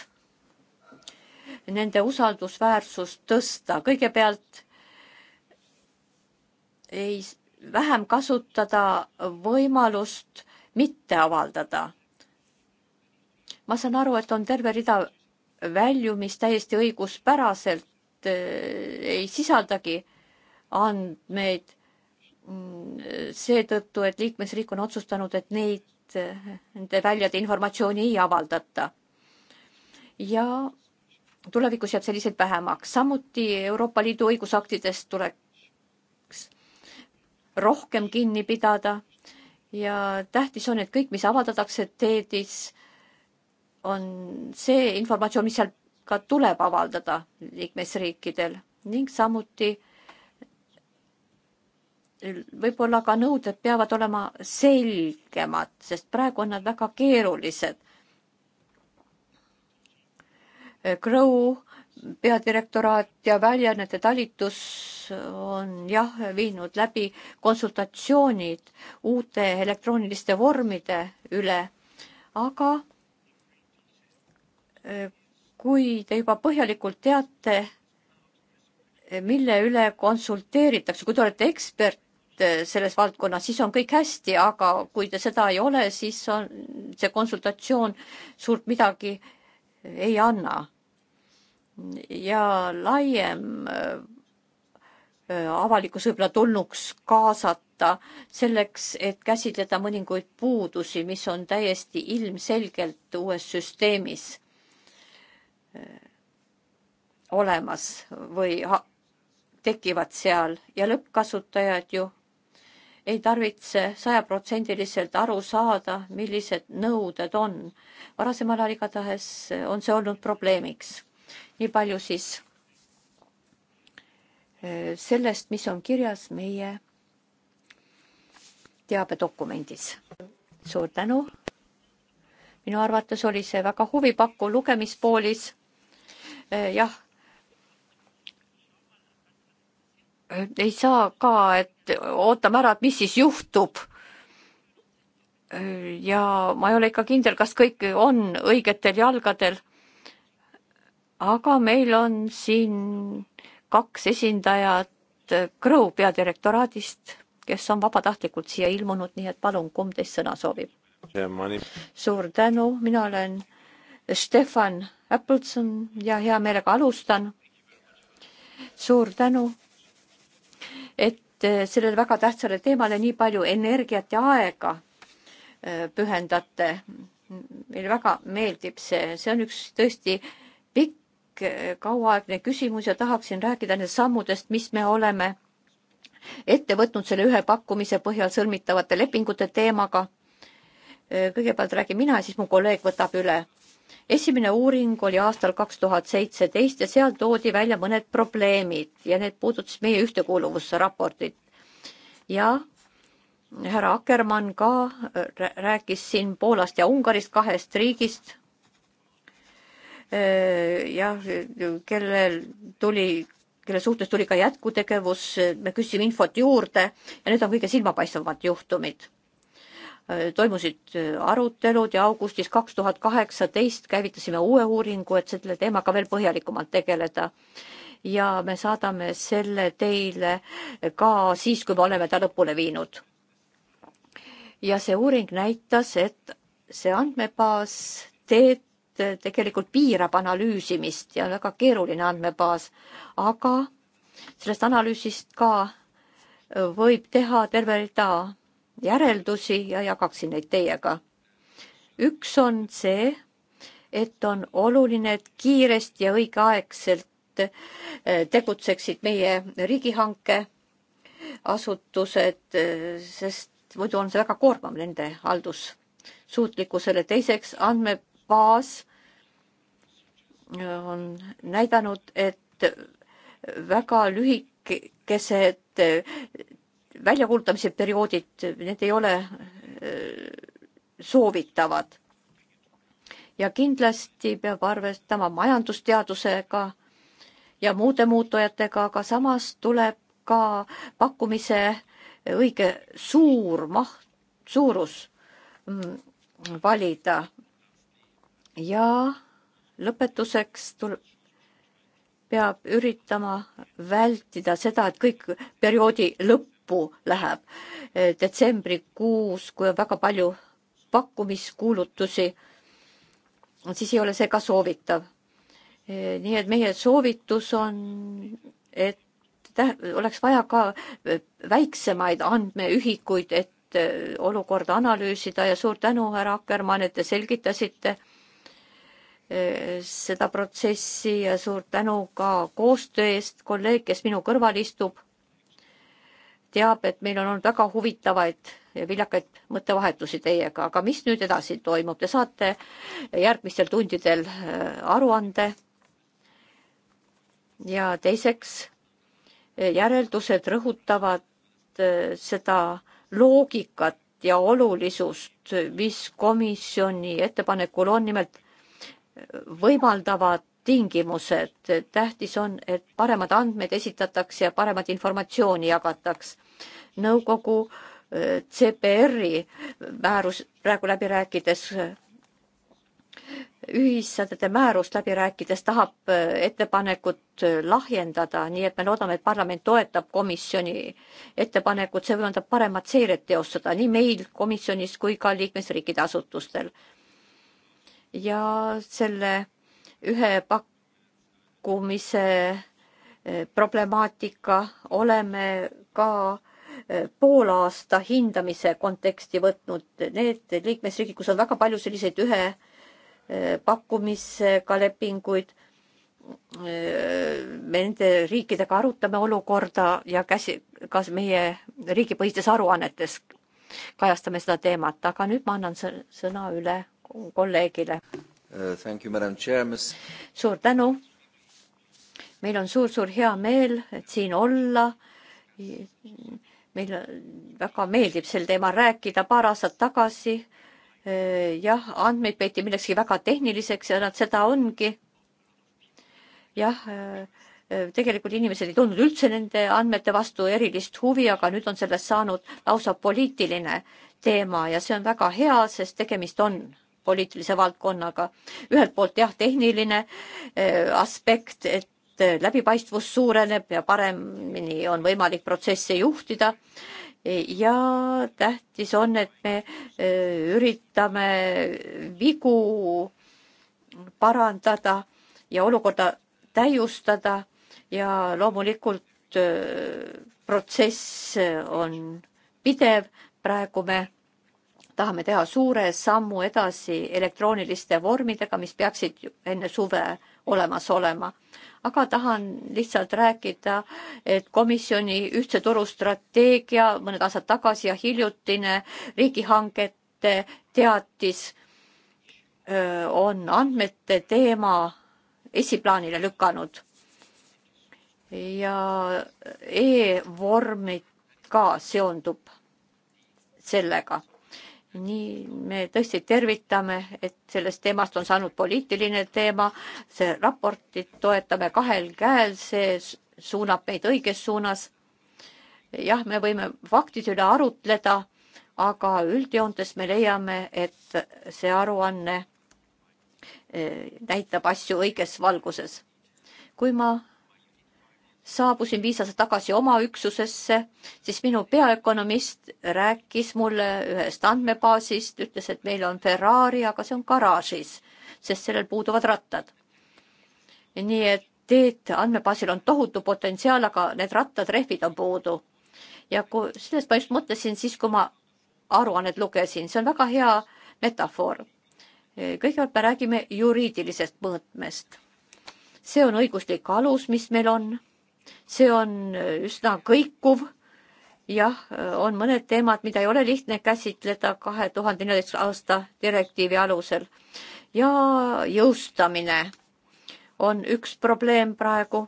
nende usaldusväärsust tõsta. kõigepealt ei, vähem kasutada võimalust mitte avaldada. ma saan aru, et on terve rida väljumist täiesti õiguspäraselt, äh, ei sisaldagi andmeid seetõttu, et liikmesriik on otsustanud, et neid, nende väljade informatsiooni ei avaldata. ja tulevikus jääb selliseid vähemaks, samuti Euroopa Liidu õigusaktidest tuleks rohkem kinni pidada ja tähtis on, et kõik, mis avaldatakse teedis, on see informatsioon, mis seal ka tuleb avaldada liikmesriikidel ning samuti äh, võib-olla ka nõuded peavad olema selgemad, sest praegu on nad väga keerulised. Grow peadirektoraat ja väljaannete talitus on jah viinud läbi konsultatsioonid uute elektrooniliste vormide üle, aga eh, kui te juba põhjalikult teate, mille üle konsulteeritakse, kui te olete ekspert, Äh, selles valdkonnas, siis on kõik hästi, aga kui te seda ei ole, siis on see konsultatsioon suurt midagi ei anna. ja laiem äh, avalikkus võib-olla tulnuks kaasata selleks, et käsitleda mõningaid puudusi, mis on täiesti ilmselgelt uues süsteemis äh, olemas või tekivad seal ja lõppkasutajad ju ei tarvitse sajaprotsendiliselt aru saada, millised nõuded on. varasemal ajal igatahes on see olnud probleemiks. nii palju siis äh, sellest, mis on kirjas meie teabedokumendis. suur tänu. minu arvates oli see väga huvipakkuv lugemispoolis. Äh, jah, ei saa ka, et ootame ära, et mis siis juhtub. ja ma ei ole ikka kindel, kas kõik on õigetel jalgadel. aga meil on siin kaks esindajat Grow peadirektoraadist, kes on vabatahtlikult siia ilmunud, nii et palun, kumb teist sõna soovib? suur tänu, mina olen Stefan Appelson ja hea meelega alustan. suur tänu et eh, sellele väga tähtsale teemale nii palju energiat ja aega eh, pühendate. meile väga meeldib see, see on üks tõesti pikk eh, kauaaegne küsimus ja tahaksin rääkida nendest sammudest, mis me oleme ette võtnud selle ühe pakkumise põhjal sõlmitavate lepingute teemaga. kõigepealt räägin mina ja siis mu kolleeg võtab üle esimene uuring oli aastal kaks tuhat seitseteist ja seal toodi välja mõned probleemid ja need puudutasid meie ühtekuuluvusraportit. ja härra Akkermann ka äh, rääkis siin Poolast ja Ungarist, kahest riigist. Äh, jah, äh, kellel tuli, kelle suhtes tuli ka jätkutegevus, me küsisime infot juurde ja need on kõige silmapaistvamad juhtumid Äh, toimusid äh, arutelud ja augustis kaks tuhat kaheksateist käivitasime uue uuringu, et selle teemaga veel põhjalikumalt tegeleda. ja me saadame selle teile äh, ka siis, kui me oleme ta lõpule viinud. ja see uuring näitas, et see andmebaas teed tegelikult piirab analüüsimist ja on väga keeruline andmebaas, aga sellest analüüsist ka võib teha terve rida järeldusi ja jagaksin neid teiega. üks on see, et on oluline, et kiiresti ja õigeaegselt äh, tegutseksid meie riigihanke asutused, äh, sest muidu on see väga koormav nende haldussuutlikkusele. teiseks, andmebaas on näidanud, et väga lühikesed äh, väljakuulutamise perioodid, need ei ole soovitavad. ja kindlasti peab arvestama majandusteadusega ja muude muutujatega, aga samas tuleb ka pakkumise õige suur maht, suurus mm, valida. ja lõpetuseks tuleb, peab üritama vältida seda, et kõik perioodi lõpp lõppu läheb, eh, detsembrikuus, kui on väga palju pakkumiskuulutusi, siis ei ole see ka soovitav. Eh, nii et meie soovitus on, et oleks vaja ka eh, väiksemaid andmeühikuid, et olukorda analüüsida ja suur tänu, härra Akkermann, et te selgitasite seda protsessi ja suur tänu ka koostöö eest, kolleeg, kes minu kõrval istub, teab, et meil on olnud väga huvitavaid ja viljakaid mõttevahetusi teiega, aga mis nüüd edasi toimub, te saate järgmistel tundidel äh, aruande. ja teiseks äh, järeldused rõhutavad äh, seda loogikat ja olulisust, mis komisjoni ettepanekul on, nimelt võimaldavad tingimused. tähtis on, et paremad andmed esitatakse ja paremat informatsiooni jagataks. nõukogu eh, CPR-i määrus praegu läbi rääkides ühissätete määrust läbi rääkides tahab eh, ettepanekut eh, lahjendada, nii et me loodame, et parlament toetab komisjoni ettepanekut, see võimaldab paremat seiret teostada nii meil komisjonis kui ka liikmesriikide asutustel. ja selle ühe pakkumise eh, problemaatika oleme ka eh, poolaasta hindamise konteksti võtnud. Need liikmesriigid, kus on väga palju selliseid ühe eh, pakkumisega lepinguid, me nende riikidega arutame olukorda ja käsi, kas meie riigipõhistes aruannetes kajastame seda teemat, aga nüüd ma annan sõna üle kolleegile. Uh, suur tänu. meil on suur-suur hea meel, et siin olla. meil väga meeldib sel teemal rääkida. paar aastat tagasi eh, jah, andmeid peeti millekski väga tehniliseks ja nad seda ongi. jah, eh, eh, tegelikult inimesed ei tundnud üldse nende andmete vastu erilist huvi, aga nüüd on sellest saanud lausa poliitiline teema ja see on väga hea, sest tegemist on poliitilise valdkonnaga. ühelt poolt jah, tehniline äh, aspekt, et äh, läbipaistvus suureneb ja paremini on võimalik protsesse juhtida ja tähtis on, et me äh, üritame vigu parandada ja olukorda täiustada ja loomulikult protsess on pidev, praegu me tahame teha suure sammu edasi elektrooniliste vormidega, mis peaksid enne suve olemas olema. aga tahan lihtsalt rääkida, et komisjoni ühtse turu strateegia mõned aastad tagasi ja hiljutine riigihangete teatis on andmete teema esiplaanile lükanud. ja e-vormid ka seondub sellega nii me tõesti tervitame, et sellest teemast on saanud poliitiline teema, see raportit toetame kahel käel, see suunab meid õiges suunas. jah, me võime faktide üle arutleda, aga üldjoontes me leiame, et see aruanne eh, näitab asju õiges valguses. kui ma saabusin viis aastat tagasi oma üksusesse, siis minu peaökonomist rääkis mulle ühest andmebaasist, ütles, et meil on Ferrari, aga see on garaažis, sest sellel puuduvad rattad. nii et teed andmebaasil on tohutu potentsiaal, aga need rattad, rehvid on puudu. ja kui sellest ma just mõtlesin siis, kui ma aruannet lugesin, see on väga hea metafoor. kõigepealt me räägime juriidilisest mõõtmest. see on õiguslik alus, mis meil on see on äh, üsna kõikuv. jah, äh, on mõned teemad, mida ei ole lihtne käsitleda kahe tuhande neljateistkümnenda aasta direktiivi alusel ja jõustamine on üks probleem praegu.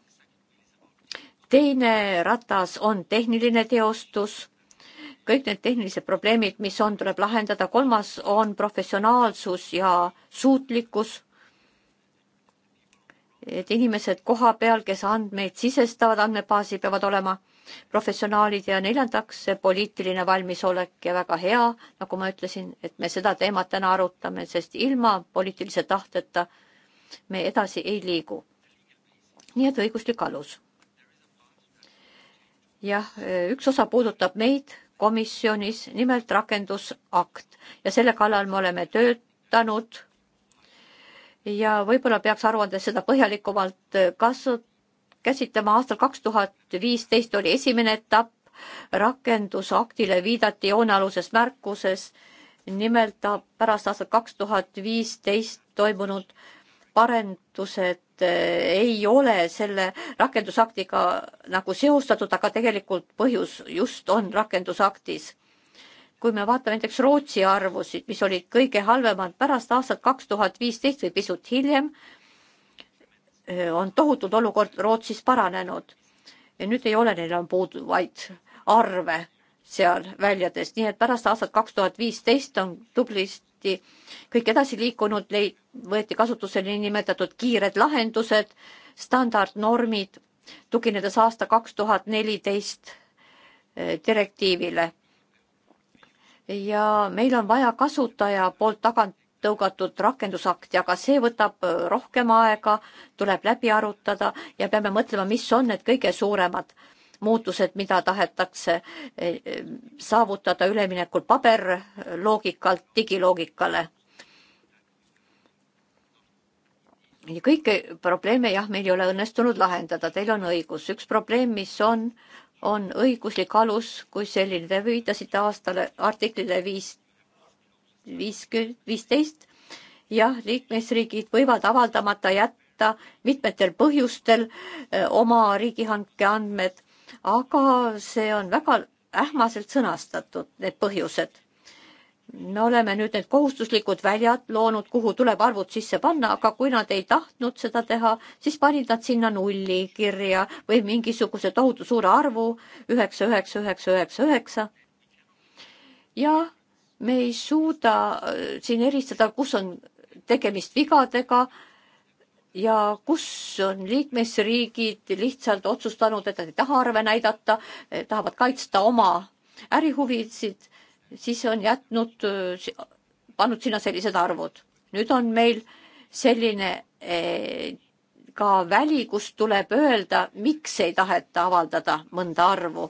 teine ratas on tehniline teostus. kõik need tehnilised probleemid, mis on, tuleb lahendada. kolmas on professionaalsus ja suutlikkus et inimesed koha peal, kes andmeid sisestavad andmebaasi, peavad olema professionaalid ja neljandaks poliitiline valmisolek ja väga hea, nagu ma ütlesin, et me seda teemat täna arutame, sest ilma poliitilise tahteta me edasi ei liigu. nii et õiguslik alus. jah, üks osa puudutab meid komisjonis, nimelt rakendusakt ja selle kallal me oleme töötanud ja võib-olla peaks aruandes seda põhjalikumalt äh, kasu-, käsitlema. aastal kaks tuhat viisteist oli esimene etapp, rakendusaktile viidati joonealuses märkuses. nimelt pärast aastat kaks tuhat viisteist toimunud parendused äh, ei ole selle rakendusaktiga nagu seostatud, aga tegelikult põhjus just on rakendusaktis kui me vaatame näiteks Rootsi arvusid, mis olid kõige halvemad pärast aastat kaks tuhat viisteist või pisut hiljem, on tohutult olukord Rootsis paranenud. ja nüüd ei ole neil enam puuduvaid arve seal väljades, nii et pärast aastat kaks tuhat viisteist on tublisti kõik edasi liikunud, leid-, võeti kasutusele niinimetatud kiired lahendused, standardnormid, tuginedes aasta kaks tuhat neliteist eh, direktiivile ja meil on vaja kasutaja poolt tagant tõugatud rakendusakti, aga see võtab äh, rohkem aega, tuleb läbi arutada ja peame mõtlema, mis on need kõige suuremad muutused, mida tahetakse äh, saavutada üleminekul paberloogikalt äh, digiloogikale. kõiki probleeme jah, meil ei ole õnnestunud lahendada, teil on õigus, üks probleem, mis on, on õiguslik alus, kui selline. Te viitasite aastale artiklile viis, viiskümmend, viisteist. jah, liikmesriigid võivad avaldamata jätta mitmetel põhjustel oma riigihanke andmed, aga see on väga ähmaselt sõnastatud, need põhjused me oleme nüüd need kohustuslikud väljad loonud, kuhu tuleb arvud sisse panna, aga kui nad ei tahtnud seda teha, siis panid nad sinna nulli kirja või mingisuguse tohutu suure arvu üheksa, üheksa, üheksa, üheksa, üheksa. ja me ei suuda äh, siin eristada, kus on tegemist vigadega ja kus on liikmesriigid lihtsalt otsustanud, et nad ei taha arve näidata, eh, tahavad kaitsta oma ärihuvisid siis on jätnud, pannud sinna sellised arvud. nüüd on meil selline eh, ka väli, kust tuleb öelda, miks ei taheta avaldada mõnda arvu.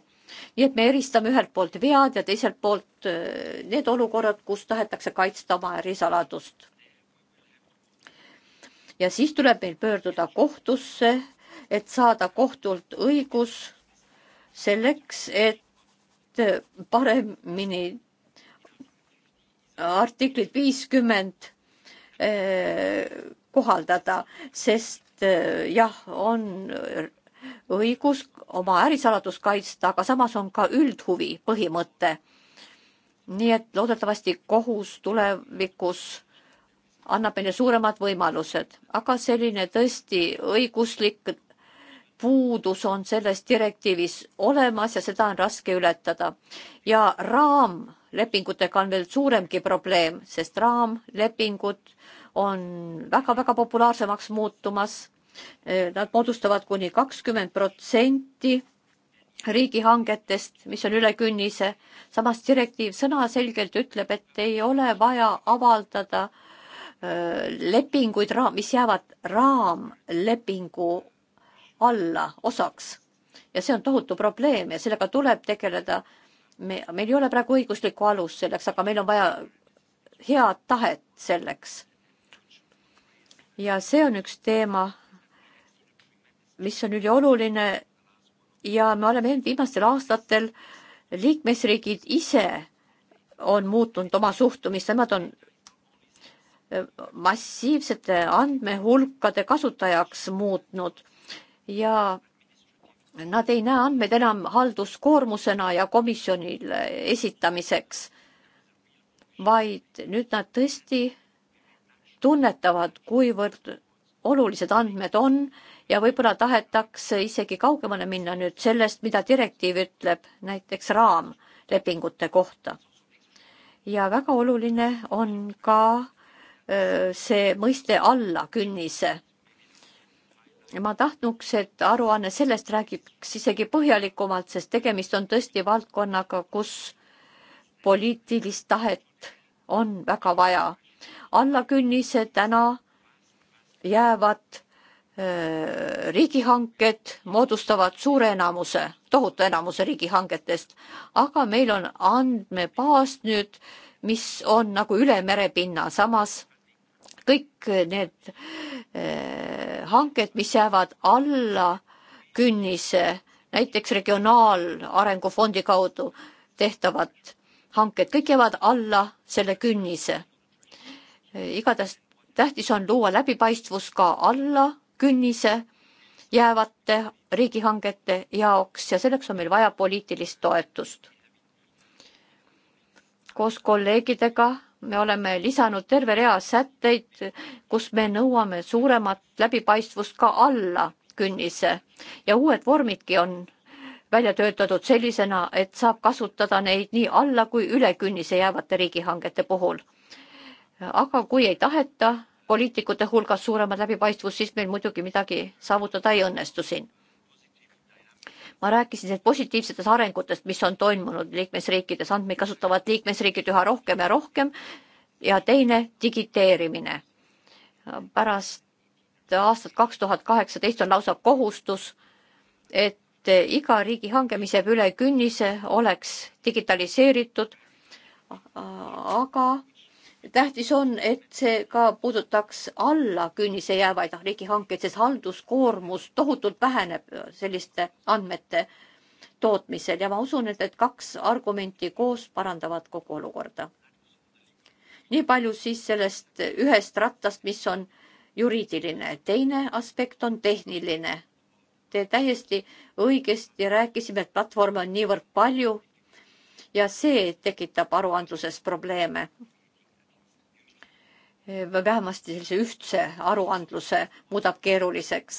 nii et me eristame ühelt poolt vead ja teiselt poolt eh, need olukorrad, kus tahetakse kaitsta oma ärisaladust. ja siis tuleb meil pöörduda kohtusse, et saada kohtult õigus selleks, et eh, paremini artiklit viiskümmend eh, kohaldada, sest eh, jah, on õigus oma ärisaladust kaitsta, aga samas on ka üldhuvi põhimõte. nii et loodetavasti kohus tulevikus annab meile suuremad võimalused, aga selline tõesti õiguslik puudus on selles direktiivis olemas ja seda on raske ületada. ja raam raamlepingutega on veel suuremgi probleem, sest raamlepingud on väga-väga populaarsemaks muutumas. Nad moodustavad kuni kakskümmend protsenti riigihangetest, mis on üle künnise. samas direktiiv sõnaselgelt ütleb, et ei ole vaja avaldada lepinguid, mis jäävad raamlepingu alla osaks ja see on tohutu probleem ja sellega tuleb tegeleda me, meil ei ole praegu õiguslikku alust selleks, aga meil on vaja head tahet selleks. ja see on üks teema, mis on ülioluline ja me oleme viimastel aastatel, liikmesriigid ise on muutnud oma suhtumist, nemad on äh, massiivsete andmehulkade kasutajaks muutnud ja Nad ei näe andmeid enam halduskoormusena ja komisjonile esitamiseks, vaid nüüd nad tõesti tunnetavad, kuivõrd olulised andmed on ja võib-olla tahetakse isegi kaugemale minna nüüd sellest, mida direktiiv ütleb näiteks raamlepingute kohta. ja väga oluline on ka öö, see mõiste alla künnise ma tahtnuks, et aruanne sellest räägiks isegi põhjalikumalt, sest tegemist on tõesti valdkonnaga, kus poliitilist tahet on väga vaja. alla künnise täna jäävad öö, riigihanked, moodustavad suure enamuse, tohutu enamuse riigihangetest, aga meil on andmebaas nüüd, mis on nagu üle merepinna, samas kõik need öö, hanked, mis jäävad alla künnise, näiteks Regionaalarengu Fondi kaudu tehtavad hanked, kõik jäävad alla selle künnise. igatahes tähtis on luua läbipaistvus ka alla künnise jäävate riigihangete jaoks ja selleks on meil vaja poliitilist toetust. koos kolleegidega me oleme lisanud terve rea sätteid, kus me nõuame suuremat läbipaistvust ka alla künnise ja uued vormidki on välja töötatud sellisena, et saab kasutada neid nii alla kui üle künnise jäävate riigihangete puhul. aga kui ei taheta poliitikute hulgas suuremat läbipaistvust, siis meil muidugi midagi saavutada ei õnnestu siin ma rääkisin sellest positiivsetest arengutest, mis on toimunud liikmesriikides, andmeid kasutavad liikmesriigid üha rohkem ja rohkem ja teine digiteerimine. pärast aastat kaks tuhat kaheksateist on lausa kohustus, et iga riigihange, mis jääb üle künnise, oleks digitaliseeritud, aga tähtis on, et see ka puudutaks alla künnise jäävaid riigihankeid, sest halduskoormus tohutult väheneb selliste andmete tootmisel ja ma usun, et need kaks argumenti koos parandavad kogu olukorda. nii palju siis sellest ühest rattast, mis on juriidiline, teine aspekt on tehniline. Te täiesti õigesti rääkisime, et platvorme on niivõrd palju ja see tekitab aruandluses probleeme või vähemasti sellise ühtse aruandluse muudab keeruliseks.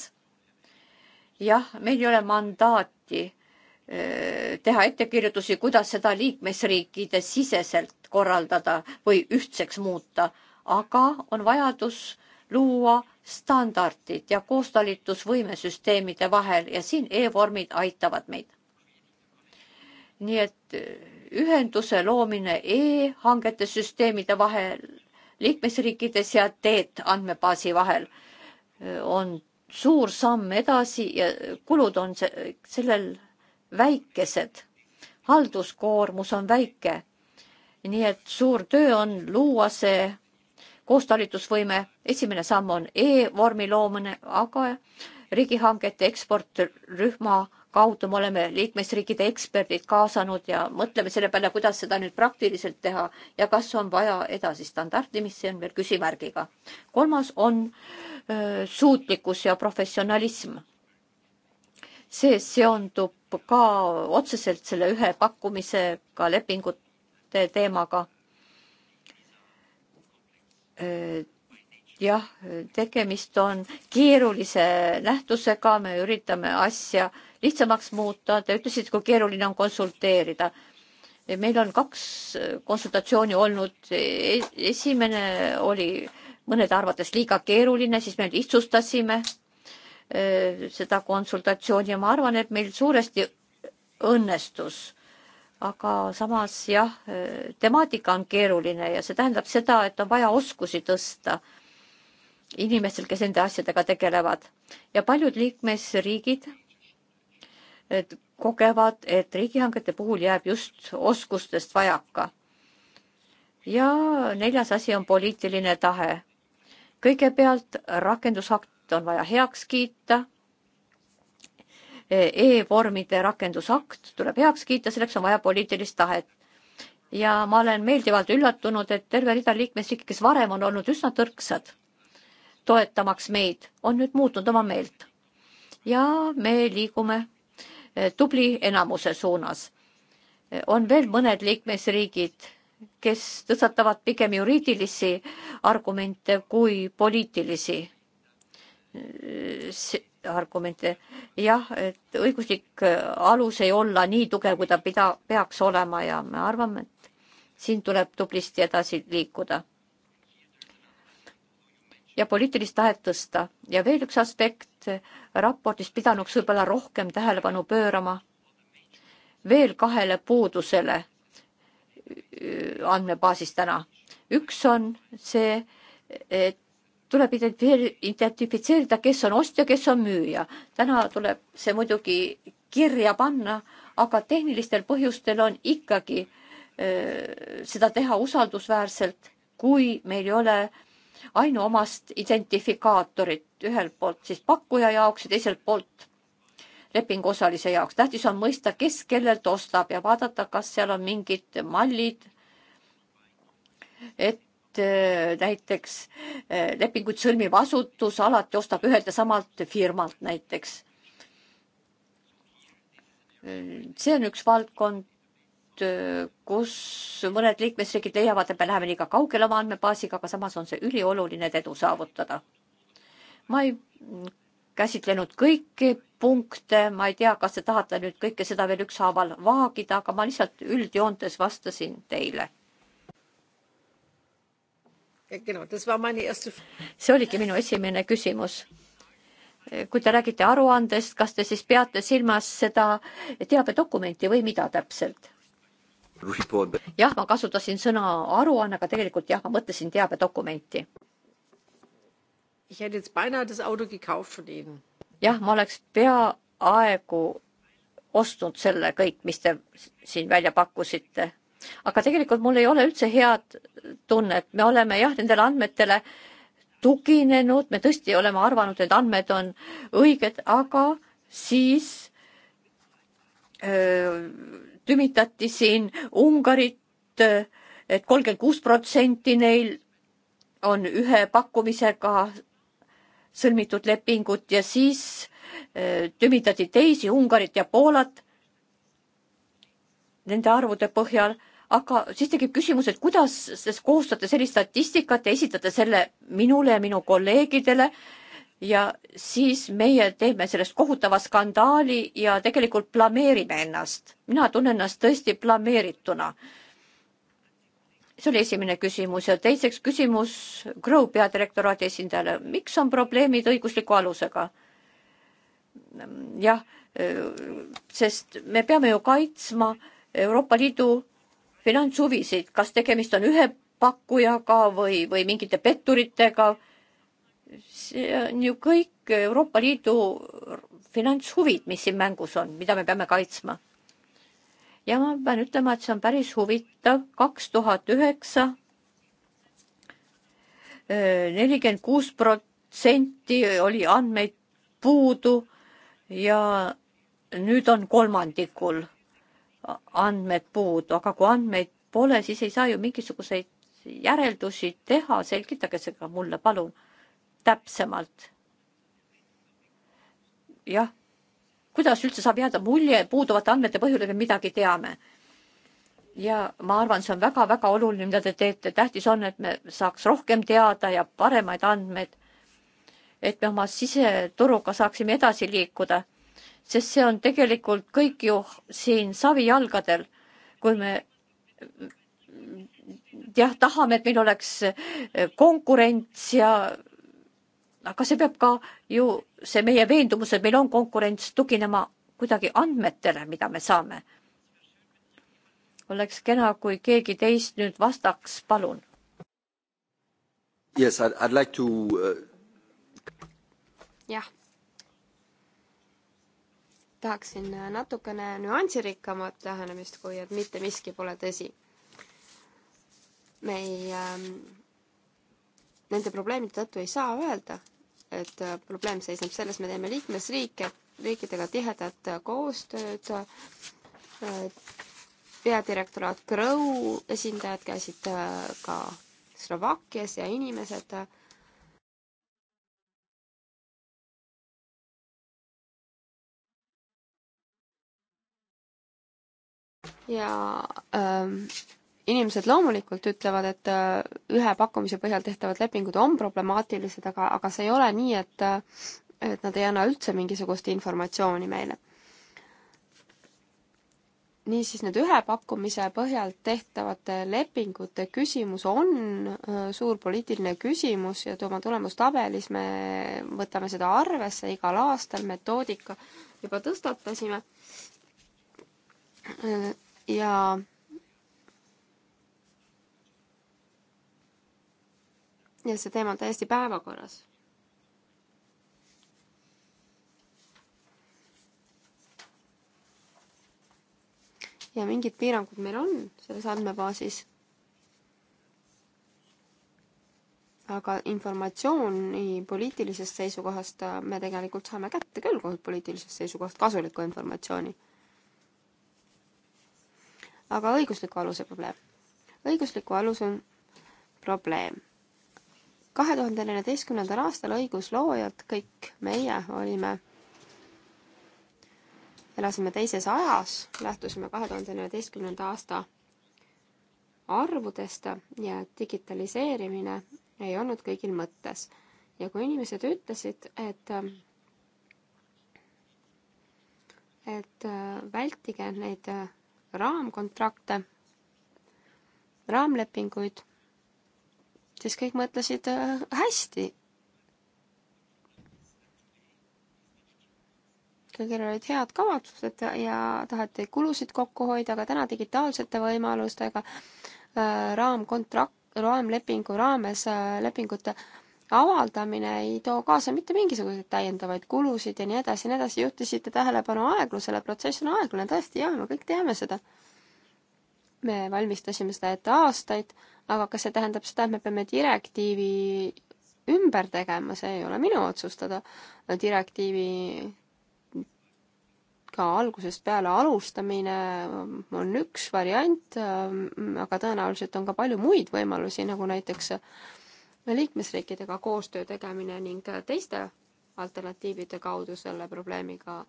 jah, meil ei ole mandaati äh, teha ettekirjutusi, kuidas seda liikmesriikide siseselt korraldada või ühtseks muuta, aga on vajadus luua standardid ja koostalitusvõime süsteemide vahel ja siin e-vormid aitavad meid. nii et äh, ühenduse loomine e-hangete süsteemide vahel liikmesriikides ja teed andmebaasi vahel on suur samm edasi ja kulud on se sellel väikesed. halduskoormus on väike. nii et suur töö on luua see koostalitusvõime. esimene samm on e-vormi loomine, aga riigihangete eksportrühma kaudu me oleme liikmesriikide eksperdid kaasanud ja mõtleme selle peale, kuidas seda nüüd praktiliselt teha ja kas on vaja edasi standardimist, see on veel küsimärgiga. kolmas on öö, suutlikkus ja professionalism. see seondub ka otseselt selle ühe pakkumisega, lepingute teemaga jah, tegemist on keerulise nähtusega, me üritame asja lihtsamaks muuta, te ütlesite, kui keeruline on konsulteerida. meil on kaks konsultatsiooni olnud, esimene oli mõnede arvates liiga keeruline, siis me lihtsustasime eh, seda konsultatsiooni ja ma arvan, et meil suuresti õnnestus aga samas jah, eh, temaatika on keeruline ja see tähendab seda, et on vaja oskusi tõsta inimestel, kes nende asjadega tegelevad ja paljud liikmesriigid kogevad, et riigihangete puhul jääb just oskustest vajaka. ja neljas asi on poliitiline tahe. kõigepealt rakendusakt on vaja heaks kiita e. E-vormide rakendusakt tuleb heaks kiita, selleks on vaja poliitilist tahet ja ma olen meeldivalt üllatunud, et terve rida liikmesriike, kes varem on olnud üsna tõrksad toetamaks meid, on nüüd muutnud oma meelt. ja me liigume eh, tubli enamuse suunas. Eh, on veel mõned liikmesriigid, kes tõstatavad pigem juriidilisi argumente kui poliitilisi eh, argumente. jah, et õiguslik alus ei olla nii tugev, kui ta pida-, peaks olema ja me arvame, et siin tuleb tublisti edasi liikuda ja poliitilist tahet tõsta. ja veel üks aspekt raportis pidanuks võib-olla rohkem tähelepanu pöörama veel kahele puudusele äh, andmebaasis täna. üks on see, et tuleb identifitseerida, kes on ostja, kes on müüja. täna tuleb see muidugi kirja panna, aga tehnilistel põhjustel on ikkagi öö, äh, seda teha usaldusväärselt, kui meil ei ole ainuomast identifikaatorit, ühelt poolt siis pakkuja jaoks ja teiselt poolt lepinguosalise jaoks. tähtis on mõista, kes kellelt ostab ja vaadata, kas seal on mingid mallid, et äh, näiteks äh, lepinguid sõlmiv asutus alati ostab ühelt ja samalt firmalt näiteks. Äh, see on üks valdkond Äh, kus mõned liikmesriigid leiavad, et me läheme liiga kaugele oma andmebaasiga, aga samas on see ülioluline, et edu saavutada. ma ei käsitlenud kõiki punkte, ma ei tea, kas te tahate nüüd kõike seda veel ükshaaval vaagida, aga ma lihtsalt üldjoontes vastasin teile. see oligi minu esimene küsimus kui te räägite aruandest, kas te siis peate silmas seda teabedokumenti või mida täpselt? jah, ma kasutasin sõna aruanne, aga tegelikult jah, ma mõtlesin teabedokumenti. jah, ma oleks peaaegu ostnud selle kõik, mis te siin välja pakkusite. aga tegelikult mul ei ole üldse head tunnet, me oleme jah, nendele andmetele tuginenud, me tõesti oleme arvanud, et andmed on õiged, aga siis öö, tümitati siin Ungarit et, et kolmkümmend kuus protsenti neil on ühe pakkumisega sõlmitud lepingut ja siis eh, tümitati teisi Ungarit ja Poolat nende arvude põhjal, aga siis tekib küsimus, et kuidas koostate sellist statistikat ja esitate selle minule ja minu kolleegidele ja siis meie teeme sellest kohutava skandaali ja tegelikult blameerime ennast. mina tunnen ennast tõesti blameerituna. see oli esimene küsimus ja teiseks küsimus Grow peadirektoraadi esindajale, miks on probleemid õigusliku alusega? jah, sest me peame ju kaitsma Euroopa Liidu finantshuvisid, kas tegemist on ühe pakkujaga või, või mingite petturitega see on ju kõik Euroopa Liidu finantshuvid, mis siin mängus on, mida me peame kaitsma. ja ma pean ütlema, et see on päris huvitav, kaks tuhat üheksa äh, nelikümmend kuus protsenti oli andmeid puudu ja nüüd on kolmandikul andmed puudu, aga kui andmeid pole, siis ei saa ju mingisuguseid järeldusi teha, selgitage seda mulle, palun täpsemalt. jah, kuidas üldse saab jääda mulje puuduvate andmete põhjul, et me midagi teame? ja ma arvan, see on väga-väga oluline, mida te teete, tähtis on, et me saaks rohkem teada ja paremaid andmeid. et me oma siseturuga saaksime edasi liikuda, sest see on tegelikult kõik ju siin savijalgadel, kui me jah, tahame, et meil oleks konkurents ja aga see peab ka ju, see meie veendumus, et meil on konkurents, tuginema kuidagi andmetele, mida me saame. oleks kena, kui keegi teist nüüd vastaks, palun. Yes, I'd, I'd like to uh.... jah. tahaksin uh, natukene nüansirikkamat lähenemist, kui et mitte miski pole tõsi. me ei ähm, nende probleemide tõttu ei saa öelda, et äh, probleem seisneb selles, me teeme liikmesriike, riikidega tihedat äh, koostööd. Äh, peadirektoraat Grow esindajad käisid ka Slovakkias ja inimesed ja ähm, inimesed loomulikult ütlevad, et äh, ühe pakkumise põhjal tehtavad lepingud on problemaatilised, aga, aga see ei ole nii, et, äh, et nad ei anna üldse mingisugust informatsiooni meile. niisiis, need ühe pakkumise põhjal tehtavate lepingute küsimus on äh, suur poliitiline küsimus ja oma tulemustabelis me võtame seda arvesse igal aastal, metoodika juba tõstatasime ja ja see teema on täiesti päevakorras. ja mingid piirangud meil on selles andmebaasis. aga informatsiooni poliitilisest seisukohast äh, me tegelikult saame kätte küll poliitilisest seisukohast kasulikku informatsiooni. aga õigusliku aluse probleem. õigusliku alus on probleem kahe tuhande neljateistkümnendal aastal õigusloojad, kõik meie olime, elasime teises ajas, lähtusime kahe tuhande neljateistkümnenda aasta arvudest ja digitaliseerimine ei olnud kõigil mõttes. ja kui inimesed ütlesid, et et vältige neid raamkontrakte, raamlepinguid, siis kõik mõtlesid äh, hästi. kõigil olid head kavatsused ja taheti kulusid kokku hoida, aga täna digitaalsete võimalustega äh, raamkontrakt, raamlepingu raames äh, lepingute avaldamine ei too kaasa mitte mingisuguseid täiendavaid kulusid ja nii edasi ja nii edasi, juhtisite tähelepanu aeglusele, protsess on aeglane, tõesti, jaa, me kõik teame seda me valmistasime seda ette aastaid, aga kas see tähendab seda, et me peame direktiivi ümber tegema, see ei ole minu otsustada. direktiivi ka algusest peale alustamine on üks variant, aga tõenäoliselt on ka palju muid võimalusi, nagu näiteks liikmesriikidega koostöö tegemine ning teiste alternatiivide kaudu selle probleemiga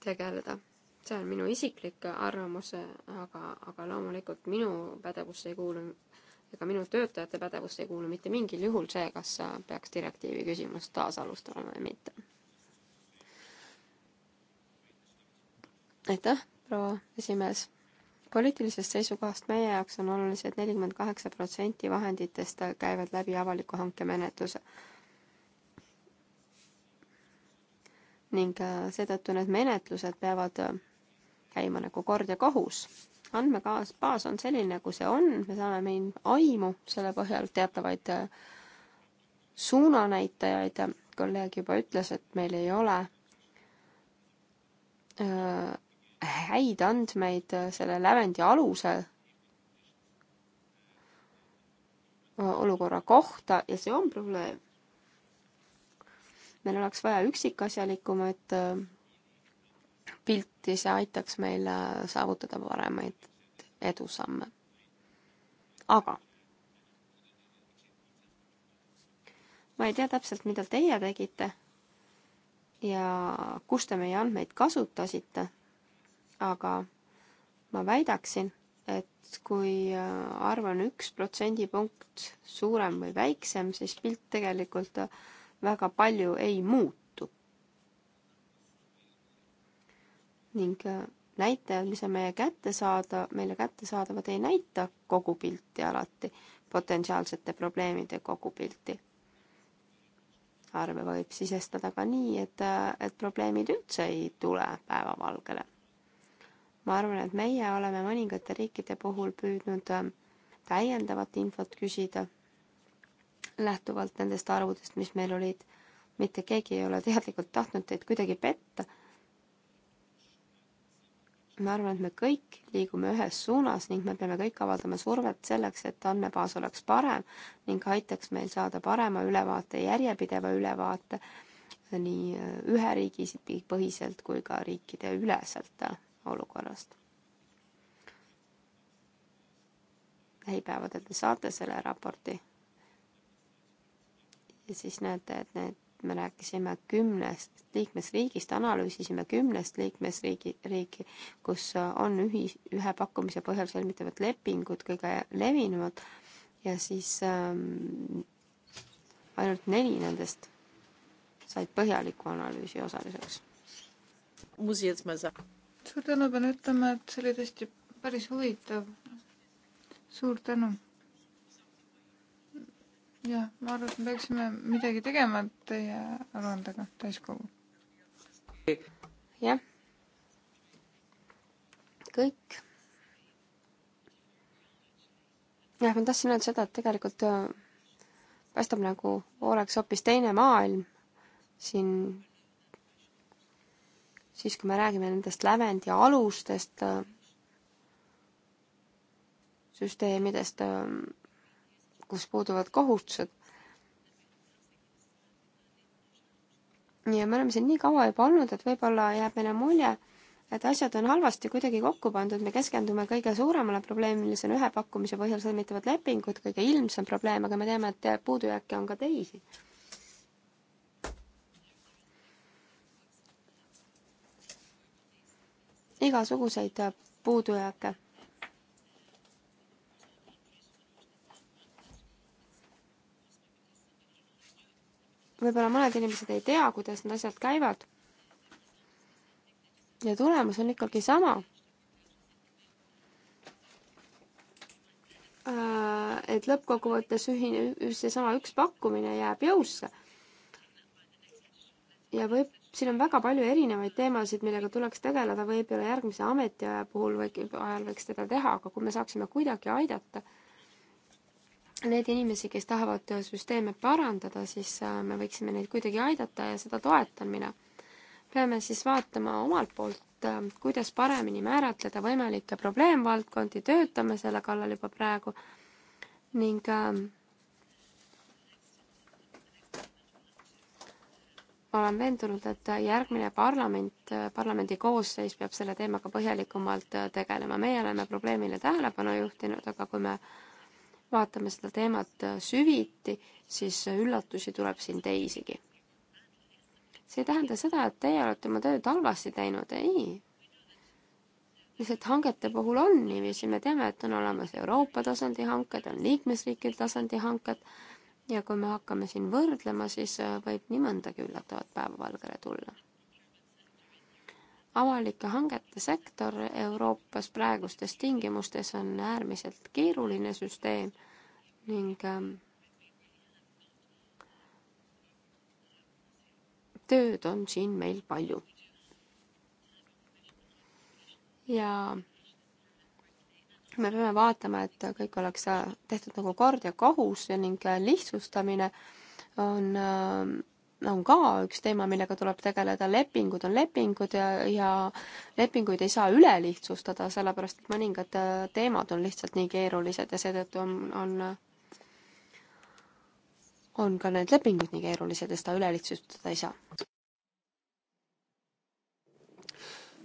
tegeleda see on minu isiklik arvamus, aga, aga loomulikult minu pädevusse ei kuulu ega minu töötajate pädevusse ei kuulu mitte mingil juhul see, kas peaks direktiivi küsimust taasalustama või mitte. aitäh, proua esimees. poliitilisest seisukohast meie jaoks on olulised nelikümmend kaheksa protsenti vahenditest käivad läbi avaliku hanke menetluse. ning äh, seetõttu need menetlused peavad käima nagu kord ja kohus. andmebaas on selline, nagu see on, me saame meil aimu selle põhjal teatavaid äh, suunanäitajaid. Äh, kolleeg juba ütles, et meil ei ole öö, äh, häid andmeid selle lävendi alusel olukorra kohta ja see on probleem. meil oleks vaja üksikasjalikumat pilti, see aitaks meil äh, saavutada paremaid edusamme. aga ma ei tea täpselt, mida teie tegite ja kus te meie andmeid kasutasite, aga ma väidaksin, et kui äh, arv on üks protsendipunkt suurem või väiksem, siis pilt tegelikult äh, väga palju ei muutu ning äh, näitajad, mis on meie kättesaada, meile kättesaadavad, ei näita kogu pilti alati, potentsiaalsete probleemide kogupilti. arve võib sisestada ka nii, et, äh, et probleemid üldse ei tule päevavalgele. ma arvan, et meie oleme mõningate riikide puhul püüdnud ähm, täiendavat infot küsida, lähtuvalt nendest arvudest, mis meil olid. mitte keegi ei ole teadlikult tahtnud teid kuidagi petta ma arvan, et me kõik liigume ühes suunas ning me peame kõik avaldama survet selleks, et andmebaas oleks parem ning aitaks meil saada parema ülevaate, järjepideva ülevaate nii äh, ühe riigi põhiselt kui ka riikide üleselt äh, olukorrast. lähipäevadel te saate selle raporti ja siis näete, et need me rääkisime kümnest liikmesriigist, analüüsisime kümnest liikmesriigi, riiki, kus on ühi, ühe pakkumise põhjal sõlmitavad lepingud kõige levinumad ja siis ähm, ainult neli nendest said põhjaliku analüüsi osaliseks. suur tänu, pean ütlema, et see oli tõesti päris huvitav. suur tänu jah, ma arvan, et me peaksime midagi tegema teie aruandega täiskogu. jah. kõik. jah, ma tahtsin öelda seda, et tegelikult äh, paistab nagu oleks hoopis teine maailm siin, siis kui me räägime nendest lävendi alustest, äh, süsteemidest äh, kus puuduvad kohustused. ja me oleme siin nii kaua juba olnud, et võib-olla jääb meile mulje, et asjad on halvasti kuidagi kokku pandud, me keskendume kõige suuremale probleemile, see on ühe pakkumise põhjal sõlmitavad lepingud, kõige ilmsem probleem, aga me teame, et puudujääke on ka teisi igasuguseid puudujääke. võib-olla mõned inimesed ei tea, kuidas need asjad käivad. ja tulemus on ikkagi sama. Äh, et lõppkokkuvõttes ühine, seesama üks pakkumine jääb jõusse. ja võib, siin on väga palju erinevaid teemasid, millega tuleks tegeleda võib-olla järgmise ametiaja puhul või ajal võiks seda teha, aga kui me saaksime kuidagi aidata neid inimesi, kes tahavad süsteeme parandada, siis äh, me võiksime neid kuidagi aidata ja seda toetan mina. peame siis vaatama omalt poolt, äh, kuidas paremini määratleda võimalikke probleemvaldkondi, töötame selle kallal juba praegu ning ma äh, olen veendunud, et järgmine parlament, parlamendi koosseis peab selle teemaga põhjalikumalt tegelema. meie oleme probleemile tähelepanu juhtinud, aga kui me vaatame seda teemat äh, süviti, siis äh, üllatusi tuleb siin teisigi. see ei tähenda seda, et teie olete oma tööd halvasti teinud, ei. lihtsalt hangete puhul on niiviisi, me teame, et on olemas Euroopa tasandi hanked, on liikmesriikide tasandi hanked ja kui me hakkame siin võrdlema, siis äh, võib nii mõndagi üllatavat päevavalgele tulla avalike hangete sektor Euroopas praegustes tingimustes on äärmiselt keeruline süsteem ning ähm, tööd on siin meil palju. ja me peame vaatama, et kõik oleks äh, tehtud nagu kord ja kohus ning äh, lihtsustamine on ähm, on ka üks teema, millega tuleb tegeleda, lepingud on lepingud ja, ja lepinguid ei saa üle lihtsustada, sellepärast et mõningad äh, teemad on lihtsalt nii keerulised ja seetõttu on, on, on ka need lepingud nii keerulised ja seda üle lihtsustada ei saa uh,.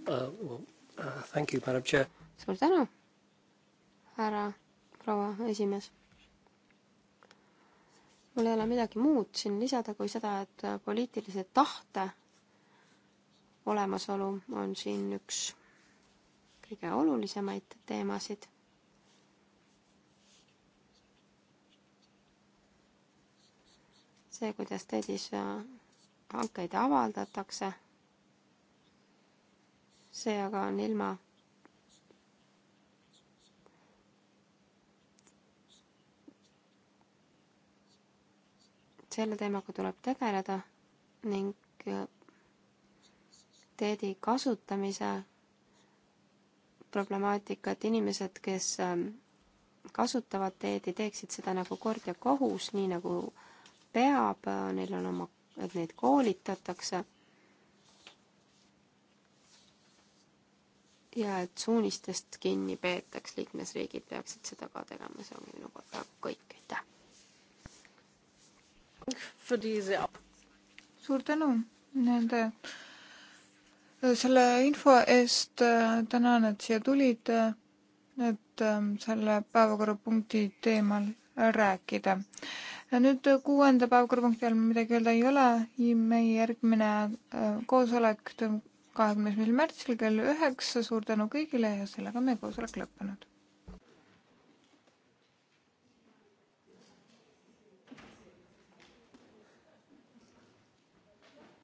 Well, uh, thank you, madam chair. suur tänu, härra proua esimees mul ei ole midagi muud siin lisada kui seda, et äh, poliitilise tahte olemasolu on siin üks kõige olulisemaid teemasid. see, kuidas TEDis äh, hankeid avaldatakse, see aga on ilma selle teemaga tuleb tegeleda ning äh, teedi kasutamise problemaatika, et inimesed, kes ähm, kasutavad teedi, teeksid seda nagu kord ja kohus, nii nagu peab, äh, neil on oma, et neid koolitatakse. ja et suunistest kinni peetaks, liikmesriigid peaksid seda ka tegema, see ongi minu poolt praegu kõik, aitäh! suur tänu nende, äh, selle info eest äh, tänan, et siia tulid, äh, et selle päevakorrapunkti teemal rääkida. nüüd kuuenda päevakorrapunkti all midagi öelda ei ole, meie järgmine koosolek toimub kahekümnes märtsil kell üheksa, suur tänu kõigile ja sellega on meie koosolek lõppenud